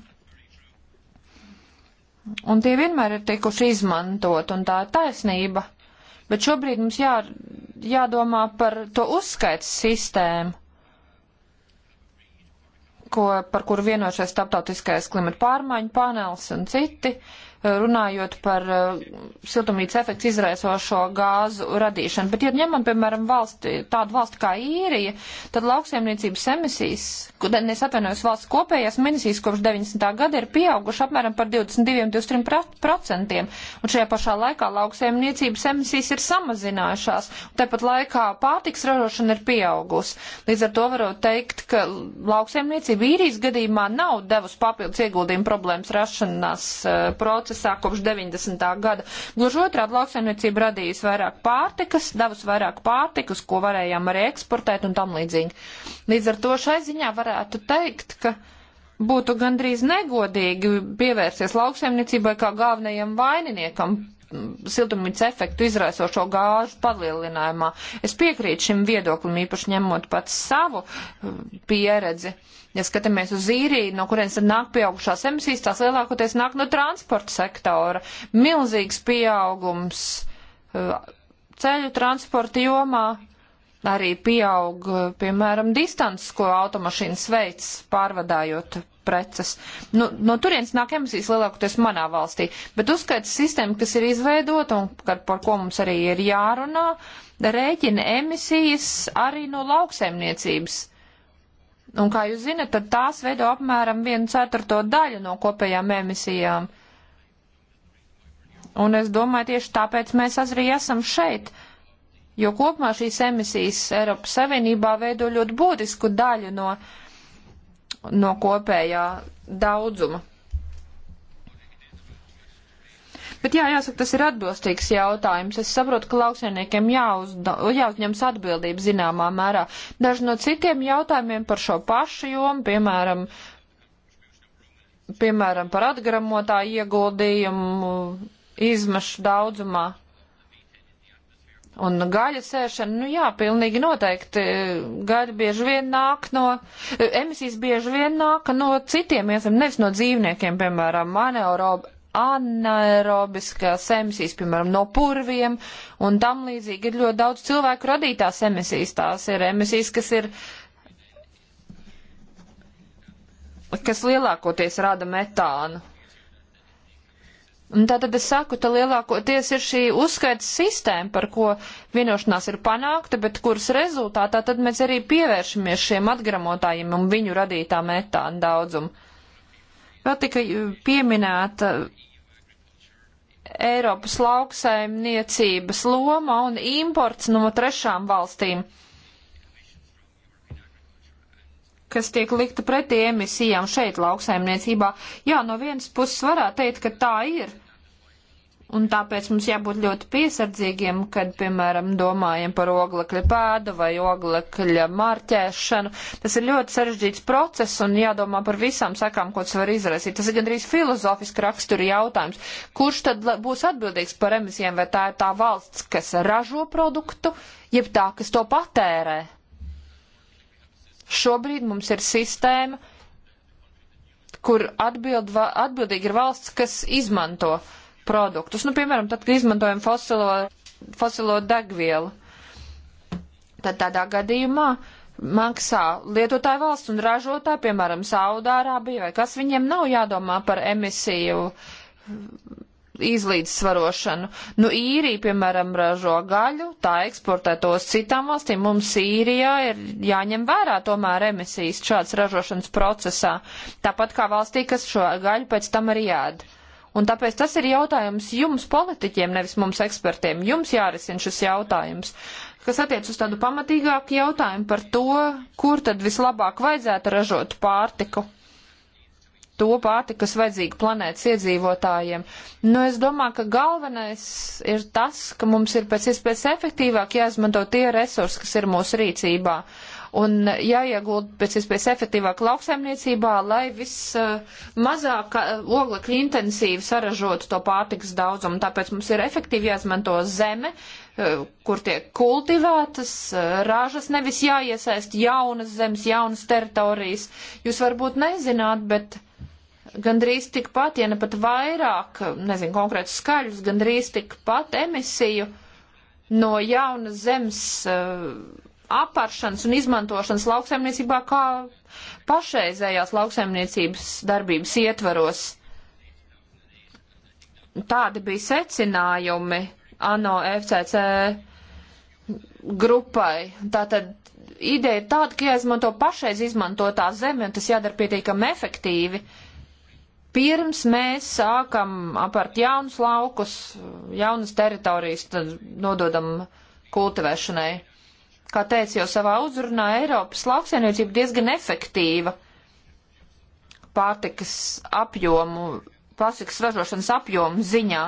Un tie vienmēr ir tikuši izmantot, un tā ir taisnība. Bet šobrīd mums jā, jādomā par to uzskaits sistēmu ko, par kuru vienošais starptautiskais klimata pārmaiņu panels un citi. Uh, runājot par eh, siltumnīca efekts izraisošo gāzu radīšanu. Bet, ja ņemam, piemēram, valsti, tādu valsti kā īrija, tad lauksiemniecības emisijas, es atvainojos, valsts kopējās emisijas kopš 90. gada ir pieauguši apmēram par 22-23%, un šajā pašā laikā lauksiemniecības emisijas ir samazinājušās, un tāpat laikā pārtiks ražošana ir pieaugusi. Līdz ar to varot teikt, ka lauksiemniecība īrijas gadījumā nav devusi papildus ieguldījumu problēmas rašanās eh, procesu procesā kopš 90. gada. Gluži otrādi lauksaimniecība radījis vairāk pārtikas, devus vairāk pārtikas, ko varējām arī eksportēt un tam līdzīgi. Līdz ar to šai ziņā varētu teikt, ka būtu gandrīz negodīgi pievērsties lauksaimniecībai kā galvenajam vaininiekam siltumnīca efektu izraisošo gāžu palielinājumā. Es piekrītu šim viedoklim, īpaši ņemot pats savu uh, pieredzi. Ja skatāmies uz īriju, no kurienes tad nāk pieaugušās emisijas, tās lielākoties nāk no transporta sektora. Milzīgs pieaugums uh, ceļu transporta jomā. Arī pieaug, uh, piemēram, distance, ko automašīnas veids pārvadājot preces. Nu, no turienes nāk emisijas lielākoties manā valstī, bet uzskaits sistēma, kas ir izveidota un par, par ko mums arī ir jārunā, rēķina emisijas arī no lauksaimniecības. Un kā jūs zinat, tad tās veido apmēram vienu ceturto daļu no kopējām emisijām. Un es domāju, tieši tāpēc mēs arī esam šeit jo kopumā šīs emisijas Eiropas Savienībā veido ļoti būtisku daļu no uh, no kopējā daudzuma. Bet jā, jāsaka, tas ir atbilstīgs jautājums. Es saprotu, ka lauksaimniekiem jāuzņems atbildība zināmā mērā. Daži no citiem jautājumiem par šo pašu jomu, piemēram, piemēram par atgramotā ieguldījumu izmašu daudzumā. Un gaļa sēšana, nu jā, pilnīgi noteikti. Eh, gaļa bieži vien nāk no, eh, emisijas bieži vien nāk no citiem iesim, nevis no dzīvniekiem, piemēram, anerobi, anaerobiskās emisijas, piemēram, no purviem un tam līdzīgi ir ļoti daudz cilvēku radītās emisijas. Tās ir emisijas, kas ir kas lielākoties rada metānu. Un tātad es saku, ka lielākoties ir šī uzskaits sistēma, par ko vienošanās ir panākta, bet kuras rezultātā tad mēs arī pievēršamies šiem atgramotājiem un viņu radītā metāna daudzumu. Vēl tika pieminēta Eiropas lauksaimniecības loma un imports no trešām valstīm kas tiek likta pretī emisijām šeit lauksaimniecībā. Jā, no vienas puses varētu teikt, ka tā ir. Un tāpēc mums jābūt ļoti piesardzīgiem, kad, piemēram, domājam par oglekļa pēdu vai oglekļa marķēšanu. Tas ir ļoti sarežģīts process un jādomā par visām sakām, ko tas var izraisīt. Tas ir gandrīz filozofiski rakstura jautājums. Kurš tad būs atbildīgs par emisijām? Vai tā ir tā valsts, kas ražo produktu, jeb tā, kas to patērē? Šobrīd mums ir sistēma, kur atbild, atbildīgi ir valsts, kas izmanto produktus. Nu, piemēram, tad, kad izmantojam fosilo, fosilo degvielu, tad tādā gadījumā maksā lietotāja valsts un ražotāja, piemēram, Saudārābija vai kas viņiem nav jādomā par emisiju izlīdzsvarošanu. Nu, īrija, piemēram, ražo gaļu, tā eksportē tos citām valstīm. Mums īrijā ir jāņem vērā tomēr emisijas šāds ražošanas procesā, tāpat kā valstī, kas šo gaļu pēc tam arī ēd. Un tāpēc tas ir jautājums jums, politiķiem, nevis mums ekspertiem. Jums jārisina šis jautājums kas attiec uz tādu pamatīgāku jautājumu par to, kur tad vislabāk vajadzētu ražot pārtiku to pārti, kas vajadzīga planētas iedzīvotājiem. Nu, es domāju, ka galvenais ir tas, ka mums ir pēc iespējas efektīvāk jāizmanto tie resursi, kas ir mūsu rīcībā. Un jāiegūt pēc iespējas efektīvāk lauksaimniecībā, lai vismazāk uh, oglekļa intensīvi saražotu to pārtikas daudzumu. Tāpēc mums ir efektīvi jāizmanto zeme, uh, kur tiek kultivētas uh, ražas, nevis jāiesaist jaunas zemes, jaunas teritorijas. Jūs varbūt nezināt, bet gandrīz tikpat, ja ne pat vairāk, nezinu konkrētus skaļus, gandrīz tikpat emisiju no jaunas zemes uh, aparšanas un izmantošanas lauksaimniecībā kā pašreizējās lauksaimniecības darbības ietvaros. Tādi bija secinājumi ANO FCC grupai. Tātad ideja ir tāda, ka jāizmanto pašreiz izmantotā zeme un tas jādara pietiekami efektīvi. Uh, pirms mēs sākam apart jaunus laukus, jaunas teritorijas, tad nododam kultivēšanai. Kā teicu jau savā uzrunā, Eiropas lauksainiecība diezgan efektīva pārtikas apjomu, plastikas ražošanas apjomu ziņā,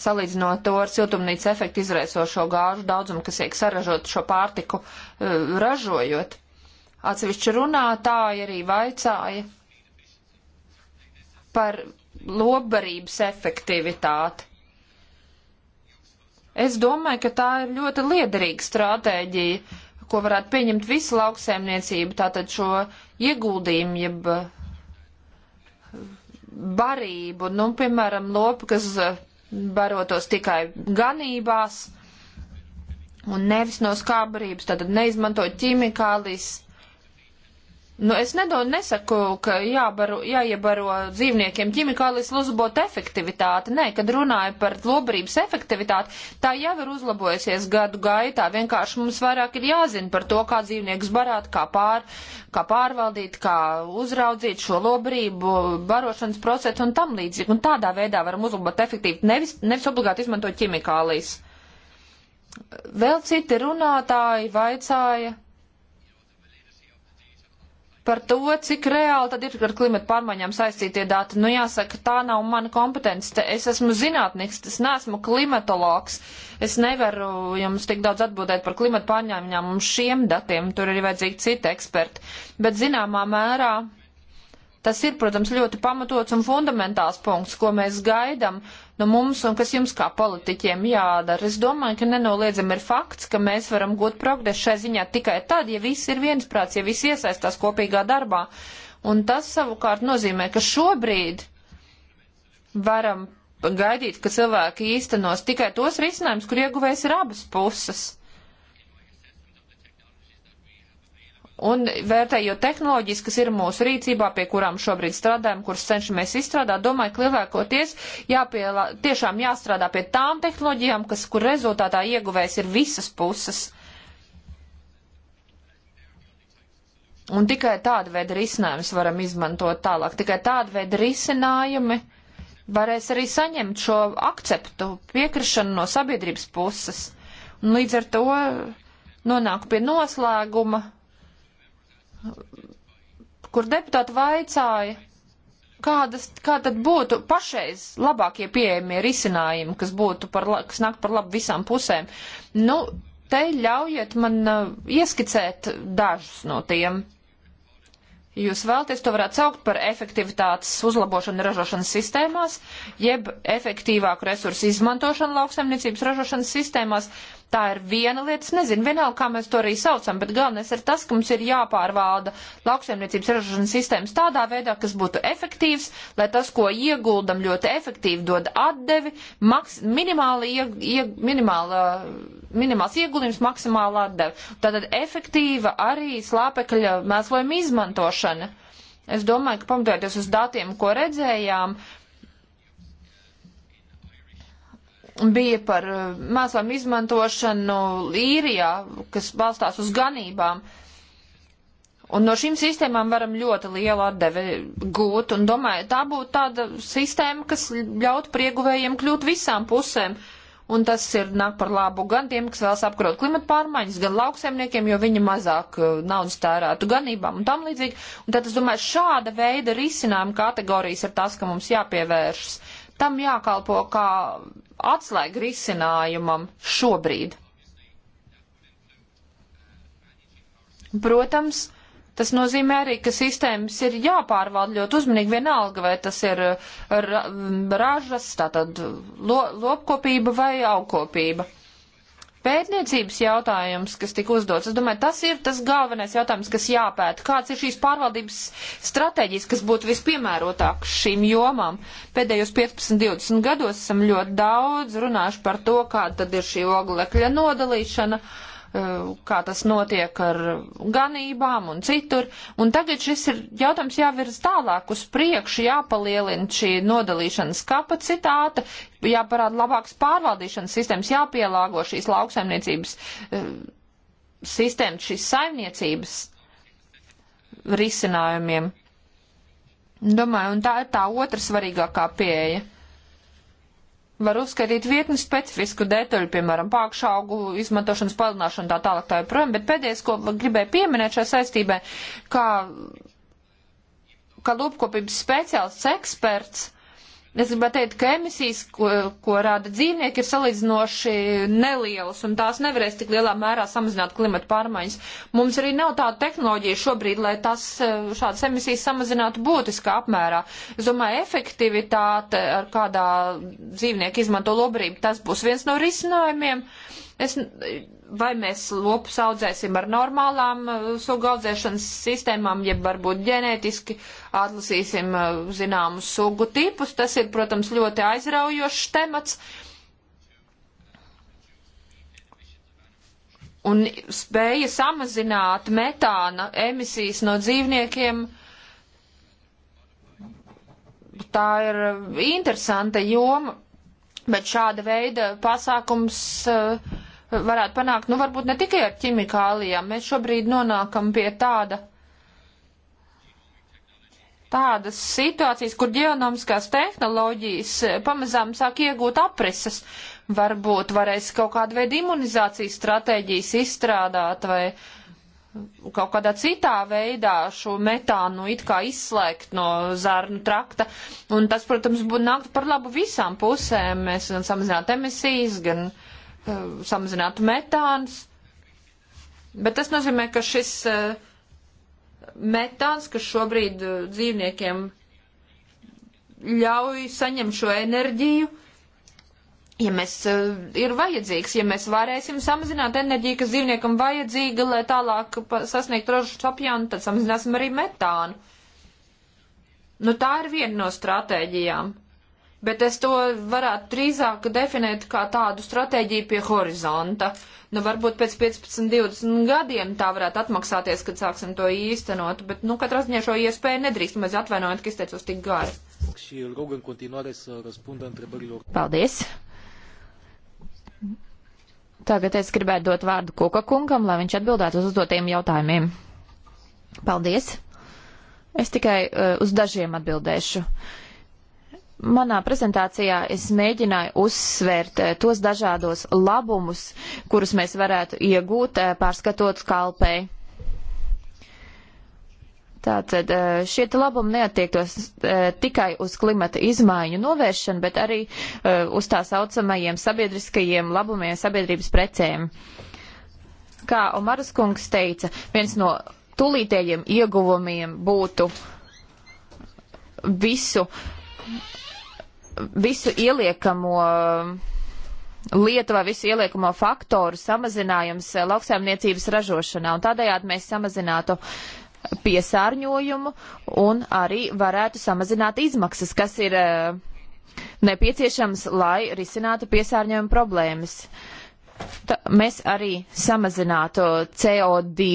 salīdzinot to ar siltumnīca efektu izraisošo gāžu daudzumu, kas tiek saražot šo pārtiku eh, ražojot. Atsevišķi runātāji arī vaicāja par lobbarības efektivitāti. Es domāju, ka tā ir ļoti liederīga stratēģija, ko varētu pieņemt visa lauksēmniecība, tātad šo ieguldījumu, jeb eh, barību, nu, piemēram, lopi, kas eh, barotos tikai ganībās un nevis no skābarības, tātad neizmantojot ķimikālijas, Nu, es nedodu, nesaku, ka jābaro, jāiebaro dzīvniekiem ķimikālis, lai uzlabotu efektivitāti. Nē, kad runāju par lobrības efektivitāti, tā jau ir uzlabojusies gadu gaitā. Vienkārši mums vairāk ir jāzina par to, kā dzīvnieks barāt, kā, pār, kā pārvaldīt, kā uzraudzīt šo lobrību, barošanas procesu un tam līdzīgi. Un tādā veidā varam uzlabot efektīvi, nevis, nevis obligāti izmantot ķimikālīs. Vēl citi runātāji vaicāja par to, cik reāli tad ir ar klimatu pārmaiņām saistītie dati. Nu, jāsaka, tā nav mana kompetence. Te es esmu zinātnieks, es neesmu klimatologs. Es nevaru jums tik daudz atbildēt par klimatu pārmaiņām un šiem datiem. Tur ir vajadzīgi citi eksperti. Bet zināmā mērā. Tas ir, protams, ļoti pamatots un fundamentāls punkts, ko mēs gaidām no nu, mums un kas jums kā politiķiem jādara. Es domāju, ka nenoliedzami ir fakts, ka mēs varam gūt progresu šai ziņā tikai tad, ja viss ir viensprāts, ja viss iesaistās kopīgā darbā. Un tas savukārt nozīmē, ka šobrīd varam gaidīt, ka cilvēki īstenos tikai tos risinājumus, kur ieguvējs ir abas puses. Un vērtējot tehnoloģijas, kas ir mūsu rīcībā, pie kurām šobrīd strādājam, kuras cenšamies izstrādāt, domāju, ka lielākoties jāpielā, tiešām jāstrādā pie tām tehnoloģijām, kas, kur rezultātā ieguvēs ir visas puses. Un tikai tāda veida risinājumus varam izmantot tālāk. Tikai tāda veida risinājumi varēs arī saņemt šo akceptu, piekrišanu no sabiedrības puses. Un līdz ar to nonāku pie noslēguma kur deputāti vaicāja, kādas, kā tad būtu pašreiz labākie pieejamie risinājumi, kas būtu par, kas nāk par labu visām pusēm. Nu, te ļaujiet man uh, ieskicēt dažus no tiem. Jūs vēlties to varētu saukt par efektivitātes uzlabošanu ražošanas sistēmās, jeb efektīvāku resursu izmantošanu lauksaimniecības ražošanas sistēmās, Tā ir viena lieta, es nezinu, vienalga, kā mēs to arī saucam, bet galvenais ir tas, ka mums ir jāpārvalda lauksaimniecības ražošanas sistēmas tādā veidā, kas būtu efektīvs, lai tas, ko ieguldam, ļoti efektīvi dod atdevi, maks, minimāli, ieg, ieg, minimāla, minimāls ieguldījums, maksimāla atdeve. Tātad efektīva arī slāpekļa mēslojuma izmantošana. Es domāju, ka pamatojoties uz datiem, ko redzējām, uh, bija par eh, mēslam izmantošanu īrijā, kas balstās uz ganībām. Un no šīm sistēmām varam ļoti lielu atdevi gūt, un domāju, tā būtu tāda sistēma, kas ļautu prieguvējiem kļūt visām pusēm. Un tas ir nāk par labu gan tiem, kas vēlas apkarot klimatu pārmaiņas, gan lauksaimniekiem, jo viņi mazāk eh, naudas tērētu ganībām un tam līdzīgi. Un tad es domāju, šāda veida risinājuma kategorijas ir tas, ka mums jāpievēršas. Tam jākalpo kā atslēga risinājumam šobrīd. Protams, tas nozīmē arī, ka sistēmas ir jāpārvalda ļoti uzmanīgi vienalga, vai tas ir uh, ražas, tātad lo, lopkopība vai augkopība pētniecības jautājums, kas tika uzdots. Es domāju, tas ir tas galvenais jautājums, kas jāpēta. Kāds ir šīs pārvaldības stratēģijas, kas būtu vispiemērotākas šīm jomām? Pēdējos 15-20 gados esam ļoti daudz runājuši par to, kāda tad ir šī oglekļa nodalīšana. Uh, Uh, kā tas notiek ar ganībām un citur. Un tagad šis ir jautājums jāvirz tālāk uz priekšu, jāpalielina šī nodalīšanas kapacitāte, jāparāda labāks pārvaldīšanas sistēmas, jāpielāgo šīs lauksaimniecības uh, sistēmas, šīs saimniecības risinājumiem. Domāju, un tā ir tā otra svarīgākā pieeja var uzskatīt vietni specifisku detaļu, piemēram, pākšaugu izmantošanas palielināšanu tā tālāk tā joprojām, bet pēdējais, ko gribēju pieminēt šajā saistībā, kā, kā lūpkopības speciālists eksperts, Es gribētu teikt, ka emisijas, ko, ko rāda dzīvnieki, ir salīdzinoši nelielas, un tās nevarēs tik lielā mērā samazināt klimata pārmaiņas. Mums arī nav tāda tehnoloģija šobrīd, lai tas eh, šādas emisijas samazinātu būtiskā apmērā. Es domāju, efektivitāte, ar kādā dzīvnieki izmanto lobrību, tas būs viens no risinājumiem. Es vai mēs lopus audzēsim ar normālām uh, sugu audzēšanas sistēmām, jeb varbūt ģenētiski atlasīsim uh, zināmus sugu tipus. Tas ir, protams, ļoti aizraujošs temats. Un spēja samazināt metāna emisijas no dzīvniekiem, tā ir uh, interesanta joma, bet šāda veida pasākums uh, varētu panākt, nu varbūt ne tikai ar ķimikālijām, mēs šobrīd nonākam pie tāda, tādas situācijas, kur ģeonomiskās tehnoloģijas pamazām sāk iegūt apreses, varbūt varēs kaut kādu veidu imunizācijas stratēģijas izstrādāt vai kaut kādā citā veidā šo metānu it kā izslēgt no zarnu trakta. Un tas, protams, būtu nākt par labu visām pusēm. Mēs gan samazinātu emisijas, gan uh, Eh, samazinātu metāns. Bet tas nozīmē, ka šis eh, metāns, kas šobrīd eh, dzīvniekiem ļauj saņemt šo enerģiju, ja mēs ir vajadzīgs, ja mēs varēsim samazināt enerģiju, kas dzīvniekam vajadzīga, lai tālāk sasniegt rožu sapjānu, tad samazināsim arī metānu. Nu tā ir viena no stratēģijām bet es to varētu drīzāk definēt kā tādu stratēģiju pie horizonta. Nu, varbūt pēc 15, 20 gadiem tā varētu atmaksāties, kad sāksim to īstenot, bet, nu, katrā ziņā šo iespēju nedrīkst, mēs atvainojam, ka izteicos tik gari. Paldies! Tagad es gribētu dot vārdu Kuka kungam, lai viņš atbildētu uz uzdotiem jautājumiem. Paldies! Es tikai uh, uz dažiem atbildēšu. Uh, manā prezentācijā es mēģināju uzsvērt eh, tos dažādos labumus, kurus mēs varētu iegūt eh, pārskatot kalpei. Tātad eh, šie labumi neatiektos tikai uz klimata izmaiņu novēršanu, bet arī uz tā saucamajiem sabiedriskajiem labumiem, sabiedrības precēm. Kā Omaras kungs teica, viens no tūlītējiem ieguvumiem būtu visu visu ieliekamo lietu vai visu ieliekamo faktoru samazinājums eh, lauksaimniecības ražošanā, un tādējādi mēs samazinātu piesārņojumu un arī varētu samazināt izmaksas, kas ir eh, nepieciešams, lai risinātu piesārņojumu problēmas. Tā, mēs arī samazinātu CO2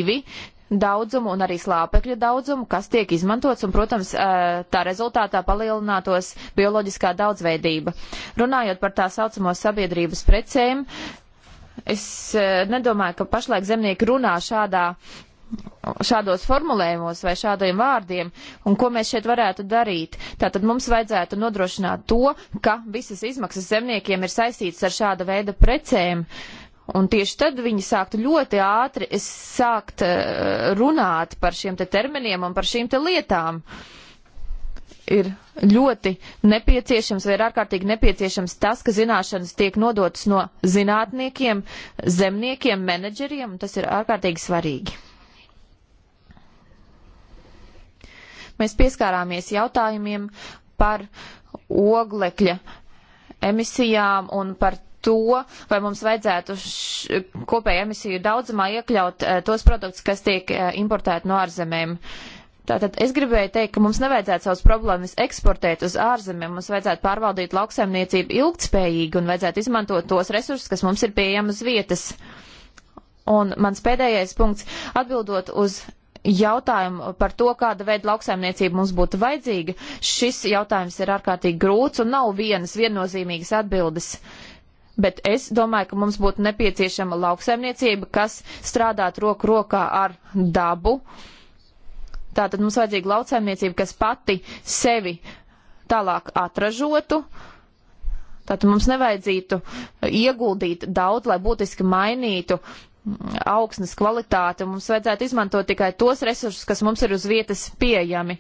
daudzumu un arī slāpekļa daudzumu, kas tiek izmantots, un, protams, tā rezultātā palielinātos bioloģiskā daudzveidība. Runājot par tā saucamo sabiedrības precēm, es nedomāju, ka pašlaik zemnieki runā šādā šādos formulējumos vai šādiem vārdiem, un ko mēs šeit varētu darīt. Tātad mums vajadzētu nodrošināt to, ka visas izmaksas zemniekiem ir saistītas ar šāda veida precēm. Uh, Un tieši tad viņi sāktu ļoti ātri sākt eh, runāt par šiem te terminiem un par šīm te lietām. Ir ļoti nepieciešams vai ir ārkārtīgi nepieciešams tas, ka zināšanas tiek nodotas no zinātniekiem, zemniekiem, menedžeriem, un tas ir ārkārtīgi svarīgi. Mēs pieskārāmies jautājumiem par oglekļa emisijām un par to, vai mums vajadzētu kopēju emisiju daudzumā iekļaut uh, tos produktus, kas tiek uh, importēti no ārzemēm. Tātad es gribēju teikt, ka mums nevajadzētu savus problēmas eksportēt uz ārzemēm, mums vajadzētu pārvaldīt lauksaimniecību ilgtspējīgi un vajadzētu izmantot tos resursus, kas mums ir pieejami uz vietas. Un mans pēdējais punkts, atbildot uz jautājumu par to, kāda veida lauksaimniecība mums būtu vajadzīga, šis jautājums ir ārkārtīgi grūts un nav vienas viennozīmīgas atbildes. Uh, bet es domāju, ka mums būtu nepieciešama lauksaimniecība, kas strādātu roku rokā ar dabu. Tātad mums vajadzīga lauksaimniecība, kas pati sevi tālāk atražotu. Tātad mums nevajadzītu ieguldīt daudz, lai būtiski mainītu uh, augsnes kvalitāti. Mums vajadzētu izmantot tikai tos resursus, kas mums ir uz vietas pieejami.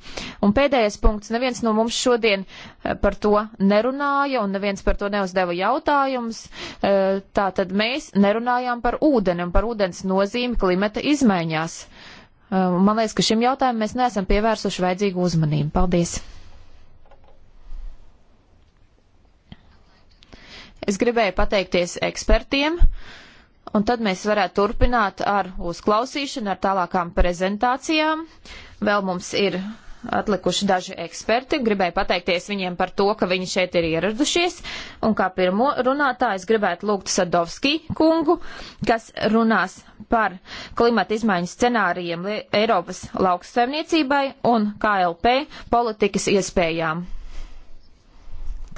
Un pēdējais punkts. Neviens no mums šodien eh, par to nerunāja un neviens par to neuzdeva jautājumus. Eh, tātad mēs nerunājām par ūdeni un par ūdens nozīmi klimata izmaiņās. Eh, man liekas, ka šim jautājumam mēs neesam pievērsuši vajadzīgu uzmanību. Paldies! Es gribēju pateikties ekspertiem. Uh, Un tad mēs varētu turpināt ar uzklausīšanu, ar tālākām prezentācijām. Vēl mums ir atlikuši daži eksperti. Gribēju pateikties viņiem par to, ka viņi šeit ir ieradušies. Un kā pirmo runātāju es gribētu lūgt Sadovski kungu, kas runās par klimata izmaiņu scenārijiem Eiropas lauksaimniecībai un KLP politikas iespējām.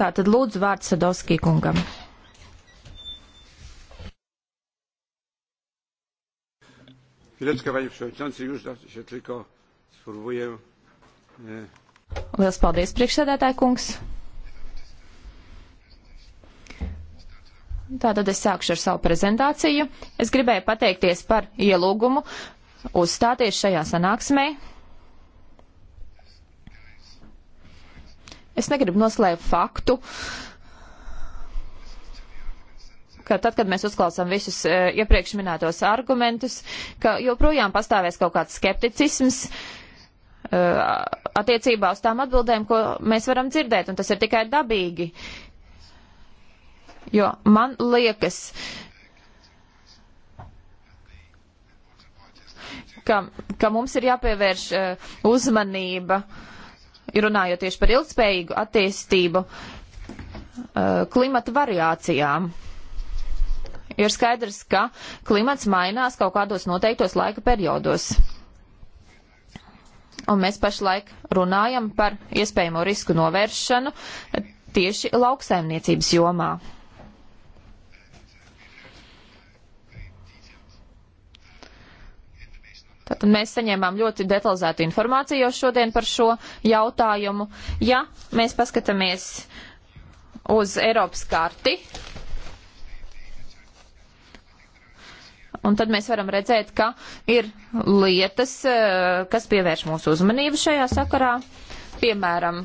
Tātad lūdzu vārds Sadovski kungam. Chwileczkę, panie przewodniczący, już się tylko spróbuję. E, Liels paldies, priekšsēdētāji kungs. Tātad es sākšu ar savu prezentāciju. Es gribēju pateikties par ielūgumu uzstāties šajā sanāksmē. Es negribu noslēpt faktu, uh, ka tad, kad mēs uzklausām visus e, iepriekš minētos argumentus, ka joprojām pastāvēs kaut kāds skepticisms e, attiecībā uz tām atbildēm, ko mēs varam dzirdēt, un tas ir tikai dabīgi. Jo man liekas, ka, ka mums ir jāpievērš e, uzmanība, runājot tieši par ilgspējīgu attīstību, klimata variācijām. Ir skaidrs, ka klimats mainās kaut kādos noteiktos laika periodos. Un mēs pašlaik runājam par iespējamo risku novēršanu tieši lauksaimniecības jomā. Tātad mēs saņēmām ļoti detalizētu informāciju jau šodien par šo jautājumu. Ja mēs paskatāmies uz Eiropas karti, Un tad mēs varam redzēt, ka ir lietas, eh, kas pievērš mūsu uzmanību šajā sakarā. Piemēram,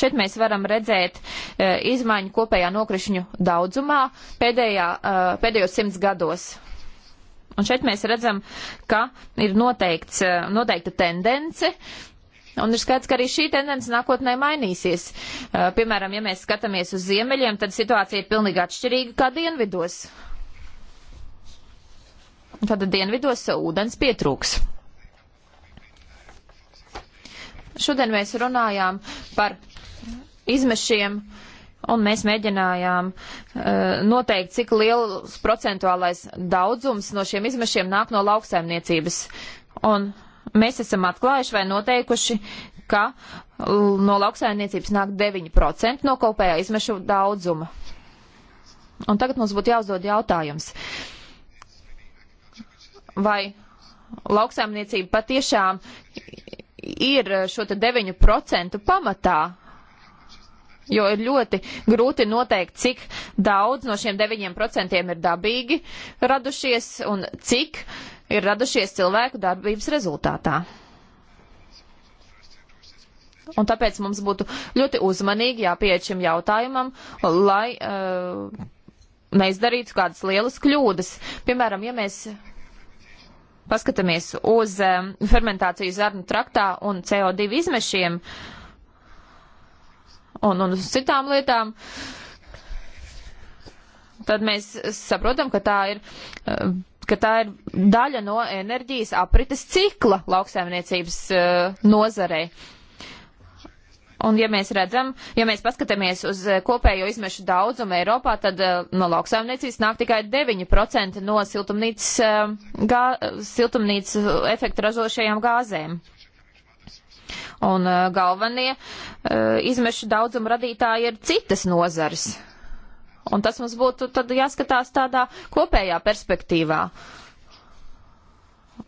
šeit mēs varam redzēt eh, izmaiņu kopējā nokrišņu daudzumā pēdējā, eh, pēdējos simts gados. Un šeit mēs redzam, ka ir noteikts, noteikta tendence, Un ir skaidrs, ka arī šī tendence nākotnē mainīsies. Uh, piemēram, ja mēs skatāmies uz ziemeļiem, tad situācija ir pilnīgi atšķirīga kā dienvidos. Tad dienvidos ūdens pietrūks. Šodien mēs runājām par izmešiem, un mēs mēģinājām uh, noteikt, cik liels procentuālais daudzums no šiem izmešiem nāk no lauksaimniecības. Un mēs esam atklājuši vai noteikuši, ka no lauksaimniecības nāk 9% no kopējā izmešu daudzuma. Un tagad mums būtu jāuzdod jautājums, vai lauksaimniecība patiešām ir šo te 9% pamatā, jo ir ļoti grūti noteikt, cik daudz no šiem 9% ir dabīgi radušies un cik ir radušies cilvēku darbības rezultātā. Un tāpēc mums būtu ļoti uzmanīgi jāpieiet šim jautājumam, lai uh, neizdarītu kādas lielas kļūdas. Piemēram, ja mēs paskatāmies uz um, fermentāciju zarnu traktā un CO2 izmešiem un, un uz citām lietām, tad mēs saprotam, ka tā ir um, ka tā ir daļa no enerģijas aprites cikla lauksaimniecības uh, nozarei. Uh, Un ja mēs redzam, ja mēs paskatāmies uz eh, kopējo izmešu daudzumu Eiropā, tad eh, no lauksaimniecības nāk tikai 9% no siltumnīcas, eh, gā, siltumnīcas efektu ražošajām gāzēm. Un galvenie izmešu daudzumu radītāji ir citas nozares. Un tas mums būtu tad jāskatās tādā kopējā perspektīvā. Uh,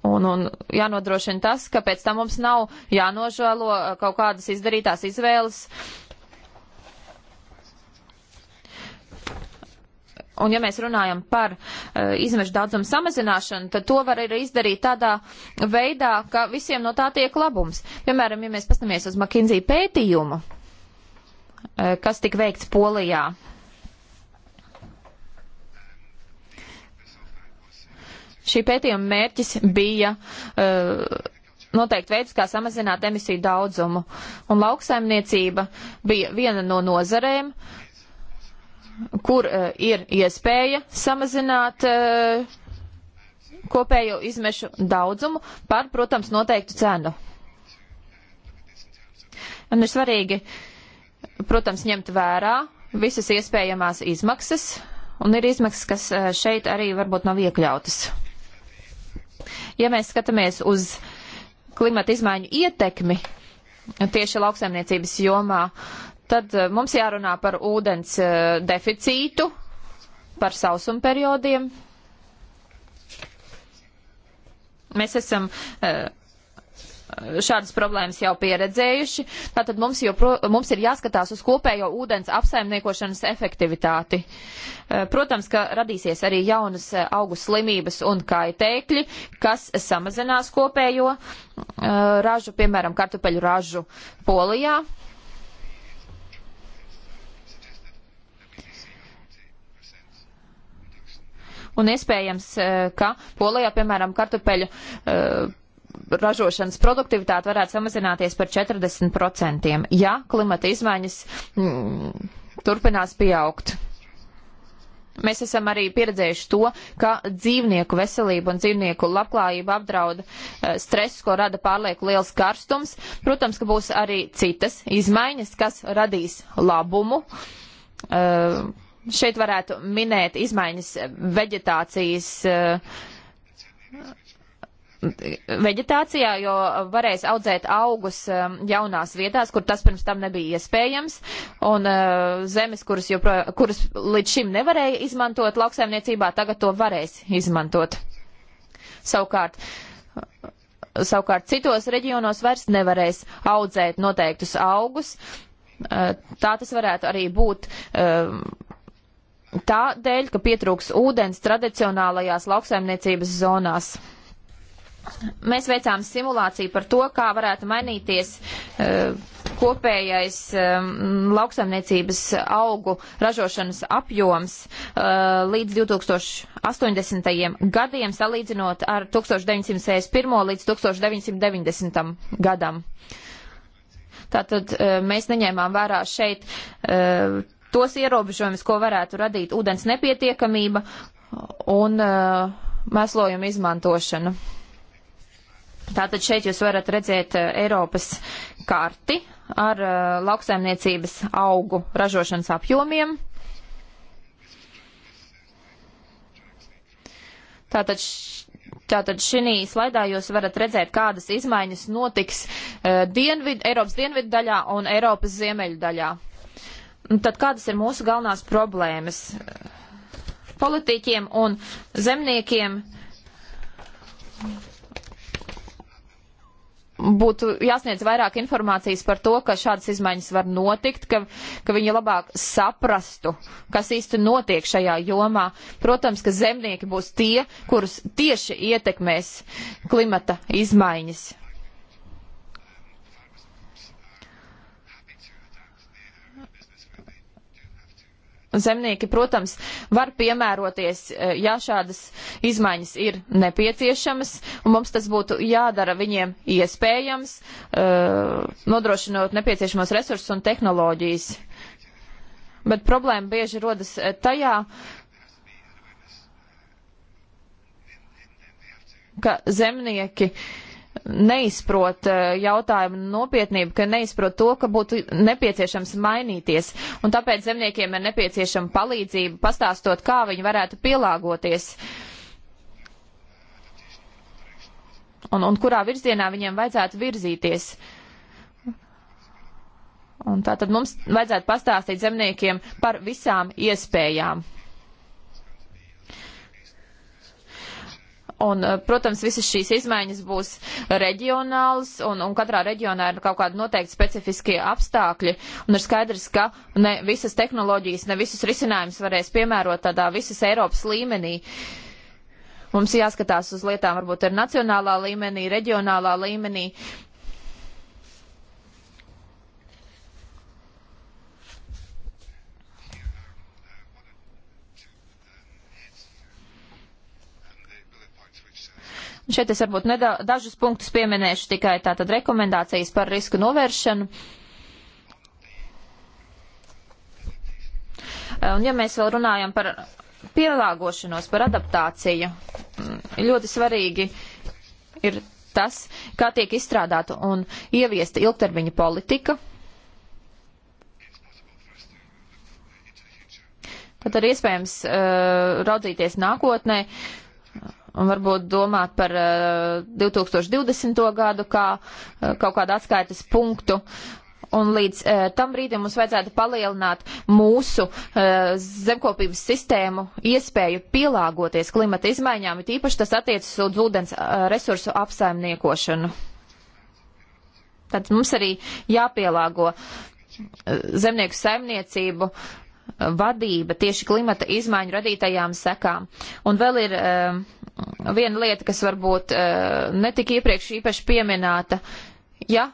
Un, un jānodrošina tas, ka pēc tam mums nav jānožēlo uh, kaut kādas izdarītās izvēles. Un ja mēs runājam par uh, izmešu daudzumu samazināšanu, tad to var arī izdarīt tādā veidā, ka visiem no tā tiek labums. Piemēram, ja mēs pastamies uz McKinsey pētījumu, uh, kas tika veikts Polijā, uh, Šī pētījuma mērķis bija uh, eh, noteikti veids, kā samazināt emisiju daudzumu. Un lauksaimniecība bija viena no nozarēm, kur uh, ir iespēja samazināt uh, kopējo izmešu daudzumu par, protams, noteiktu cenu. Un ir svarīgi, protams, ņemt vērā visas iespējamās izmaksas, un ir izmaksas, kas šeit arī varbūt nav iekļautas. Ja mēs skatāmies uz klimata izmaiņu ietekmi tieši lauksaimniecības jomā, tad eh, mums jārunā par ūdens eh, deficītu, par sausuma periodiem. Mēs esam uh, šādas problēmas jau pieredzējuši. Tātad mums, jopro, mums ir jāskatās uz kopējo ūdens apsaimniekošanas efektivitāti. Eh, protams, ka radīsies arī jaunas eh, augu slimības un kaitēkļi, kas samazinās kopējo eh, ražu, piemēram, kartupeļu ražu Polijā. Un iespējams, ka Polijā, piemēram, kartupeļu uh, ražošanas produktivitāte varētu samazināties par 40%, ja klimata izmaiņas mm, turpinās pieaugt. Mēs esam arī pieredzējuši to, ka dzīvnieku veselību un dzīvnieku labklājību apdraud eh, stress, ko rada pārlieku liels karstums. Protams, ka būs arī citas izmaiņas, kas radīs labumu. Eh, šeit varētu minēt izmaiņas veģetācijas eh, veģetācijā, jo varēs audzēt augus um, jaunās vietās, kur tas pirms tam nebija iespējams, un uh, zemes, kuras, jopro, kuras līdz šim nevarēja izmantot lauksaimniecībā, tagad to varēs izmantot. Savukārt, savukārt citos reģionos vairs nevarēs audzēt noteiktus augus. Uh, tā tas varētu arī būt um, tādēļ, ka pietrūks ūdens tradicionālajās lauksaimniecības zonās. Mēs veicām simulāciju par to, kā varētu mainīties uh, kopējais um, lauksaimniecības augu ražošanas apjoms uh, līdz 2080. gadiem, salīdzinot ar 1961. līdz 1990. gadam. Tātad uh, mēs neņēmām vērā šeit uh, tos ierobežojumus, ko varētu radīt ūdens nepietiekamība un uh, mēslojuma izmantošana. Tātad šeit jūs varat redzēt eh, Eiropas karti ar uh, lauksaimniecības augu ražošanas apjomiem. Tātad, tātad šī slaidā jūs varat redzēt, kādas izmaiņas notiks uh, dienvid, Eiropas dienvidu daļā un Eiropas ziemeļu daļā. Un tad kādas ir mūsu galvenās problēmas? Politiķiem un zemniekiem būtu jāsniedz vairāk informācijas par to, ka šādas izmaiņas var notikt, ka, ka viņi labāk saprastu, kas īsti notiek šajā jomā. Protams, ka zemnieki būs tie, kurus tieši ietekmēs klimata izmaiņas. zemnieki, protams, var piemēroties, e, ja šādas izmaiņas ir nepieciešamas, un mums tas būtu jādara viņiem iespējams, e, nodrošinot nepieciešamos resursus un tehnoloģijas. Bet problēma bieži rodas e, tajā, ka zemnieki uh, neizprot eh, jautājumu nopietnību, ka neizprot to, ka būtu nepieciešams mainīties. Un tāpēc zemniekiem ir nepieciešama palīdzība, pastāstot, kā viņi varētu pielāgoties. Un, un kurā virzienā viņiem vajadzētu virzīties. Un tā tad mums vajadzētu pastāstīt zemniekiem par visām iespējām. Un, eh, protams, visas šīs izmaiņas būs reģionālas, un, un katrā reģionā ir kaut kādi noteikti specifiskie apstākļi. Un ir skaidrs, ka ne visas tehnoloģijas, ne visus risinājumus varēs piemērot tādā visas Eiropas līmenī. Mums jāskatās uz lietām varbūt ar nacionālā līmenī, reģionālā līmenī, Šeit es varbūt neda, dažus punktus pieminēšu tikai tātad rekomendācijas par risku novēršanu. Eh, un ja mēs vēl runājam par pielāgošanos, par adaptāciju, mm, ļoti svarīgi ir tas, kā tiek izstrādāta un ieviesta ilgtermiņa politika. Tad arī iespējams uh, raudzīties nākotnē. Uh, un varbūt domāt par 2020. Eh, gadu kā eh, kaut kādu atskaites punktu. Un līdz e, tam brīdim mums vajadzētu palielināt mūsu e, zemkopības sistēmu iespēju pielāgoties klimata izmaiņām, it īpaši tas attiecas uz ūdens e, resursu apsaimniekošanu. Tad mums arī jāpielāgo e, zemnieku saimniecību vadība tieši klimata izmaiņu radītajām sekām. Un vēl ir e, viena lieta, kas varbūt eh, netika iepriekš īpaši pieminēta. Ja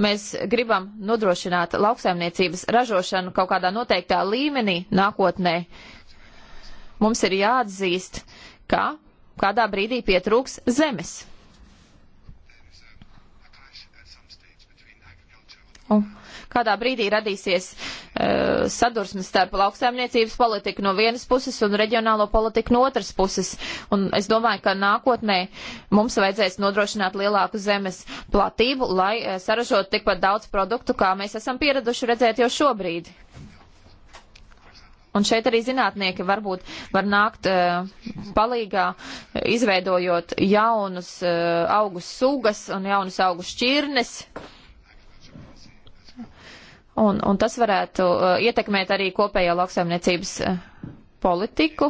mēs gribam nodrošināt lauksaimniecības ražošanu kaut kādā noteiktā līmenī nākotnē, mums ir jāatzīst, ka kādā brīdī pietrūks zemes. Un kādā brīdī radīsies Eh, sadursmes starp lauksaimniecības politiku no vienas puses un reģionālo politiku no otras puses. Un es domāju, ka nākotnē mums vajadzēs nodrošināt lielāku zemes platību, lai eh, saražot tikpat daudz produktu, kā mēs esam pieraduši redzēt jau šobrīd. Un šeit arī zinātnieki varbūt var nākt uh, palīgā, izveidojot jaunus uh, augus sugas un jaunus augus šķirnes. Uh, Un, un tas varētu uh, ietekmēt arī kopējo lauksaimniecības uh, politiku.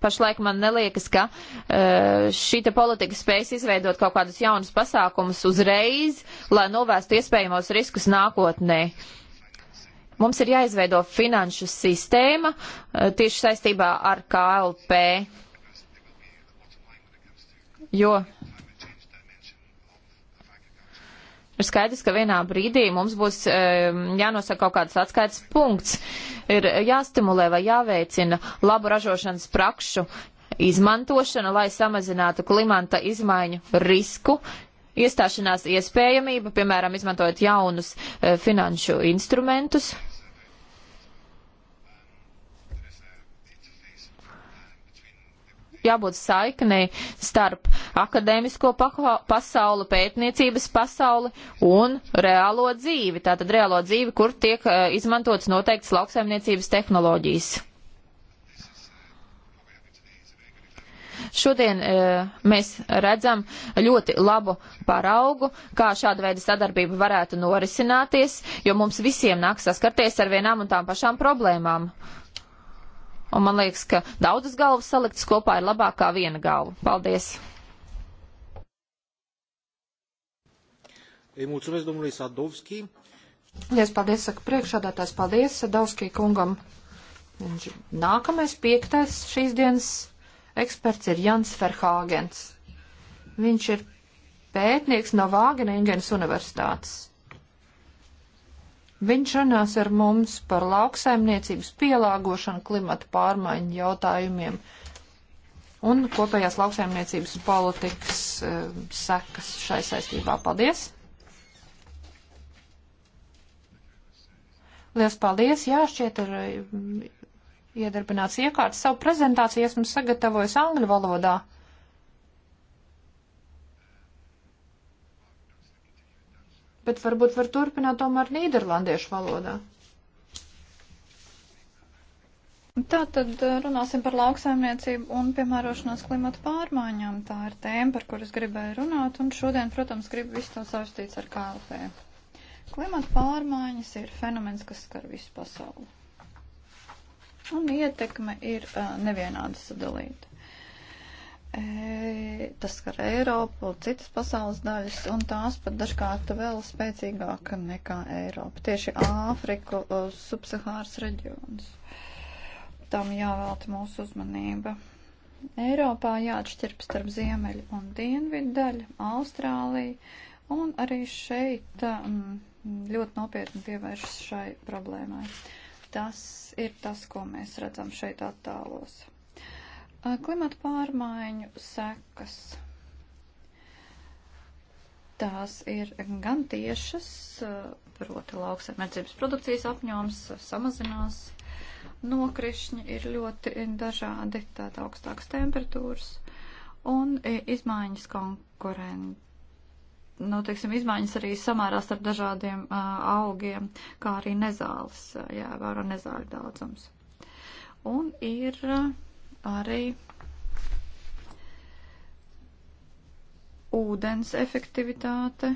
Pašlaik man neliekas, ka uh, šīta politika spējas izveidot kaut kādus jaunus pasākumus uzreiz, lai novērstu iespējamos riskus nākotnē. Mums ir jāizveido finanšu sistēma tieši saistībā ar KLP, jo Ir skaidrs, ka vienā brīdī mums būs e, jānosaka kaut kāds atskaites punkts, ir jāstimulē vai jāveicina labu ražošanas prakšu izmantošana, lai samazinātu klimata izmaiņu risku, iestāšanās iespējamība, piemēram, izmantojot jaunus e, finanšu instrumentus, jābūt saiknei starp akadēmisko pasauli, pētniecības pasauli un reālo dzīvi. Tātad reālo dzīvi, kur tiek eh, izmantotas noteiktas lauksaimniecības tehnoloģijas. Šodien e, mēs redzam ļoti labu paraugu, kā šāda veida sadarbība varētu norisināties, jo mums visiem nāk saskarties ar vienām un tām pašām problēmām. Un man liekas, ka daudzas galvas saliktas kopā ir labāk kā viena galva. Paldies! Ei, mulțumesc domnului Sadovski. Lies, paldies, saka priekšādātājs, paldies Sadovski kungam. Viņš nākamais piektais šīs dienas eksperts ir Jans Ferhāgens. Viņš ir pētnieks no Vāgeningenas universitātes. Viņš runās ar mums par lauksaimniecības pielāgošanu klimata pārmaiņu jautājumiem un kopējās lauksaimniecības politikas uh, sekas šai saistībā. Paldies! Lielas paldies! Jā, šķiet ir e, iedarbināts iekārts. Savu prezentāciju esmu sagatavojis angļu valodā. bet varbūt var turpināt tomēr nīderlandiešu valodā. Tā tad eh, runāsim par lauksaimniecību un piemērošanos klimatu pārmaiņām. Tā ir tēma, par kuras gribēju runāt, un šodien, protams, gribu visu to saistīts ar KLP. Klimata pārmaiņas ir fenomens, kas skar visu pasauli. Un ietekme ir uh, nevienāda sadalīta e, tas skar Eiropu, citas pasaules daļas, un tās pat dažkārt vēl spēcīgāk nekā Eiropa. Tieši Āfriku, e, subsahāras reģionus. Tam jāvēlta mūsu uzmanība. Eiropā jāatšķirp starp ziemeļu un dienvidu daļu, Austrāliju, un arī šeit um, ļoti nopietni pievēršas šai problēmai. Tas ir tas, ko mēs redzam šeit attālos. Klimata pārmaiņu sekas. Tās ir gan tiešas, proti lauksaimniecības produkcijas apņoms samazinās, nokrišņi ir ļoti dažādi, tātad augstākas temperatūras un izmaiņas konkurenti nu, teiksim, izmaiņas arī samērās ar dažādiem uh, augiem, kā arī nezāles, uh, jā, vēro nezāļu daudzums. Un ir uh, arī ūdens efektivitāte.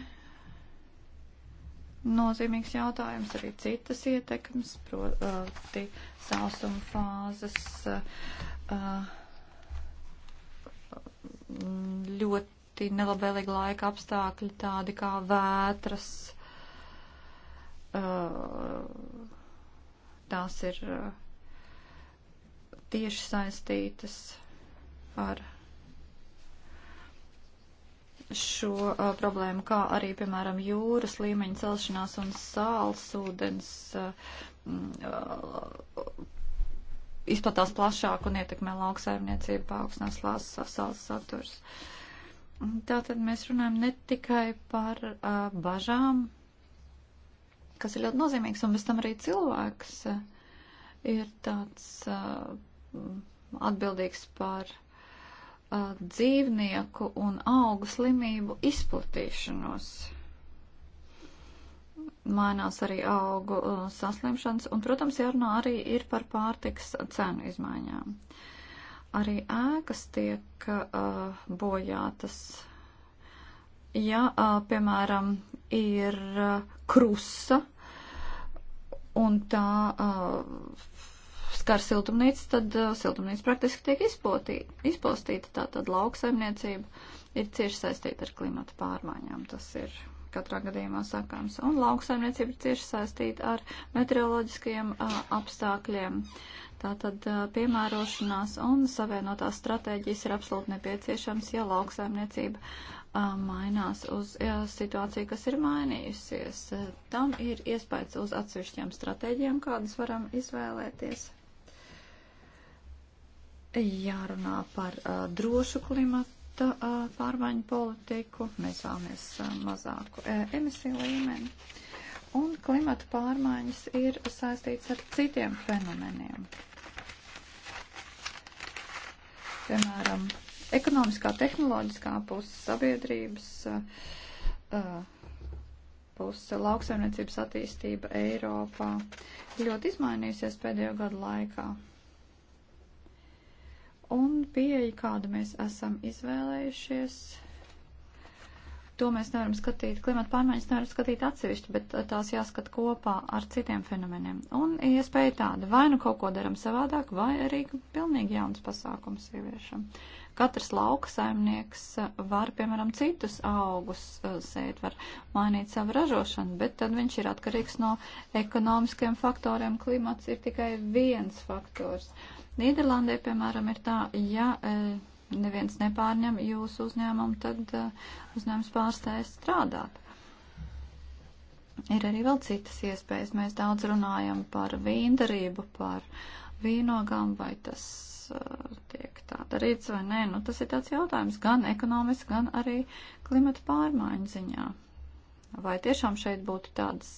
Nozīmīgs jautājums arī citas ietekmes, proti sausuma fāzes ļoti nelabvēlīgi laika apstākļi, tādi kā vētras. Tās ir uh, tieši saistītas ar šo uh, problēmu, kā arī, piemēram, jūras līmeņa celšanās un sāls ūdens uh, izplatās plašāk un ietekmē lauksaimniecību, paaugstinās sāls saturs. Tātad mēs runājam ne tikai par uh, bažām, kas ir ļoti nozīmīgs, un bez tam arī cilvēks ir tāds. Uh, atbildīgs par uh, dzīvnieku un augu slimību izplatīšanos. Mainās arī augu uh, saslimšanas, un, protams, jārunā arī ir par pārtiks cenu izmaiņām. Arī ēkas tiek uh, bojātas. Ja, uh, piemēram, ir uh, krusa, un tā uh, skar siltumnīca, tad uh, siltumnīca praktiski tiek izpotīta, izpostīta. Tātad lauksaimniecība ir cieši saistīta ar klimata pārmaiņām. Tas ir katrā gadījumā sakāms. Un lauksaimniecība ir cieši saistīta ar meteoroloģiskajiem uh, apstākļiem. Tātad uh, piemērošanās un savienotās stratēģijas ir absolūti nepieciešams, ja lauksaimniecība uh, mainās uz situāciju, kas ir mainījusies. Tam ir iespējas uz atsevišķiem stratēģiem, kādas varam izvēlēties jārunā par uh, drošu klimata uh, pārmaiņu politiku. Mēs vēlamies uh, mazāku uh, emisiju līmeni. Un klimata pārmaiņas ir saistīts ar citiem fenomeniem. Piemēram, ekonomiskā, tehnoloģiskā puse, sabiedrības uh, puse, lauksaimniecības attīstība Eiropā ļoti izmainījusies pēdējo gadu laikā. Un pieeja, kādu mēs esam izvēlējušies, to mēs nevaram skatīt, klimata pārmaiņas nevaram skatīt atsevišķi, bet uh, tās jāskata kopā ar citiem fenomeniem. Un iespēja tāda, vai nu kaut ko daram savādāk, vai arī pilnīgi jauns pasākums ieviešam. Katrs lauka saimnieks uh, var, piemēram, citus augus uh, sēt, var mainīt savu ražošanu, bet tad viņš ir atkarīgs no ekonomiskiem faktoriem. Klimats ir tikai viens faktors. Uh, Nīderlandē, piemēram, ir tā, ja e, neviens nepārņem jūsu uzņēmumu, tad e, uzņēmums pārstājas strādāt. Ir arī vēl citas iespējas. Mēs daudz runājam par vīndarību, par vīnogām, vai tas e, tiek tā darīts vai nē. Nu, tas ir tāds jautājums gan ekonomiski, gan arī klimata pārmaiņu ziņā. Vai tiešām šeit būtu tādas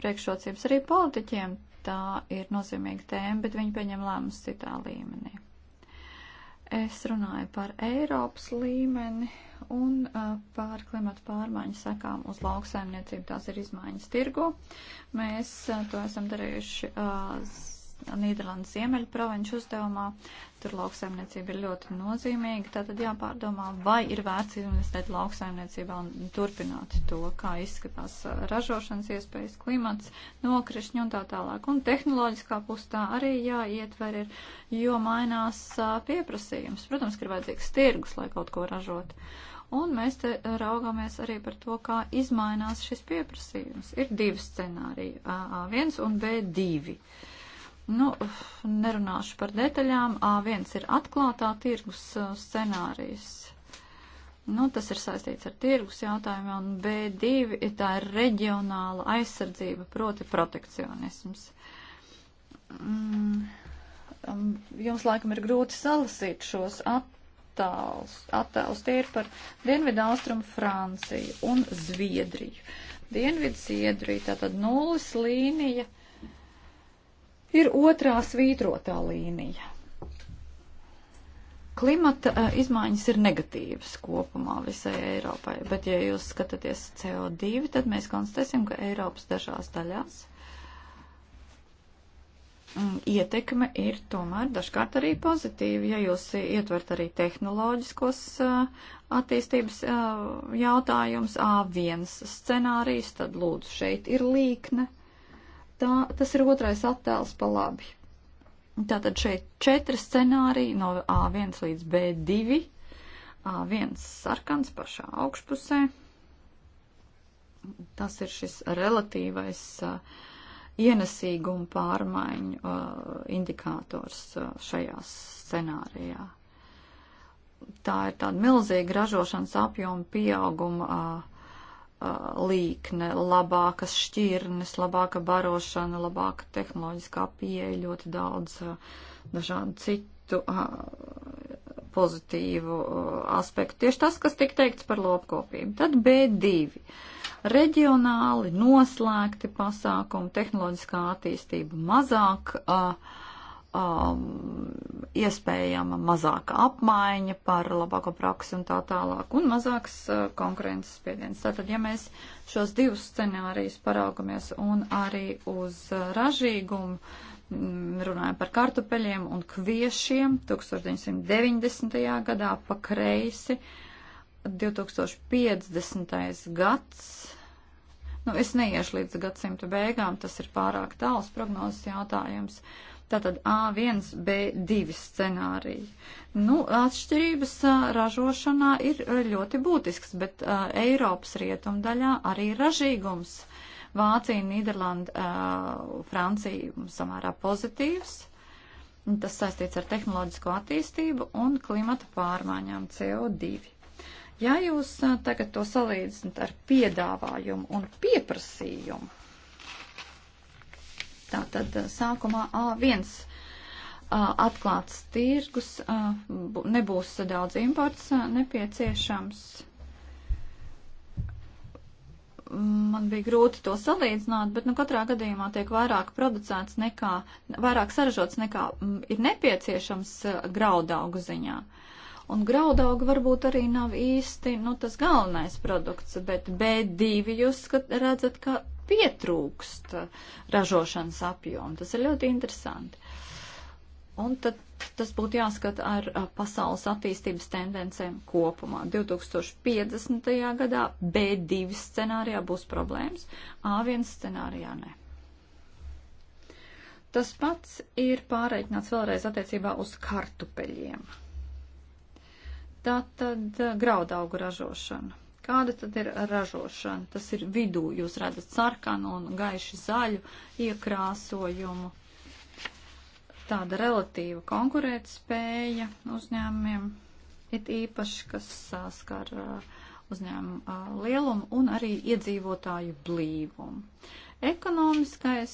priekšrocības arī politiķiem? tā ir nozīmīga tēma, bet viņi pieņem lēmumus citā līmenī. Es runāju par Eiropas līmeni un uh, par klimatu pārmaiņu sekām uz lauksaimniecību. Tās ir izmaiņas tirgu. Mēs uh, to esam darījuši uh, Nīderlandes ziemeļu provinču uzdevumā. Tur lauksaimniecība ir ļoti nozīmīga. Tātad jāpārdomā, vai ir vērts investēt lauksaimniecībā un turpināt to, kā izskatās uh, ražošanas iespējas, klimats, nokrišņi un tā tālāk. Un tehnoloģiskā pustā arī jāietver ir, jo mainās uh, pieprasījums. Protams, ka ir vajadzīgs tirgus, lai kaut ko ražot. Un mēs te raugāmies arī par to, kā izmainās šis pieprasījums. Ir divi scenāriji, A1 un B2. Nu, nerunāšu par detaļām. A1 ir atklātā tirgus uh, scenārijs. Nu, tas ir saistīts ar tirgus jautājumiem, un B2 ir tā ir reģionāla aizsardzība, proti protekcionisms. Mm, um, jums laikam ir grūti salasīt šos attēlus. Attēlus tie ir par Dienvidu Austrumu Franciju un Zviedriju. Dienvidu Zviedriju, tātad nulles līnija. Uh, ir otrā svītrotā līnija. Klimata uh, izmaiņas ir negatīvas kopumā visai Eiropai, bet ja jūs skatāties CO2, tad mēs konstatēsim, ka Eiropas dažās daļās mm, ietekme ir tomēr dažkārt arī pozitīva, ja jūs ietvert arī tehnoloģiskos uh, attīstības uh, eh, jautājums A1 scenārijs, tad lūdzu šeit ir līkne Tā, tas ir otrais attēls pa labi. Tātad šeit četri scenāriji no A1 līdz B2. A1 sarkans pašā augšpusē. Tas ir šis relatīvais uh, ienesīguma pārmaiņu uh, indikators uh, šajā scenārijā. Tā ir tāda milzīga ražošanas apjoma pieauguma uh, līkne, labākas šķirnes, labāka barošana, labāka tehnoloģiskā pieeja, ļoti daudz dažādu citu pozitīvu aspektu. Tieši tas, kas tika teikts par lopkopību. Tad B2. Reģionāli noslēgti pasākumi, tehnoloģiskā attīstība mazāk. Uh, um, iespējama mazāka apmaiņa par labāko praksi un tā tālāk, un mazāks uh, konkurences spiediens. Tātad, ja mēs šos divus scenārijus paraugamies un arī uz uh, ražīgumu, mm, runājam par kartupeļiem un kviešiem 1990. gadā pa kreisi 2050. gads. Nu, es neiešu līdz gadsimta beigām, tas ir pārāk tāls prognozes jautājums. Uh, Tātad A1, B2 scenāriji. Nu, atšķirības ražošanā ir ļoti būtisks, bet uh, Eiropas rietumdaļā arī ražīgums. Vācija, Nīderlanda, uh, Francija samērā pozitīvs. Tas saistīts ar tehnoloģisko attīstību un klimata pārmaiņām CO2. Ja jūs tagad to salīdzinat ar piedāvājumu un pieprasījumu, Tātad sākumā A1 atklāts tirgus, nebūs daudz imports nepieciešams. Man bija grūti to salīdzināt, bet nu, katrā gadījumā tiek vairāk producēts nekā, vairāk saražots nekā ir nepieciešams graudaugu ziņā. Un graudauga varbūt arī nav īsti nu, tas galvenais produkts, bet B2 jūs skat, redzat, ka pietrūkst ražošanas apjomu. Tas ir ļoti interesanti. Un tad tas būtu jāskata ar pasaules attīstības tendencēm kopumā. 2050. gadā B2 scenārijā būs problēmas, A1 scenārijā ne. Tas pats ir pārreikināts vēlreiz attiecībā uz kartupeļiem. Tā tad graudaugu ražošana. Kāda tad ir ražošana? Tas ir vidū, jūs redzat sarkanu un gaiši zaļu iekrāsojumu. Tāda relatīva konkurētspēja uzņēmumiem, it īpaši, kas skar uzņēmumu lielumu un arī iedzīvotāju blīvumu. Ekonomiskais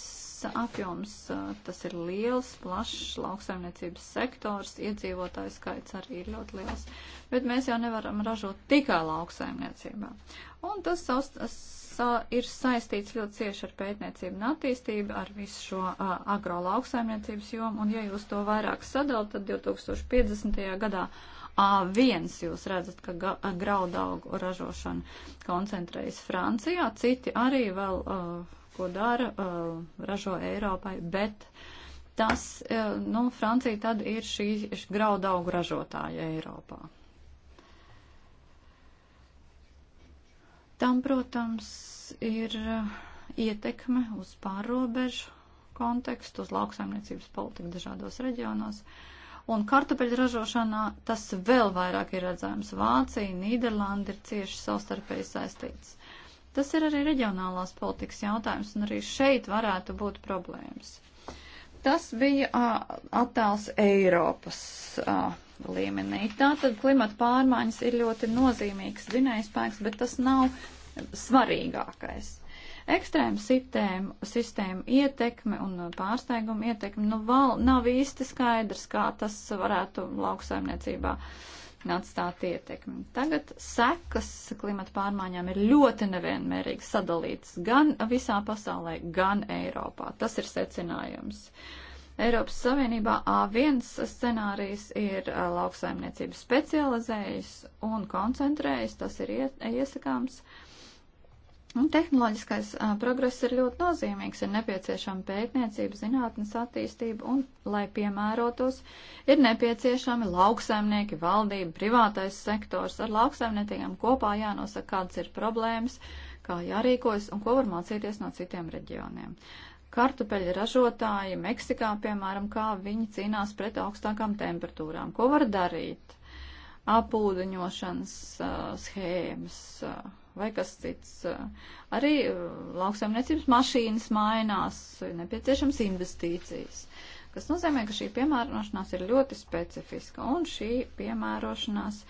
apjoms, tas ir liels, plašs lauksaimniecības sektors, iedzīvotāju skaits arī ir ļoti liels, bet mēs jau nevaram ražot tikai lauksaimniecībā. Un tas ir saistīts ļoti cieši ar pētniecību un attīstību, ar visu šo uh, agro lauksaimniecības jomu, un ja jūs to vairāk sadalat, tad 2050. gadā A1 jūs redzat, ka graudaugu ražošana koncentrējas Francijā, citi arī vēl uh, ko dara, uh, ražo Eiropai, bet tas, uh, nu, Francija tad ir šī graudaugu ražotāja Eiropā. Tam, protams, ir uh, ietekme uz pārrobežu kontekstu, uz lauksaimniecības politiku dažādos reģionos. Un kartupeļu ražošanā tas vēl vairāk ir redzams. Vācija, Nīderlanda ir cieši savstarpēji saistīts. Tas ir arī reģionālās politikas jautājums, un arī šeit varētu būt problēmas. Tas bija uh, attēls Eiropas uh, līmenī. Tātad klimata pārmaiņas ir ļoti nozīmīgs dzinējspēks, bet tas nav svarīgākais. Ekstrēma sistēma, sistēma ietekme un pārsteiguma ietekme nu, val, nav īsti skaidrs, kā tas varētu lauksaimniecībā uh, atstāt ietekmi. Tagad sekas klimata pārmaiņām ir ļoti nevienmērīgi sadalītas gan visā pasaulē, gan Eiropā. Tas ir secinājums. Eiropas Savienībā A1 scenārijs ir lauksaimniecības specializējis un koncentrējis, tas ir iesakāms. Uh, Un nu, tehnoloģiskais uh, progress ir ļoti nozīmīgs, ir nepieciešama pētniecība, zinātnes attīstība, un, lai piemērotos, ir nepieciešami lauksaimnieki, valdība, privātais sektors. Ar lauksaimniekiem kopā jānosaka, kādas ir problēmas, kā jārīkojas un ko var mācīties no citiem reģioniem. Kartupeļu ražotāji Meksikā, piemēram, kā viņi cīnās pret augstākām temperatūrām, ko var darīt, apūdeņošanas uh, schēmas. Uh, vai kas cits. Arī lauksaimniecības mašīnas mainās, ir nepieciešams investīcijas, kas nozīmē, ka šī piemērošanās ir ļoti specifiska, un šī piemērošanās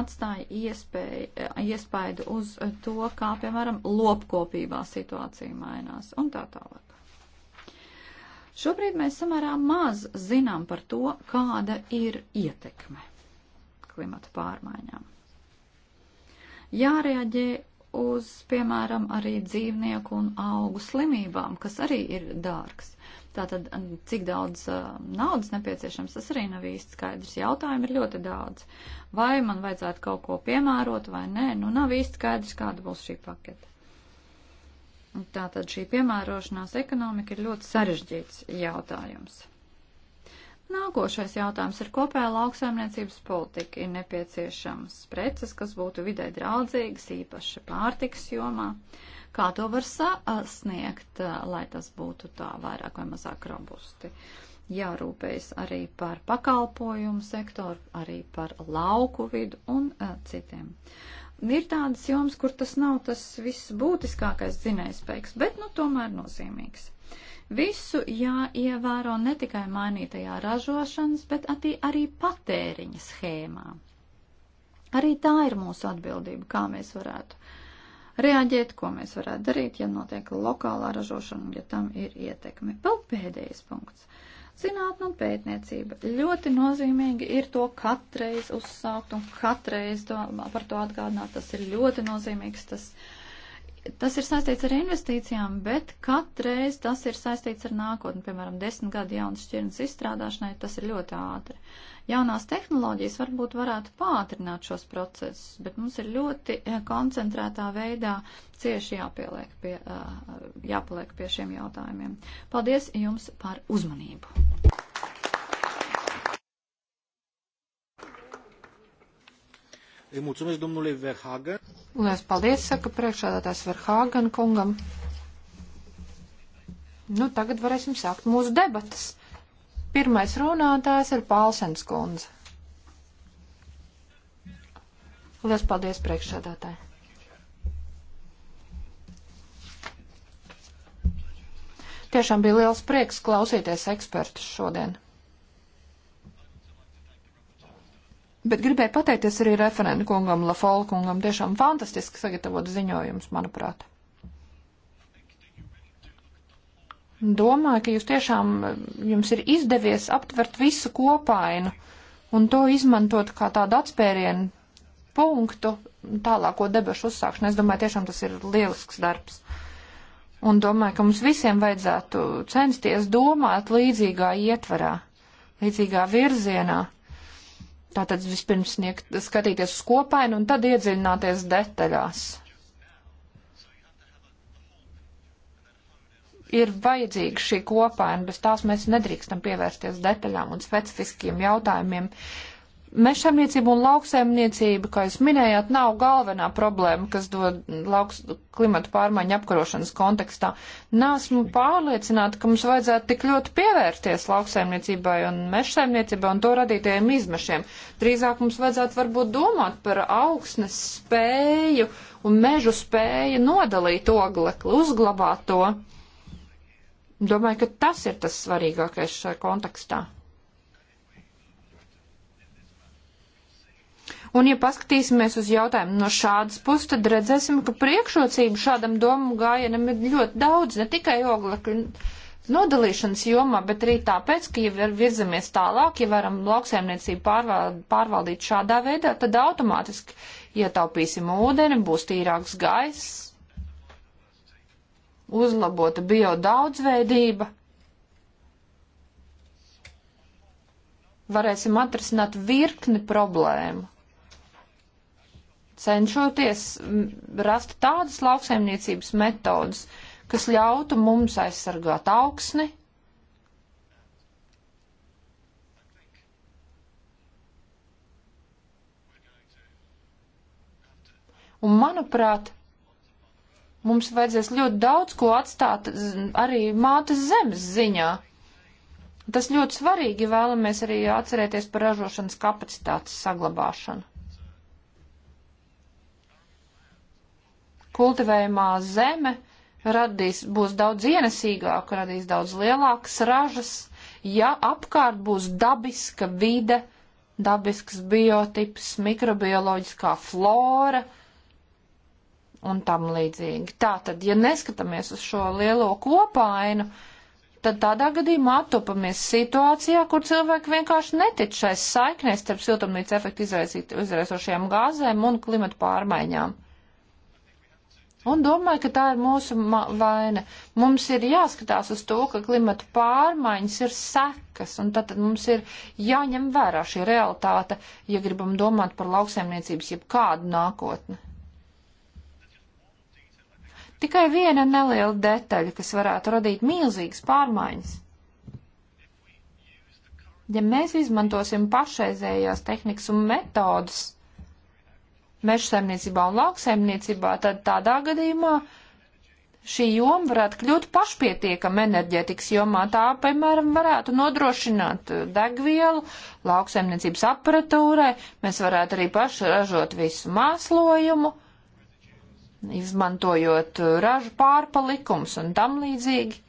atstāja iespēju, iespaidu uz to, kā, piemēram, lopkopībā situācija mainās, un tā tālāk. Šobrīd mēs samērā maz zinām par to, kāda ir ietekme klimata pārmaiņām. Jārēģē uz, piemēram, arī dzīvnieku un augu slimībām, kas arī ir dārgs. Tātad, cik daudz uh, naudas nepieciešams, tas arī nav īsti skaidrs. Jautājumi ir ļoti daudz. Vai man vajadzētu kaut ko piemērot vai nē, nu nav īsti skaidrs, kāda būs šī paketa. Tātad šī piemērošanās ekonomika ir ļoti sarežģīts jautājums. Nākošais jautājums ir kopējā lauksaimniecības politika. Ir nepieciešams preces, kas būtu vidē draudzīgas, īpaši pārtiks jomā. Kā to var sasniegt, lai tas būtu tā vairāk vai mazāk robusti? Jārūpējas arī par pakalpojumu sektoru, arī par lauku vidu un uh, citiem. Ir tādas jomas, kur tas nav tas viss būtiskākais dzinējspēks, bet nu tomēr nozīmīgs. Visu jāievēro ne tikai mainītajā ražošanas, bet atī, arī patēriņa schēmā. Arī tā ir mūsu atbildība, kā mēs varētu reaģēt, ko mēs varētu darīt, ja notiek lokālā ražošana, ja tam ir ietekme. Vēl pēdējais punkts. Zinātne un pētniecība. Ļoti nozīmīgi ir to katreiz uzsākt un katreiz to, par to atgādināt. Tas ir ļoti nozīmīgs. Tas, uh, tas ir saistīts ar investīcijām, bet katreiz tas ir saistīts ar nākotni. Piemēram, desmit gadi jaunas šķirnes izstrādāšanai, tas ir ļoti ātri. Jaunās tehnoloģijas varbūt varētu pātrināt šos procesus, bet mums ir ļoti eh, koncentrētā veidā cieši jāpieliek pie, eh, jāpaliek pie šiem jautājumiem. Paldies jums par uzmanību! Îi mulțumesc domnului Verhagen. Lielas paldies, saka priekšādātājs Verhagen kungam. Nu, tagad varēsim sākt mūsu debatas. Pirmais runātājs ir Pālsens kundze. Lielas paldies priekšādātājai. Tiešām bija liels prieks klausīties ekspertus šodien. Bet gribēju pateikties arī referentu kungam Lafolkungam. Tiešām fantastiski sagatavot ziņojums, manuprāt. Domāju, ka jūs tiešām, jums ir izdevies aptvert visu kopainu un to izmantot kā tādu atspērienu punktu tālāko debašu uzsākšanu. Es domāju, tiešām tas ir lielisks darbs. Un domāju, ka mums visiem vajadzētu censties domāt līdzīgā ietvarā, līdzīgā virzienā Tātad vispirms sniegt, skatīties uz kopainu un tad iedziļināties detaļās. Ir vajadzīga šī kopaina, bez tās mēs nedrīkstam pievērsties detaļām un specifiskiem jautājumiem. Uh, Mešamniecība un lauksaimniecība, kā jūs minējāt, nav galvenā problēma, kas dod lauks klimatu pārmaiņu apkarošanas kontekstā. Nāsmu pārliecināta, ka mums vajadzētu tik ļoti pievērsties lauksaimniecībai un mešsaimniecībai un to radītajiem izmešiem. Drīzāk mums vajadzētu varbūt domāt par augsnes spēju un mežu spēju nodalīt oglekli, uzglabāt to. Domāju, ka tas ir tas svarīgākais šajā kontekstā. Un, ja paskatīsimies uz jautājumu no šādas puses, tad redzēsim, ka priekšrocību šādam domu gājienam ir ļoti daudz, ne tikai oglekļu nodalīšanas jomā, bet arī tāpēc, ka, ja virzamies tālāk, ja varam lauksaimniecību pārvald, pārvaldīt šādā veidā, tad automātiski ietaupīsim ūdeni, būs tīrāks gaiss, uzlabota bio daudzveidība. Varēsim atrisināt virkni problēmu cenšoties rast tādas lauksaimniecības metodas, kas ļautu mums aizsargāt augsni. Un, manuprāt, mums vajadzēs ļoti daudz ko atstāt arī mātes zemes ziņā. Tas ļoti svarīgi vēlamies arī atcerēties par ražošanas kapacitātes saglabāšanu. kultivējumā zeme radīs, būs daudz ienesīgāka, radīs daudz lielākas ražas, ja apkārt būs dabiska vide, dabisks biotips, mikrobioloģiskā flora un tam līdzīgi. Tātad, ja neskatāmies uz šo lielo kopainu, tad tādā gadījumā attopamies situācijā, kur cilvēki vienkārši netic šai saiknēs starp siltumnīca efektu izraisošajām gāzēm un klimatu pārmaiņām. Un domāju, ka tā ir mūsu vaina. Mums ir jāskatās uz to, ka klimata pārmaiņas ir sekas, un tad mums ir jāņem vērā šī realitāte, ja gribam domāt par lauksaimniecības jebkādu nākotni. Tikai viena neliela detaļa, kas varētu radīt milzīgas pārmaiņas. Ja mēs izmantosim pašreizējās tehnikas un metodas, meža saimniecībā un lauksaimniecībā, tad tādā gadījumā šī joma varētu kļūt pašpietiekama enerģētikas jomā. Tā, piemēram, varētu nodrošināt degvielu lauksaimniecības aparatūrai, mēs varētu arī paši ražot visu mēslojumu, izmantojot ražu pārpalikums un tam līdzīgi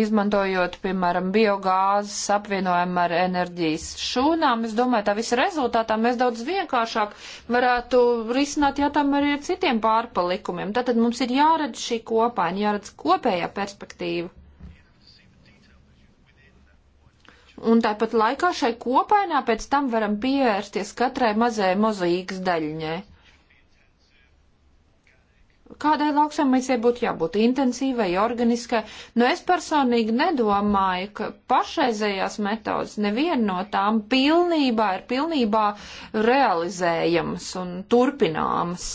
izmantojot, piemēram, biogāzes apvienojumu ar enerģijas šūnām. Es domāju, tā visa rezultātā mēs daudz vienkāršāk varētu risināt jautājumu arī ar citiem pārpalikumiem. Tātad mums ir jāredz šī kopaina, jāredz kopējā perspektīva. Un tāpat laikā šai kopainā pēc tam varam pievērsties katrai mazai mozaīkas daļiņai kādai lauksaimniecībai būtu jābūt intensīvai, organiskai. Nu, es personīgi nedomāju, ka pašreizējās metodas neviena no tām pilnībā ir pilnībā realizējamas un turpināmas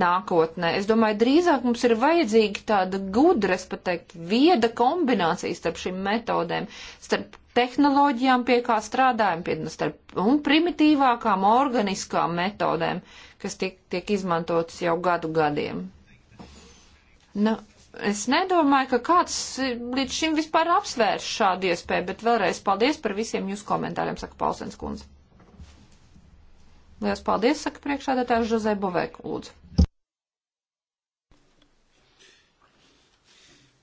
nākotnē. Es domāju, drīzāk mums ir vajadzīga tāda gudra, es pat teiktu, vieda kombinācija starp šīm metodēm, starp tehnoloģijām, pie kā strādājam, pie, starp un primitīvākām organiskām metodēm, kas tiek, tiek izmantotas jau gadu gadiem. Nu, es nedomāju, ka kāds līdz šim vispār apsvērs šādu iespēju, bet vēlreiz paldies par visiem jūsu komentāriem, saka Paulsens kundze. Lielas paldies, saka priekšādātājs Žozē Bovēku, lūdzu.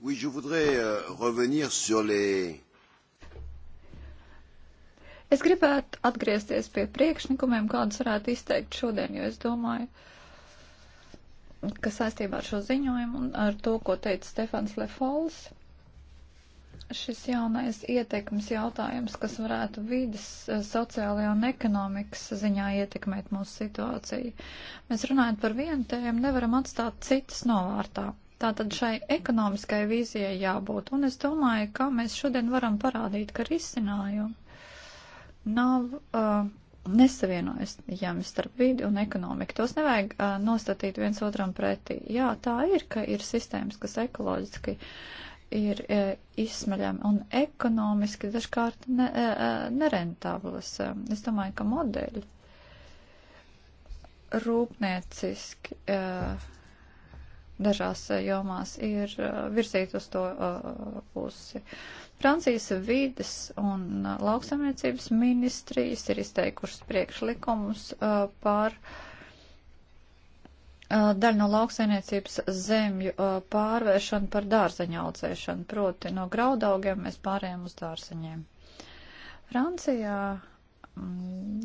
Oui, je voudrais euh, revenir sur les Es gribētu atgriezties pie priekšnikumiem, kādus varētu izteikt šodien, jo es domāju, ka saistībā ar šo ziņojumu un ar to, ko teica Stefans Lefols, šis jaunais ietekmes jautājums, kas varētu vidas, eh, sociālajā un ekonomikas ziņā ietekmēt mūsu situāciju. Mēs runājot par vienu tēmu, nevaram atstāt citas novārtā. Tātad šai ekonomiskai vīzijai jābūt, un es domāju, kā mēs šodien varam parādīt, ka risinājumi nav uh, nesavienojami starp vidi un ekonomiku. Tos nevajag uh, nostatīt viens otram pretī. Jā, tā ir, ka ir sistēmas, kas ekoloģiski ir uh, izsmaļami un ekonomiski dažkārt ne, uh, uh nerentablas. Uh, es domāju, ka modeļi rūpnieciski uh, dažās uh, jomās ir uh, virzīt uz to uh, pusi. Uh, Francijas vides un uh, lauksamniecības ministrijas ir izteikušas priekšlikumus uh, par uh, daļu no lauksainiecības zemju uh, pārvēršanu par dārzeņu audzēšanu, proti no graudaugiem mēs pārējām uz dārzeņiem. Francijā mm,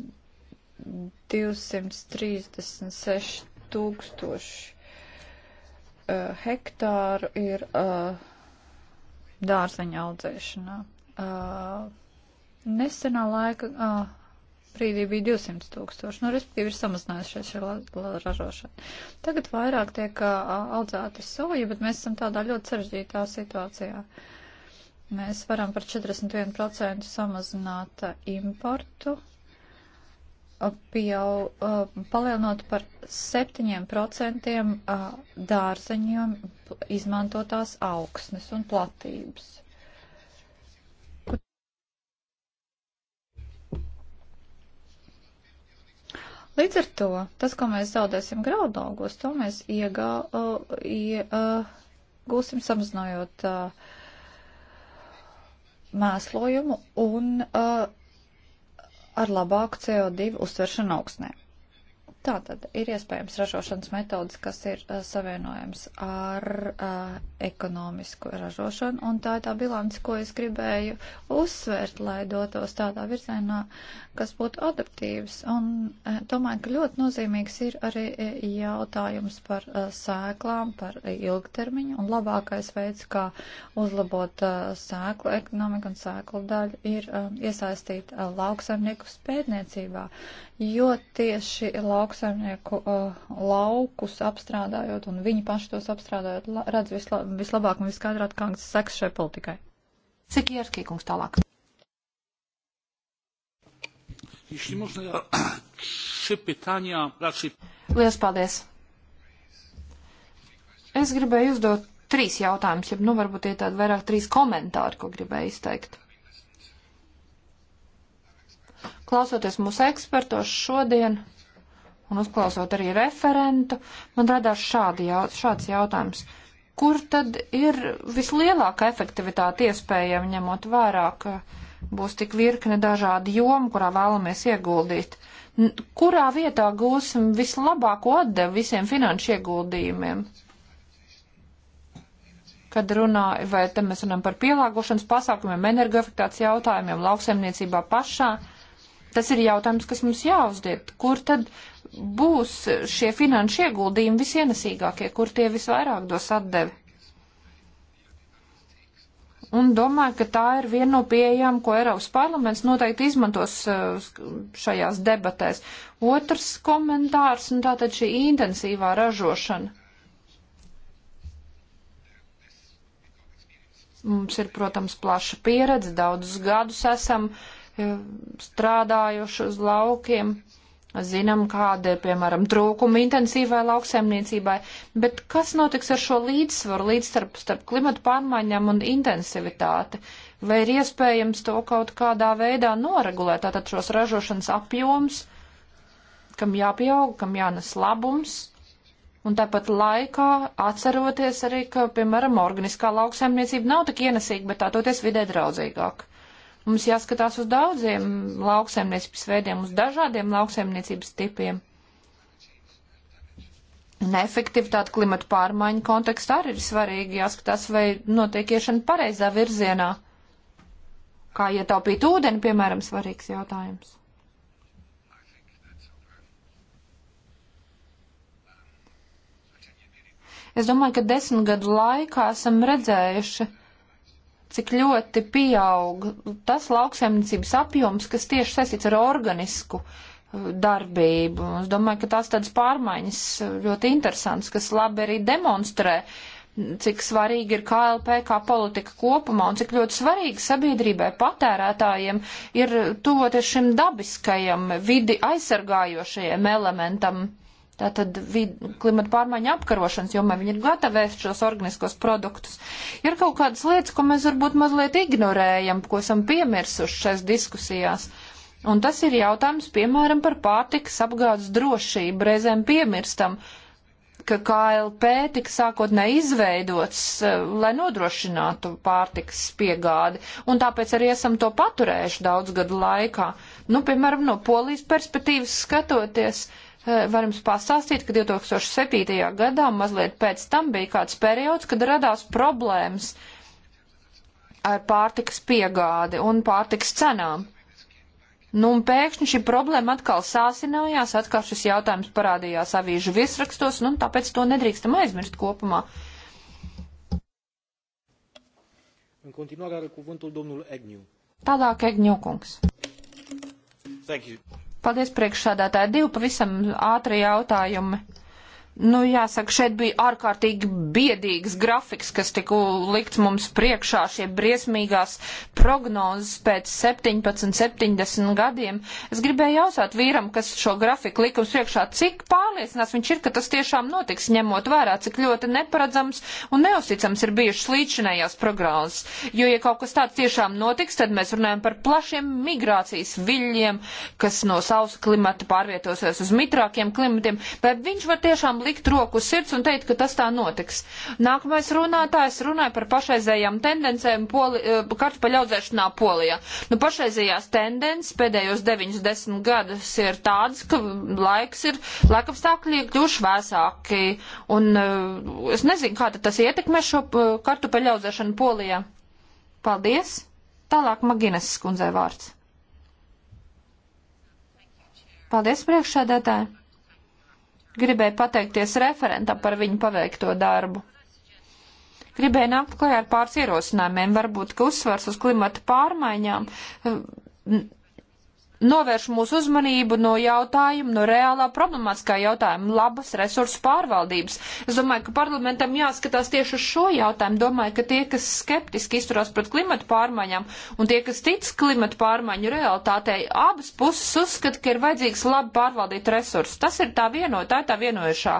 236 tūkstoši uh, hektāru ir uh, dārzeņu audzēšanā. Uh, nesenā laika uh, brīdī bija 200 tūkstoši, nu, respektīvi ir samazinājušies šī ražošana. Tagad vairāk tiek uh, audzēta soja, bet mēs esam tādā ļoti sarežģītā situācijā. Mēs varam par 41% samazināt importu, pieau, palielinot par 7% dārzeņiem izmantotās augsnes un platības. Līdz ar to, tas, ko mēs zaudēsim graudaugos, to mēs iegā, uh, ie, uh, gūsim samazinājot uh, mēslojumu un uh, ar labāku CO2 uztveršanu augstnē. Tātad ir iespējams ražošanas metodas, kas ir uh, savienojams ar uh, ekonomisku ražošanu, un tā ir tā bilance, ko es gribēju uzsvērt, lai dotos tādā virzienā, kas būtu adaptīvs. Un uh, domāju, ka ļoti nozīmīgs ir arī jautājums par uh, sēklām, par ilgtermiņu, un labākais veids, kā uzlabot uh, sēklu ekonomiku un sēklu daļu, ir uh, iesaistīt uh, lauksaimniekus pētniecībā. Uh, jo tieši lauksaimnieku uh, laukus apstrādājot un viņi paši tos apstrādājot, redz visla, vislabāk un viskaidrāk, kāds seks šai politikai. Cik ierskī, kungs, tālāk? Jeśli można, ja trzy pytania raczej. Lielas paldies. Es gribēju uzdot trīs jautājumus, ja nu varbūt ir tādi vairāk trīs komentāri, ko gribēju izteikt. Klausoties mūsu ekspertos šodien un uzklausot arī referentu, man radās šādi jau, šāds jautājums. Kur tad ir vislielākā efektivitāte iespējama ņemot vērā, ka būs tik virkne dažādi jomi, kurā vēlamies ieguldīt? Kurā vietā gūsim vislabāko atdevu visiem finanšu ieguldījumiem? kad runā, vai te mēs runājam par pielāgošanas pasākumiem, energoefektācijas jautājumiem, lauksaimniecībā pašā. Uh, Tas ir jautājums, kas mums jāuzdiet. Kur tad būs šie finanšu ieguldījumi visienesīgākie, kur tie visvairāk dos atdevi? Un domāju, ka tā ir viena no pieejām, ko Eiropas parlaments noteikti izmantos uh, šajās debatēs. Otrs komentārs, un tātad šī intensīvā ražošana. Mums ir, protams, plaša pieredze, daudzus gadus esam uh, strādājuši uz laukiem. Zinām, kāda ir, piemēram, trūkuma intensīvai lauksaimniecībai, bet kas notiks ar šo līdzsvaru līdz starp, starp klimatu pārmaiņām un intensivitāti? Vai ir iespējams to kaut kādā veidā noregulēt, tātad šos ražošanas apjoms, kam jāpieaug, kam jānes labums, un tāpat laikā atceroties arī, ka, piemēram, organiskā lauksaimniecība nav tik ienesīga, bet tā toties vidē draudzīgāk. Mums jāskatās uz daudziem lauksaimniecības veidiem, uz dažādiem lauksaimniecības tipiem. Un efektivitāte klimata pārmaiņu kontekstā arī ir svarīgi jāskatās, vai notiek iešana pareizā virzienā. Kā ietaupīt ūdeni, piemēram, svarīgs jautājums. Es domāju, ka desmit gadu laikā esam redzējuši, cik ļoti pieaug tas lauksaimniecības apjoms, kas tieši saistīts ar organisku uh, darbību. Es domāju, ka tās tādas pārmaiņas uh, ļoti interesants, kas labi arī demonstrē, cik svarīgi ir KLP kā politika kopumā un cik ļoti svarīgi sabiedrībai, patērētājiem ir tuvoties šim dabiskajam, vidi aizsargājošajam elementam. Tātad vid, klimata pārmaiņa apkarošanas jomā viņi ir gatavi ēst šos organiskos produktus. Ir kaut kādas lietas, ko mēs varbūt mazliet ignorējam, ko esam piemirsuši šais diskusijās. Un tas ir jautājums, piemēram, par pārtikas apgādes drošību. Reizēm piemirstam, ka KLP tika sākotnē izveidots, eh, lai nodrošinātu pārtikas piegādi, un tāpēc arī esam to paturējuši daudz gadu laikā. Nu, piemēram, no polijas perspektīvas skatoties, uh, Eh, varam pastāstīt, ka 2007. gadā mazliet pēc tam bija kāds periods, kad radās problēmas ar pārtikas piegādi un pārtikas cenām. Nu, un pēkšņi šī problēma atkal sāsinājās, atkal šis jautājums parādījās avīžu virsrakstos, nu, tāpēc to nedrīkstam aizmirst kopumā. În continuare are cuvântul domnul Egniu. Tālāk Egniu kungs. Thank you. Paldies priekšsādātāji. Divi pavisam ātri jautājumi. Nu, jāsaka, šeit bija ārkārtīgi biedīgs grafiks, kas tika likts mums priekšā šie briesmīgās prognozes pēc 17, 70 gadiem. Es gribēju jautāt vīram, kas šo grafiku likums priekšā, cik pārliecinās viņš ir, ka tas tiešām notiks, ņemot vērā, cik ļoti neparedzams un neusticams ir bijušas līdzinējās prognozes. Jo, ja kaut kas tāds tiešām notiks, tad mēs runājam par plašiem migrācijas viļļiem, kas no sausa klimata pārvietosies uz mitrākiem klimatiem. Vai viņš var tiešām likt roku sirds un teikt, ka tas tā notiks. Nākamais runātājs runāja par pašreizējām tendencēm poli, eh, kartu paļaudzēšanā Polijā. Nu, pašreizējās tendences pēdējos 90 gadus ir tādas, ka laiks ir, laikapstākļi ir kļuvuši vēsāki. Un uh, es nezinu, kā tas ietekmē šo uh, kartu paļaudzēšanu Polijā. Paldies! Tālāk Maginas skundzē vārds. Paldies priekšsēdētāji! Gribēju pateikties referentam par viņu paveikto darbu. Gribēju nākt klajā ar pāris ierosinājumiem, varbūt, ka uzsvars uz klimata pārmaiņām eh, novērš mūsu uzmanību no jautājuma, no reālā problemātiskā jautājuma - labas resursu pārvaldības. Es domāju, ka parlamentam jāskatās tieši uz šo jautājumu. Domāju, ka tie, kas skeptiski izturās pret klimatu pārmaiņām un tie, kas tic klimatu pārmaiņu realitātei, abas puses uzskata, ka ir vajadzīgs labi pārvaldīt resursus. Tas ir tā vienotā, tā, tā vienojušā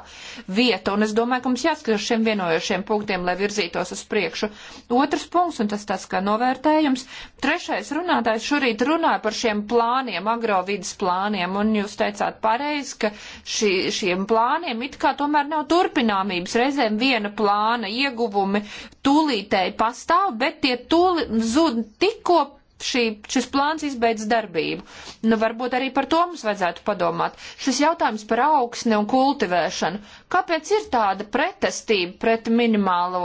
vieta, un es domāju, ka mums jāskatās šiem vienojušiem punktiem, lai virzītos uz priekšu. Otrs punkts, un tas tas kā novērtējums. Trešais runātājs šorīt runāja par šiem plāniem plāniem, agrovidas plāniem, un jūs teicāt pareizi, ka šī, šiem plāniem it kā tomēr nav turpināmības. Reizēm viena plāna ieguvumi tūlītēji pastāv, bet tie tūli zud tikko šī, šis plāns izbeidz darbību. Nu, varbūt arī par to mums vajadzētu padomāt. Šis jautājums par augsni un kultivēšanu. Kāpēc ir tāda pretestība pret minimālo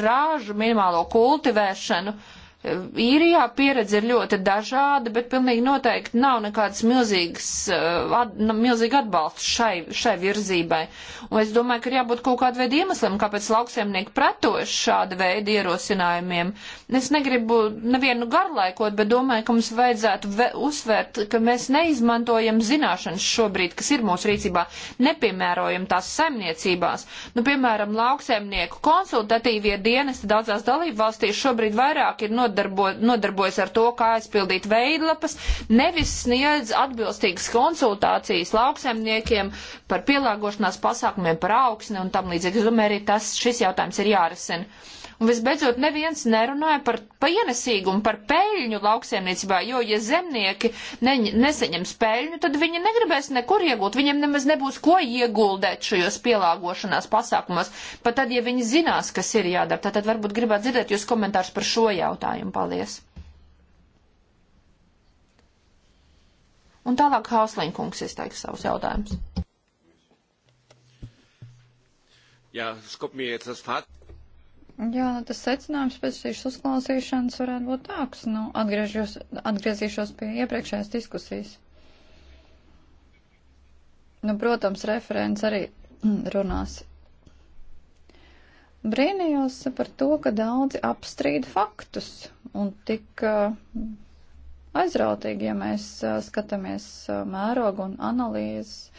rāžu, minimālo kultivēšanu? Uh, īrijā pieredze ir ļoti dažāda, bet pilnīgi noteikti nav nekādas milzīgas, eh, at, nu, milzīga atbalsta šai, šai virzībai. Un es domāju, ka ir jābūt kaut kādu veidu iemeslam, kāpēc lauksiemnieki pretojas šāda veida ierosinājumiem. Es negribu nevienu garlaikot, bet domāju, ka mums vajadzētu ve uzsvērt, ka mēs neizmantojam zināšanas šobrīd, kas ir mūsu rīcībā, nepiemērojam tās saimniecībās. Nu, piemēram, lauksiemnieku konsultatīvie dienesti daudzās dalību valstīs šobrīd vairāk ir no nodarbo, nodarbojas ar to, kā aizpildīt veidlapas, nevis sniedz atbilstīgas konsultācijas lauksaimniekiem par pielāgošanās pasākumiem, par augsni un tam līdzīgi. Es domāju, arī tas, šis jautājums ir jārisina. Un visbeidzot, neviens nerunāja par, par ienesīgumu, par peļņu lauksaimniecībā, jo, ja zemnieki ne, neseņems peļņu, tad viņi negribēs nekur iegūt, viņiem nemaz nebūs ko ieguldēt šajos pielāgošanās pasākumos, pat tad, ja viņi zinās, kas ir jādara. Tātad varbūt gribētu dzirdēt jūs komentārus par šo jautājumu. Paldies! Un tālāk Hauslinkungs izteiks savus jautājumus. Ja, es kommt mir jetzt das Fazit. Jā, nu tas secinājums pēc šīs uzklausīšanas varētu būt tāds. Nu, atgriezīšos pie iepriekšējās diskusijas. Nu, protams, referents arī runās. Brīnījos par to, ka daudzi apstrīd faktus un tik uh, aizrautīgi, ja mēs uh, skatāmies uh, mērogu un analīzes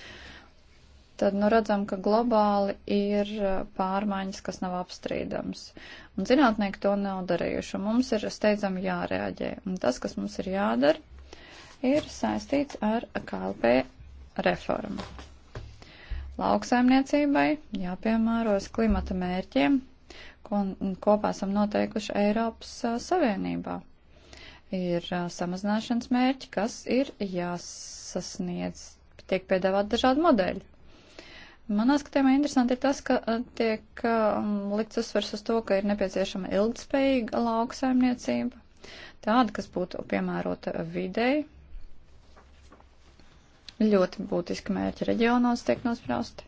tad nu redzam, ka globāli ir e, pārmaiņas, kas nav apstrīdams. Un zinātnieki to nav darījuši, un mums ir steidzami jārēģē. Un tas, kas mums ir jādara, ir saistīts ar KLP reformu. Lauksaimniecībai jāpiemēros klimata mērķiem, ko kopā esam noteikuši Eiropas e, Savienībā ir e, samazināšanas mērķi, kas ir jāsasniedz. Tiek piedāvāt dažādi modeļi. Manā skatījumā interesanti ir tas, ka e, tiek e, likts uzsvers uz to, ka ir nepieciešama ilgspējīga lauksaimniecība, tāda, kas būtu piemērota videi. Ļoti būtiski mērķi reģionos tiek nosprausti.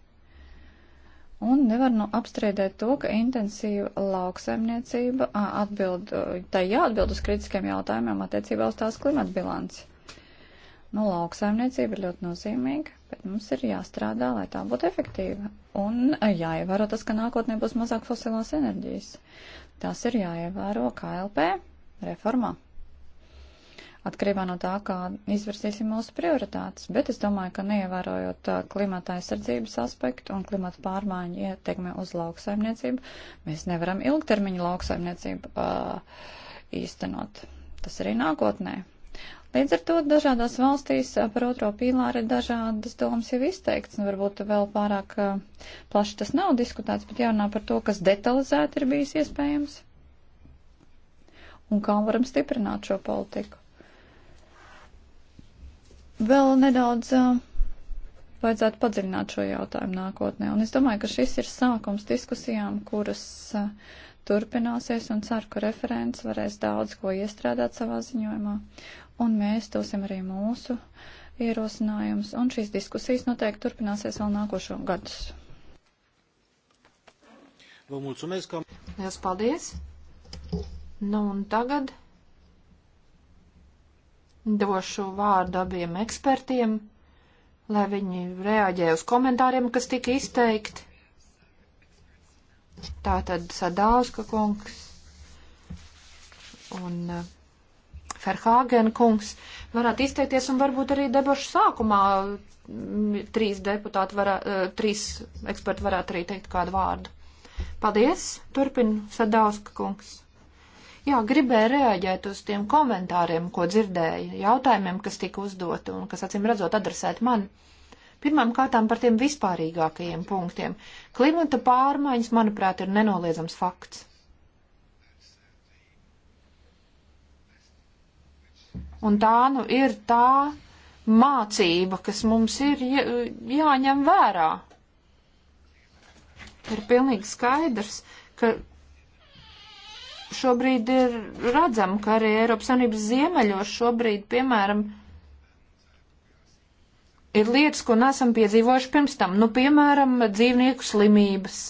Un nevar nu apstrīdēt to, ka intensīva lauksaimniecība atbild, e, tai jāatbild uz kritiskiem jautājumiem attiecībā uz tās klimata bilanci. Nu, lauksaimniecība ir ļoti nozīmīga. Bet mums ir jāstrādā, lai tā būtu efektīva. Un jāievēro tas, ka nākotnē būs mazāk fosilās enerģijas. Tas ir jāievēro KLP reformā. Atkarībā no tā, kā izvirsīsim mūsu prioritātes, bet es domāju, ka neievērojot uh, klimata aizsardzības aspektu un klimata pārmaiņu ietekmi uz lauksaimniecību, mēs nevaram ilgtermiņu lauksaimniecību uh, īstenot. Tas arī nākotnē Līdz ar to dažādās valstīs par otro pīlāru ir dažādas domas jau izteikts, un varbūt vēl pārāk plaši tas nav diskutēts, bet jārunā par to, kas detalizēti ir bijis iespējams un kā varam stiprināt šo politiku. Vēl nedaudz vajadzētu padziļināt šo jautājumu nākotnē, un es domāju, ka šis ir sākums diskusijām, kuras turpināsies, un ceru, ka referents varēs daudz ko iestrādāt savā ziņojumā un mēs dosim arī mūsu ierosinājums, un šīs diskusijas noteikti turpināsies vēl nākošo gadus. Vă mulțumesc că... Liels paldies! Nu, un tagad došu vārdu abiem ekspertiem, lai viņi reaģē uz komentāriem, kas tika izteikti. Tātad Sadauska kungs un uh, Ferhāgen kungs varētu izteikties un varbūt arī debašu sākumā mm, trīs deputāti, varā, eh, trīs eksperti varētu arī teikt kādu vārdu. Paldies, turpina Sadauska kungs. Jā, gribēju reaģēt uz tiem komentāriem, ko dzirdēju, jautājumiem, kas tika uzdoti un kas, acīm redzot, adresēt man. Pirmām kārtām par tiem vispārīgākajiem punktiem. Klimata pārmaiņas, manuprāt, ir nenoliedzams fakts. Un tā nu ir tā mācība, kas mums ir jāņem vērā. Ir pilnīgi skaidrs, ka šobrīd ir redzam, ka arī Eiropas Savienības ziemeļos šobrīd, piemēram, ir lietas, ko nesam piedzīvojuši pirms tam. Nu, piemēram, dzīvnieku slimības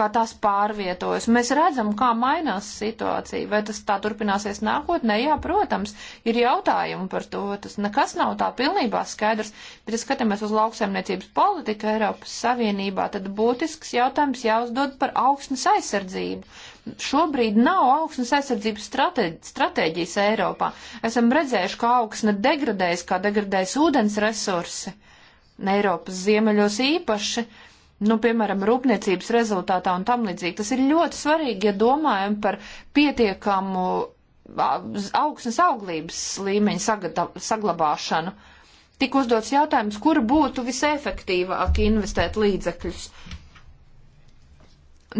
kā tās pārvietojas. Mēs redzam, kā mainās situācija. Vai tas tā turpināsies nākotnē? Jā, protams, ir jautājumi par to. Tas nekas nav tā pilnībā skaidrs, bet, ja skatāmies uz lauksaimniecības politiku Eiropas Savienībā, tad būtisks jautājums jāuzdod par augsnes aizsardzību. Šobrīd nav augsnes aizsardzības stratēģijas Eiropā. Esam redzējuši, kā augsne degradējas, kā degradējas ūdens resursi. Eiropas ziemeļos īpaši nu, piemēram, rūpniecības rezultātā un tam līdzīgi. Tas ir ļoti svarīgi, ja domājam par pietiekamu augsnes auglības līmeņu sagada, saglabāšanu. Tik uzdots jautājums, kur būtu visefektīvāk investēt līdzekļus.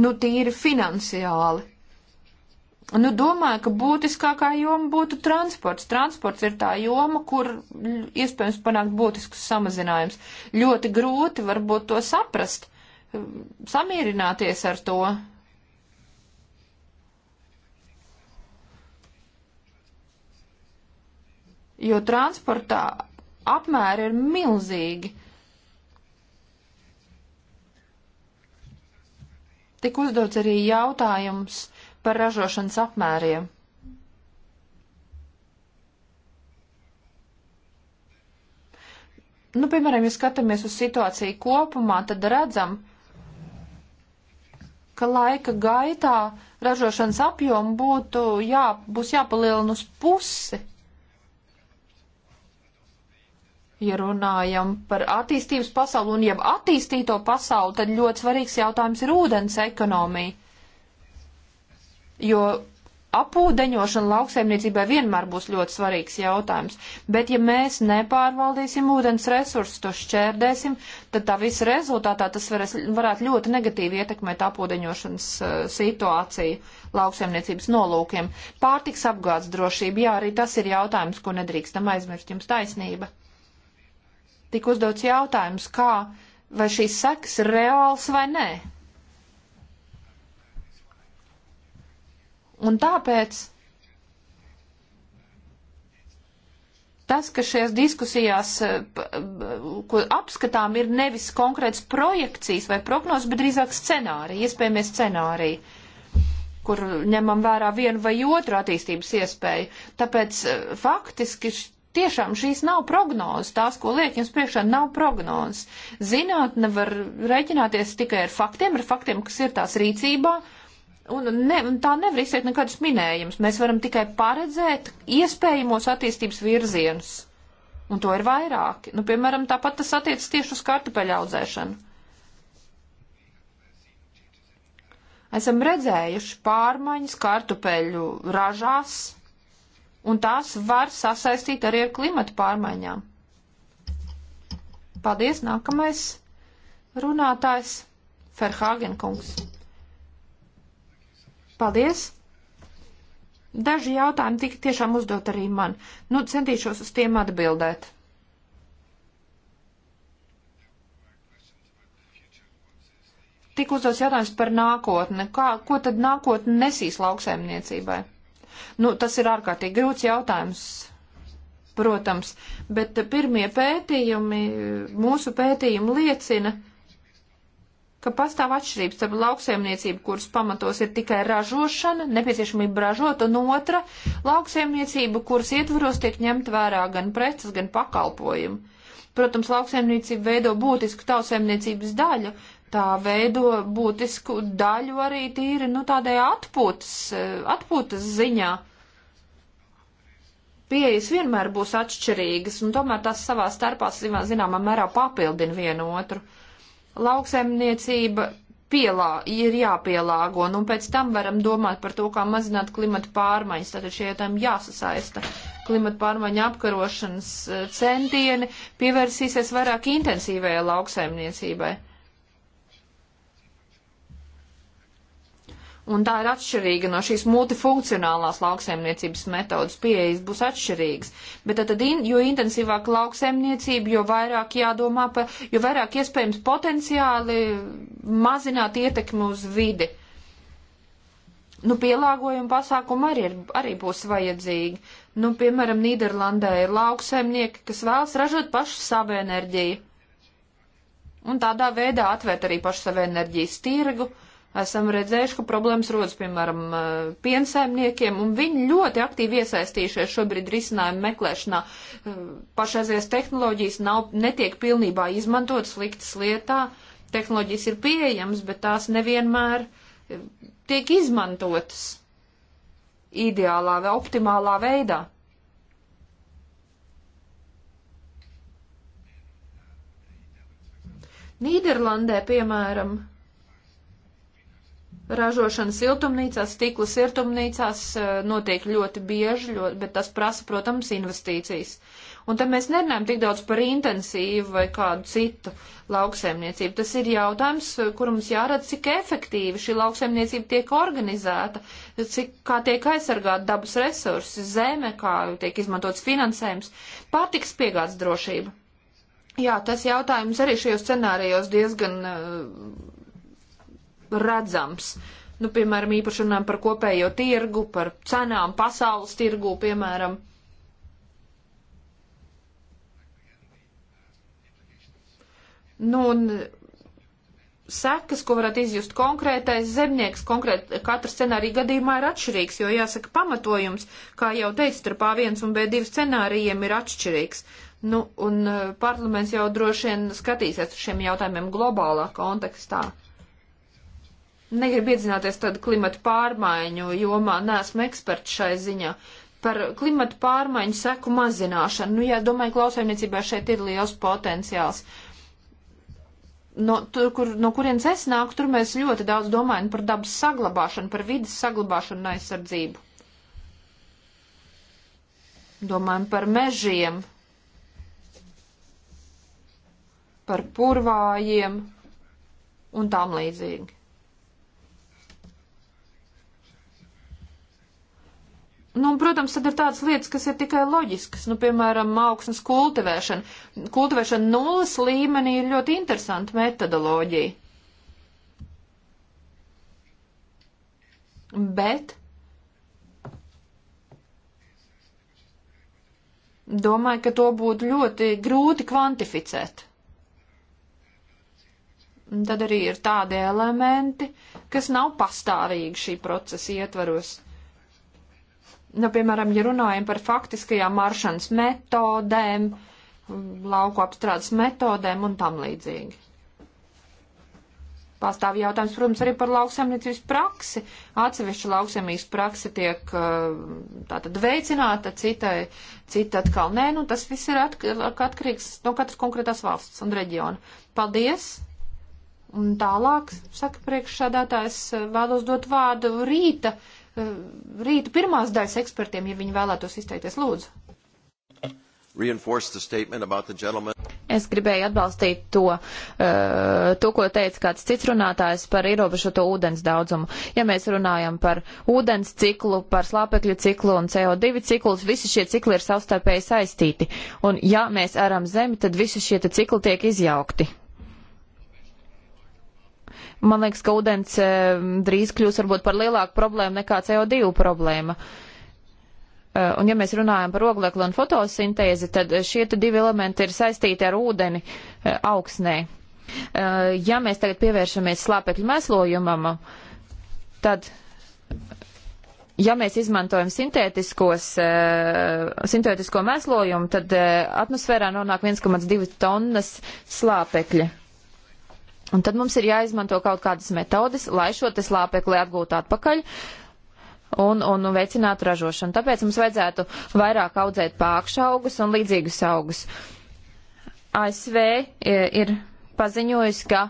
Nu, tīri finansiāli. Nu, domāju, ka būtiskākā joma būtu transports. Transports ir tā joma, kur iespējams panākt būtiskus samazinājums. Ļoti grūti varbūt to saprast, samierināties ar to. Jo transportā apmēri ir milzīgi. Tik uzdots arī jautājums par ražošanas apmēriem. Nu, piemēram, ja skatāmies uz situāciju kopumā, tad redzam, ka laika gaitā ražošanas apjomu būtu jā, būs jāpalielina uz pusi. Ja runājam par attīstības pasauli un jau attīstīto pasauli, tad ļoti svarīgs jautājums ir ūdens ekonomija. Jo apūdeņošana lauksaimniecībai vienmēr būs ļoti svarīgs jautājums, bet ja mēs nepārvaldīsim ūdens resursus, to šķērdēsim, tad tā visa rezultātā tas varēs, varētu ļoti negatīvi ietekmēt apūdeņošanas uh, situāciju lauksaimniecības nolūkiem. Pārtiks apgādes drošība, jā, arī tas ir jautājums, ko nedrīkstam aizmirst, jums taisnība. Tik uzdots jautājums, kā, vai šīs sekas ir reāls vai nē. Un tāpēc tas, ka šajās diskusijās, eh, eh, ko apskatām, ir nevis konkrēts projekcijas vai prognozes, bet drīzāk scenārija, iespējamie scenāriji kur ņemam vērā vienu vai otru attīstības iespēju. Tāpēc eh, faktiski tiešām šīs nav prognozes, tās, ko liek jums priekšā, nav prognozes. Zinātne var rēķināties tikai ar faktiem, ar faktiem, kas ir tās rīcībā, uh, Un, ne, un tā nevar izteikt nekādus minējumus. Mēs varam tikai paredzēt iespējamos attīstības virzienus. Un to ir vairāki. Nu, piemēram, tāpat tas attiec tieši uz kartupeļa audzēšanu. Esam redzējuši pārmaiņas kartupeļu ražās, un tās var sasaistīt arī ar klimatu pārmaiņām. Paldies, nākamais runātājs Ferhāgen kungs. Paldies! Daži jautājumi tika tiešām uzdot arī man. Nu, centīšos uz tiem atbildēt. Tik uzdos jautājums par nākotni. Kā, ko tad nākotni nesīs lauksaimniecībai? Nu, tas ir ārkārtīgi grūts jautājums, protams, bet pirmie pētījumi, mūsu pētījumi liecina, ka ka pastāv atšķirības starp lauksaimniecību, kuras pamatos ir tikai ražošana, nepieciešamība ražot, un otra lauksaimniecība, kuras ietvaros tiek ņemt vērā gan preces, gan pakalpojumi. Protams, lauksaimniecība veido būtisku tausaimniecības daļu, tā veido būtisku daļu arī tīri, nu, tādai atpūtas, atpūtas ziņā. Pieejas vienmēr būs atšķirīgas, un tomēr tās savā starpā, zināmā mērā, papildina vienu otru. Uh, lauksaimniecība pielā, ir jāpielāgo, nu, un nu, pēc tam varam domāt par to, kā mazināt klimata pārmaiņas. Tātad šie jautājumi jāsasaista. Klimata pārmaiņa apkarošanas eh, centieni pievērsīsies vairāk intensīvajai lauksaimniecībai. Un tā ir atšķirīga no šīs multifunkcionālās lauksaimniecības metodas. Pieejas būs atšķirīgas. Bet tad, in, jo intensīvāk lauksaimniecība, jo vairāk jādomā par, jo vairāk iespējams potenciāli mazināt ietekmi uz vidi. Nu, pielāgojuma pasākumi arī, ir, arī būs vajadzīgi. Nu, piemēram, Nīderlandē ir lauksaimnieki, kas vēlas ražot pašu savu enerģiju. Un tādā veidā atvērt arī pašu savu enerģijas tirgu. Uh, Esam redzējuši, ka problēmas rodas, piemēram, eh, piensaimniekiem, un viņi ļoti aktīvi iesaistījušies šobrīd risinājumu meklēšanā. Eh, Pašreizies tehnoloģijas nav, netiek pilnībā izmantotas liktas lietā. Tehnoloģijas ir pieejamas, bet tās nevienmēr eh, tiek izmantotas ideālā vai optimālā veidā. Nīderlandē, piemēram, ražošana siltumnīcās, stikla siltumnīcās eh, notiek ļoti bieži, ļoti, bet tas prasa, protams, investīcijas. Un te mēs nerunājam tik daudz par intensīvu vai kādu citu lauksaimniecību. Tas ir jautājums, eh, kur mums jārada, cik efektīvi šī lauksaimniecība tiek organizēta, cik, kā tiek aizsargāt dabas resursi, zeme, kā tiek izmantots finansējums, pārtiks piegādes drošība. Jā, tas jautājums arī šajos scenārijos diezgan uh, redzams. Nu, piemēram, īpaši runājam par kopējo tirgu, par cenām pasaules tirgu, piemēram. Nu, un sekas, ko varat izjust konkrētais zemnieks, konkrēt, katra scenārija gadījumā ir atšķirīgs, jo jāsaka pamatojums, kā jau teicu, starp A1 un B2 scenārijiem ir atšķirīgs. Nu, un eh, parlaments jau droši vien skatīsies uz šiem jautājumiem globālā kontekstā. Negribu iedzināties tādu klimatu pārmaiņu jomā, neesmu eksperts šai ziņā. Par klimatu pārmaiņu seku mazināšanu, nu jā, domāju, klausēmniecībā šeit ir liels potenciāls. No, tur, kur, no kurienes es nāku, tur mēs ļoti daudz domājam par dabas saglabāšanu, par vidas saglabāšanu un aizsardzību. Domājam par mežiem, par purvājiem un tam līdzīgi. Nu, un, protams, tad ir tādas lietas, kas ir tikai loģiskas, nu, piemēram, augsnes kultivēšana. Kultivēšana nulles līmenī ir ļoti interesanta metodoloģija. Bet domāju, ka to būtu ļoti grūti kvantificēt. Un tad arī ir tādi elementi, kas nav pastāvīgi šī procesa ietvaros. Nu, piemēram, ja runājam par faktiskajām maršanas metodēm, lauku apstrādes metodēm un tam līdzīgi. Pastāv jautājums, protams, arī par lauksaimniecības praksi. Atsevišķa lauksaimniecības praksa tiek uh, tātad veicināta, citai, cita atkal nē, nu tas viss ir atk atkarīgs no katras konkrētās valsts un reģiona. Paldies! Un tālāk, saka priekšsādātājs, vēlos dot vārdu rīta Eh, rītu pirmās daļas ekspertiem, ja viņi vēlētos izteikties. Lūdzu. Es gribēju atbalstīt to, eh, to, ko teica kāds cits runātājs par ierobežoto ūdens daudzumu. Ja mēs runājam par ūdens ciklu, par slāpekļu ciklu un CO2 ciklus, visi šie cikli ir savstarpēji saistīti. Un ja mēs aram zemi, tad visi šie cikli tiek izjaukti. Man liekas, ka ūdens e, drīz kļūs varbūt par lielāku problēmu nekā CO2 problēma. E, un ja mēs runājam par oglekli un fotosintēzi, tad šie divi elementi ir saistīti ar ūdeni e, augsnē. Ja mēs tagad pievēršamies slāpekļu mēslojumam, tad, ja mēs izmantojam sintētiskos, sintētisko mēslojumu, tad atmosfērā nonāk 1,2 tonnas slāpekļa. Un tad mums ir jāizmanto kaut kādas metodes, lai šo te slāpekli atgūtu atpakaļ un, un veicinātu ražošanu. Tāpēc mums vajadzētu vairāk audzēt pākšaugus un līdzīgus augus. ASV e, ir paziņojusi, ka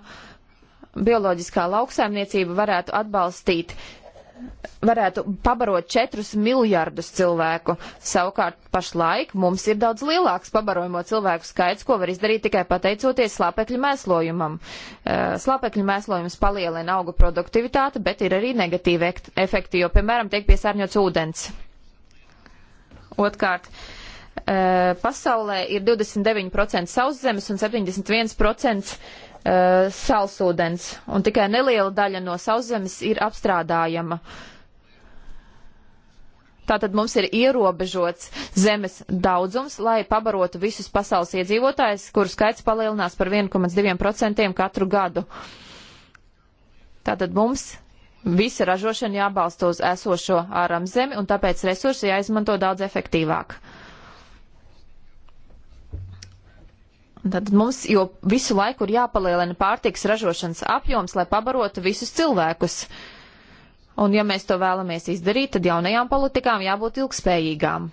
bioloģiskā lauksaimniecība varētu atbalstīt uh, varētu pabarot 4 miljardus cilvēku. Savukārt pašlaik mums ir daudz lielāks pabarojamo cilvēku skaits, ko var izdarīt tikai pateicoties slāpekļu mēslojumam. Eh, slāpekļu mēslojums palielina augu produktivitāti, bet ir arī negatīvi efekti, jo, piemēram, tiek piesārņots ūdens. Otkārt, eh, pasaulē ir 29% sauszemes un 71% uh, salsūdens, un tikai neliela daļa no sauszemes ir apstrādājama. Tātad mums ir ierobežots zemes daudzums, lai pabarotu visus pasaules iedzīvotājus, kuru skaits palielinās par 1,2% katru gadu. Tātad mums visa ražošana jābalsta uz esošo āram zemi, un tāpēc resursi jāizmanto daudz efektīvāk. Tad mums jau visu laiku ir jāpalielina pārtiks ražošanas apjoms, lai pabarotu visus cilvēkus. Un ja mēs to vēlamies izdarīt, tad jaunajām politikām jābūt ilgspējīgām.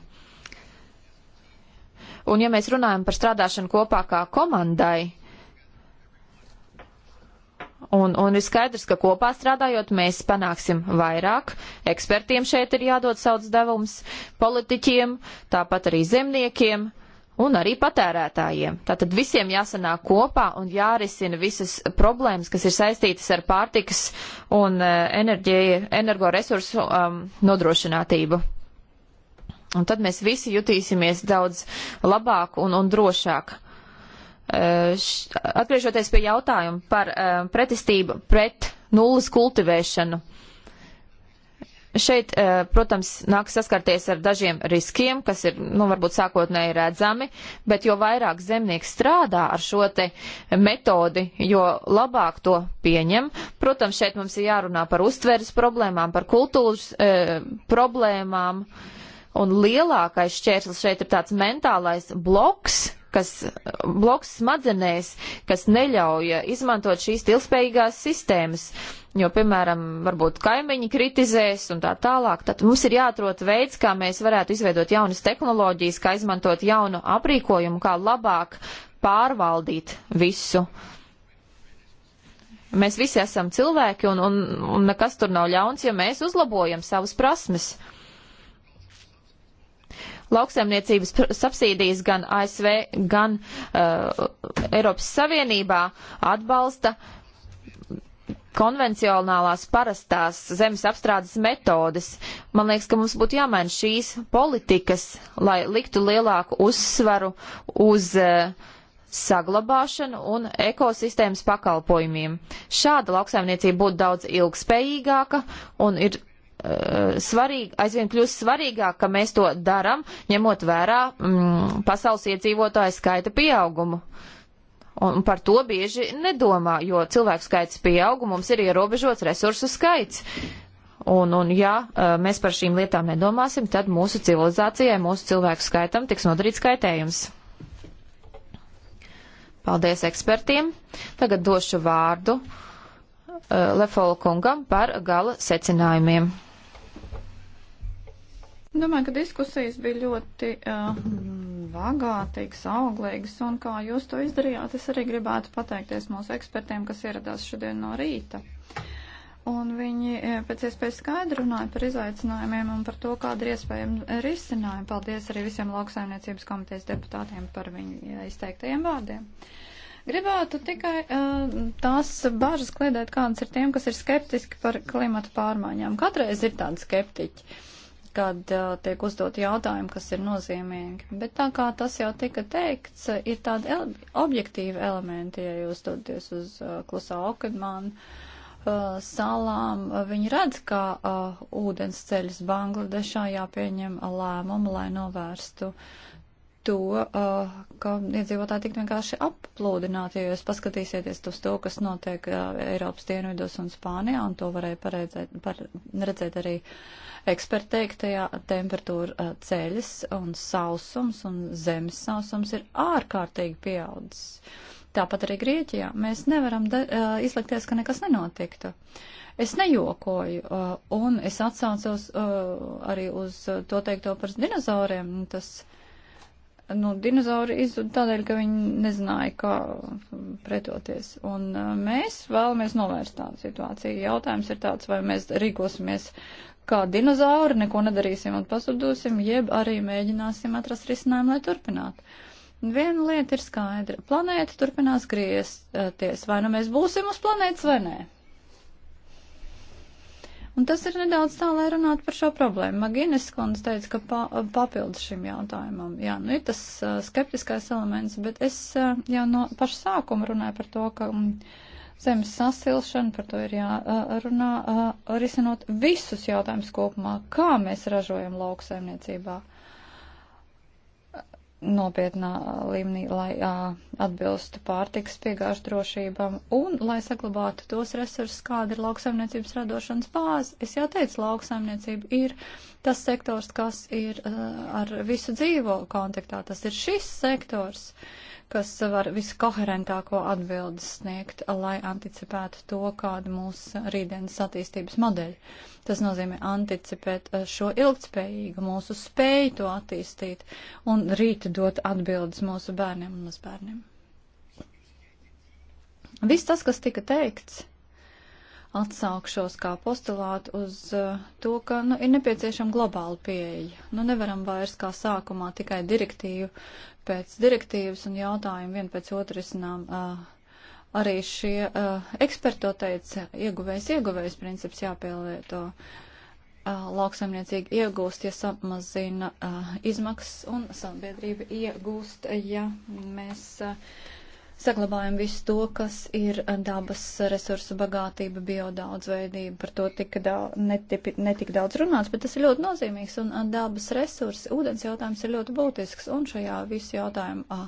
Un ja mēs runājam par strādāšanu kopā kā komandai, un, un ir skaidrs, ka kopā strādājot mēs panāksim vairāk. Ekspertiem šeit ir jādod savs devums, politiķiem, tāpat arī zemniekiem un arī patērētājiem. Tātad visiem jāsanāk kopā un jārisina visas problēmas, kas ir saistītas ar pārtikas un e, enerģiju, energoresursu um, nodrošinātību. Un tad mēs visi jutīsimies daudz labāk un, un drošāk. Uh, š, atgriežoties pie jautājuma par uh, pretestību pret nulles kultivēšanu. Uh, Šeit, eh, protams, nāk saskarties ar dažiem riskiem, kas ir, nu, varbūt sākotnēji redzami, bet jo vairāk zemnieks strādā ar šo te metodi, jo labāk to pieņem. Protams, šeit mums ir jārunā par uztveres problēmām, par kultūras e, problēmām, un lielākais šķērslis šeit ir tāds mentālais bloks, kas bloks smadzenēs, kas neļauj izmantot šīs ilgspējīgās sistēmas jo, piemēram, varbūt kaimiņi kritizēs un tā tālāk, tad mums ir jāatrod veids, kā mēs varētu izveidot jaunas tehnoloģijas, kā izmantot jaunu aprīkojumu, kā labāk pārvaldīt visu. Mēs visi esam cilvēki un, un, un nekas tur nav ļauns, ja mēs uzlabojam savas prasmes. Lauksaimniecības subsīdijas gan ASV, gan uh, Eiropas Savienībā atbalsta uh, konvencionālās parastās zemes apstrādes metodes. Man liekas, ka mums būtu jāmaina šīs politikas, lai liktu lielāku uzsvaru uz uh, saglabāšanu un ekosistēmas pakalpojumiem. Šāda lauksaimniecība būtu daudz ilgspējīgāka un ir uh, e, svarīgi, aizvien kļūst svarīgāk, ka mēs to daram, ņemot vērā mm, pasaules iedzīvotāju skaita pieaugumu. Uh, Un par to bieži nedomā, jo cilvēku skaits pieaug un mums ir ierobežots resursu skaits. Un, un ja mēs par šīm lietām nedomāsim, tad mūsu civilizācijai, mūsu cilvēku skaitam tiks nodarīts kaitējums. Paldies ekspertiem. Tagad došu vārdu uh, Lefola kungam par gala secinājumiem. Domāju, ka diskusijas bija ļoti uh, bagātīgs, auglīgs, un kā jūs to izdarījāt, es arī gribētu pateikties mūsu ekspertiem, kas ieradās šodien no rīta. Un viņi e, pēc iespējas skaidri runāja par izaicinājumiem un par to, kāda ir iespējama risinājuma. Paldies arī visiem lauksaimniecības komitejas deputātiem par viņu izteiktajiem vārdiem. Gribētu tikai uh, tās bažas kliedēt, kādas ir tiem, kas ir skeptiski par klimatu pārmaiņām. Katreiz ir tādi skeptiķi. Uh, kad uh, tiek uzdot jautājumi, kas ir nozīmīgi. Bet tā kā tas jau tika teikts, ir tādi ele objektīvi elementi, ja jūs doties uz uh, klusā okadmānu uh, salām, viņi redz, ka uh, ūdens ceļas Bangladešā jāpieņem lēmumu, lai novērstu to, uh, ka iedzīvotāji tik vienkārši applūdināti, ja jūs paskatīsieties uz to, kas notiek uh, Eiropas dienvidos un Spānijā, un to varēja paredzēt, par, redzēt arī uh, Eksperti teiktajā temperatūra eh, ceļas un sausums un zemes sausums ir ārkārtīgi pieaudzis. Tāpat arī Grieķijā. Mēs nevaram de, uh, izlikties, ka nekas nenotiktu. Es nejokoju, uh, un es atsaucos uh, arī uz to teikto par dinozauriem. Tas, nu, dinozauri izzuda tādēļ, ka viņi nezināja, kā pretoties. Un uh, mēs vēlamies novērst tādu situāciju. Jautājums ir tāds, vai mēs rīkosimies. Uh, kā dinozauri, neko nedarīsim un pazudusim, jeb arī mēģināsim atrast risinājumu, lai turpinātu. Viena lieta ir skaidra. Planēta turpinās griezties. Vai nu mēs būsim uz planētas vai nē? Un tas ir nedaudz tā, lai runātu par šo problēmu. Magīnes kundze teica, ka pa, papildus šim jautājumam. Jā, nu ir tas uh, skeptiskais elements, bet es uh, jau no paša sākuma runāju par to, ka. Mm, zemes sasilšana, par to ir jārunā, risinot visus jautājumus kopumā, kā mēs ražojam lauksaimniecībā nopietnā līmenī, lai a, atbilstu pārtiks piegāžu drošībām un lai saglabātu tos resursus, kāda ir lauksaimniecības radošanas bāze. Es jau teicu, lauksaimniecība ir tas sektors, kas ir a, ar visu dzīvo kontaktā. Tas ir šis sektors. A, kas var viskoherentāko atbildes sniegt, lai anticipētu to, kāda mūs rītdienas attīstības modeļa. Tas nozīmē anticipēt eh, šo ilgtspējīgu mūsu spēju to attīstīt un rīt dot atbildes mūsu bērniem un mazbērniem. Viss tas, kas tika teikts, atsaukšos kā postulātu uz uh, to, ka nu, ir nepieciešama globāla pieeja. Nu, nevaram vairs kā sākumā tikai direktīvu pēc direktīvas un jautājumi vien pēc otru risinām. Arī šie eksperti to teica, ieguvējs ieguvējs princips jāpielieto. Lauksaimniecīgi iegūst, ja samazina izmaksas un sabiedrība iegūst, ja mēs. Uh, saglabājam visu to, kas ir eh, dabas resursu bagātība, biodaudzveidība. Par to tika daudz, netipi, netika daudz runāts, bet tas ir ļoti nozīmīgs. Un eh, dabas resursi, ūdens jautājums ir ļoti būtisks. Un šajā visu jautājumu. Ah,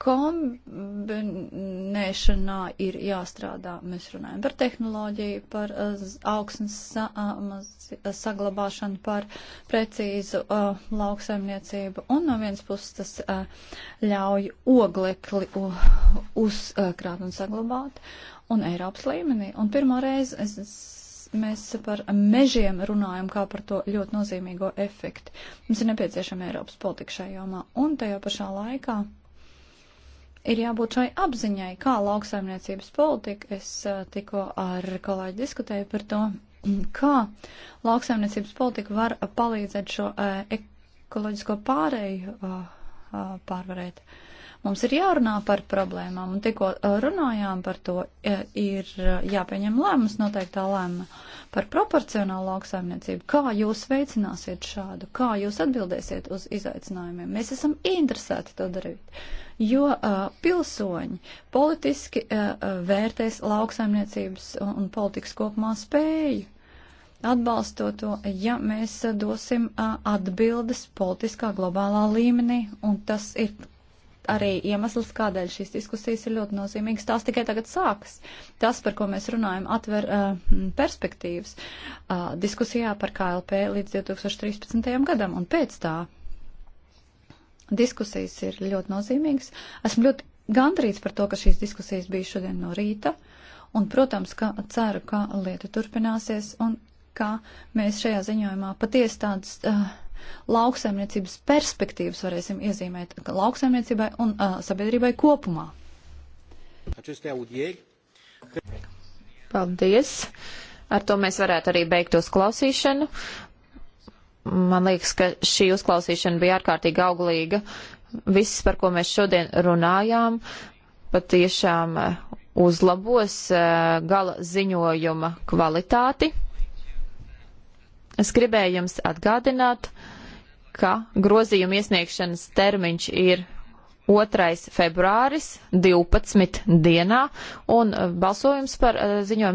kombinēšanā ir jāstrādā. Mēs runājam par tehnoloģiju, par eh, augsnes saglabāšanu, par precīzu uh, lauksaimniecību. Un no vienas puses tas uh, ļauj oglekli uh, uzkrāt un saglabāt. Un Eiropas līmenī. Un pirmo reizi es, mēs par mežiem runājam kā par to ļoti nozīmīgo efektu. Mums ir nepieciešama Eiropas politika šajā jomā. Un tajā pašā laikā ir jābūt šai apziņai, kā lauksaimniecības politika. Es eh, tikko ar kolēģi diskutēju par to, kā lauksaimniecības politika var palīdzēt šo eh, ekoloģisko pārēju eh, pārvarēt. Mums ir jārunā par problēmām, un tikko runājām par to, ir jāpieņem lēmums, noteiktā lēma par proporcionālu lauksaimniecību. Kā jūs veicināsiet šādu, kā jūs atbildēsiet uz izaicinājumiem? Mēs esam interesēti to darīt jo uh, pilsoņi politiski uh, vērtēs lauksaimniecības un politikas kopumā spēju. Atbalstot to, ja mēs dosim uh, atbildes politiskā globālā līmenī, un tas ir arī iemesls, kādēļ šīs diskusijas ir ļoti nozīmīgas. Tās tikai tagad sākas. Tas, par ko mēs runājam, atver uh, perspektīvas uh, diskusijā par KLP līdz 2013. gadam un pēc tā Diskusijas ir ļoti nozīmīgas. Esmu ļoti gandrīz par to, ka šīs diskusijas bija šodien no rīta. Un, protams, ka ceru, ka lieta turpināsies un ka mēs šajā ziņojumā patiesi tādas uh, lauksaimniecības perspektīvas varēsim iezīmēt lauksaimniecībai un uh, sabiedrībai kopumā. Paldies! Ar to mēs varētu arī beigt uzklausīšanu man liekas, ka šī uzklausīšana bija ārkārtīgi auglīga. Viss, par ko mēs šodien runājām, patiešām eh, uzlabos eh, gala ziņojuma kvalitāti. Es gribēju jums atgādināt, ka grozījuma iesniegšanas termiņš ir 2. februāris 12. dienā un eh, balsojums par ziņojumu.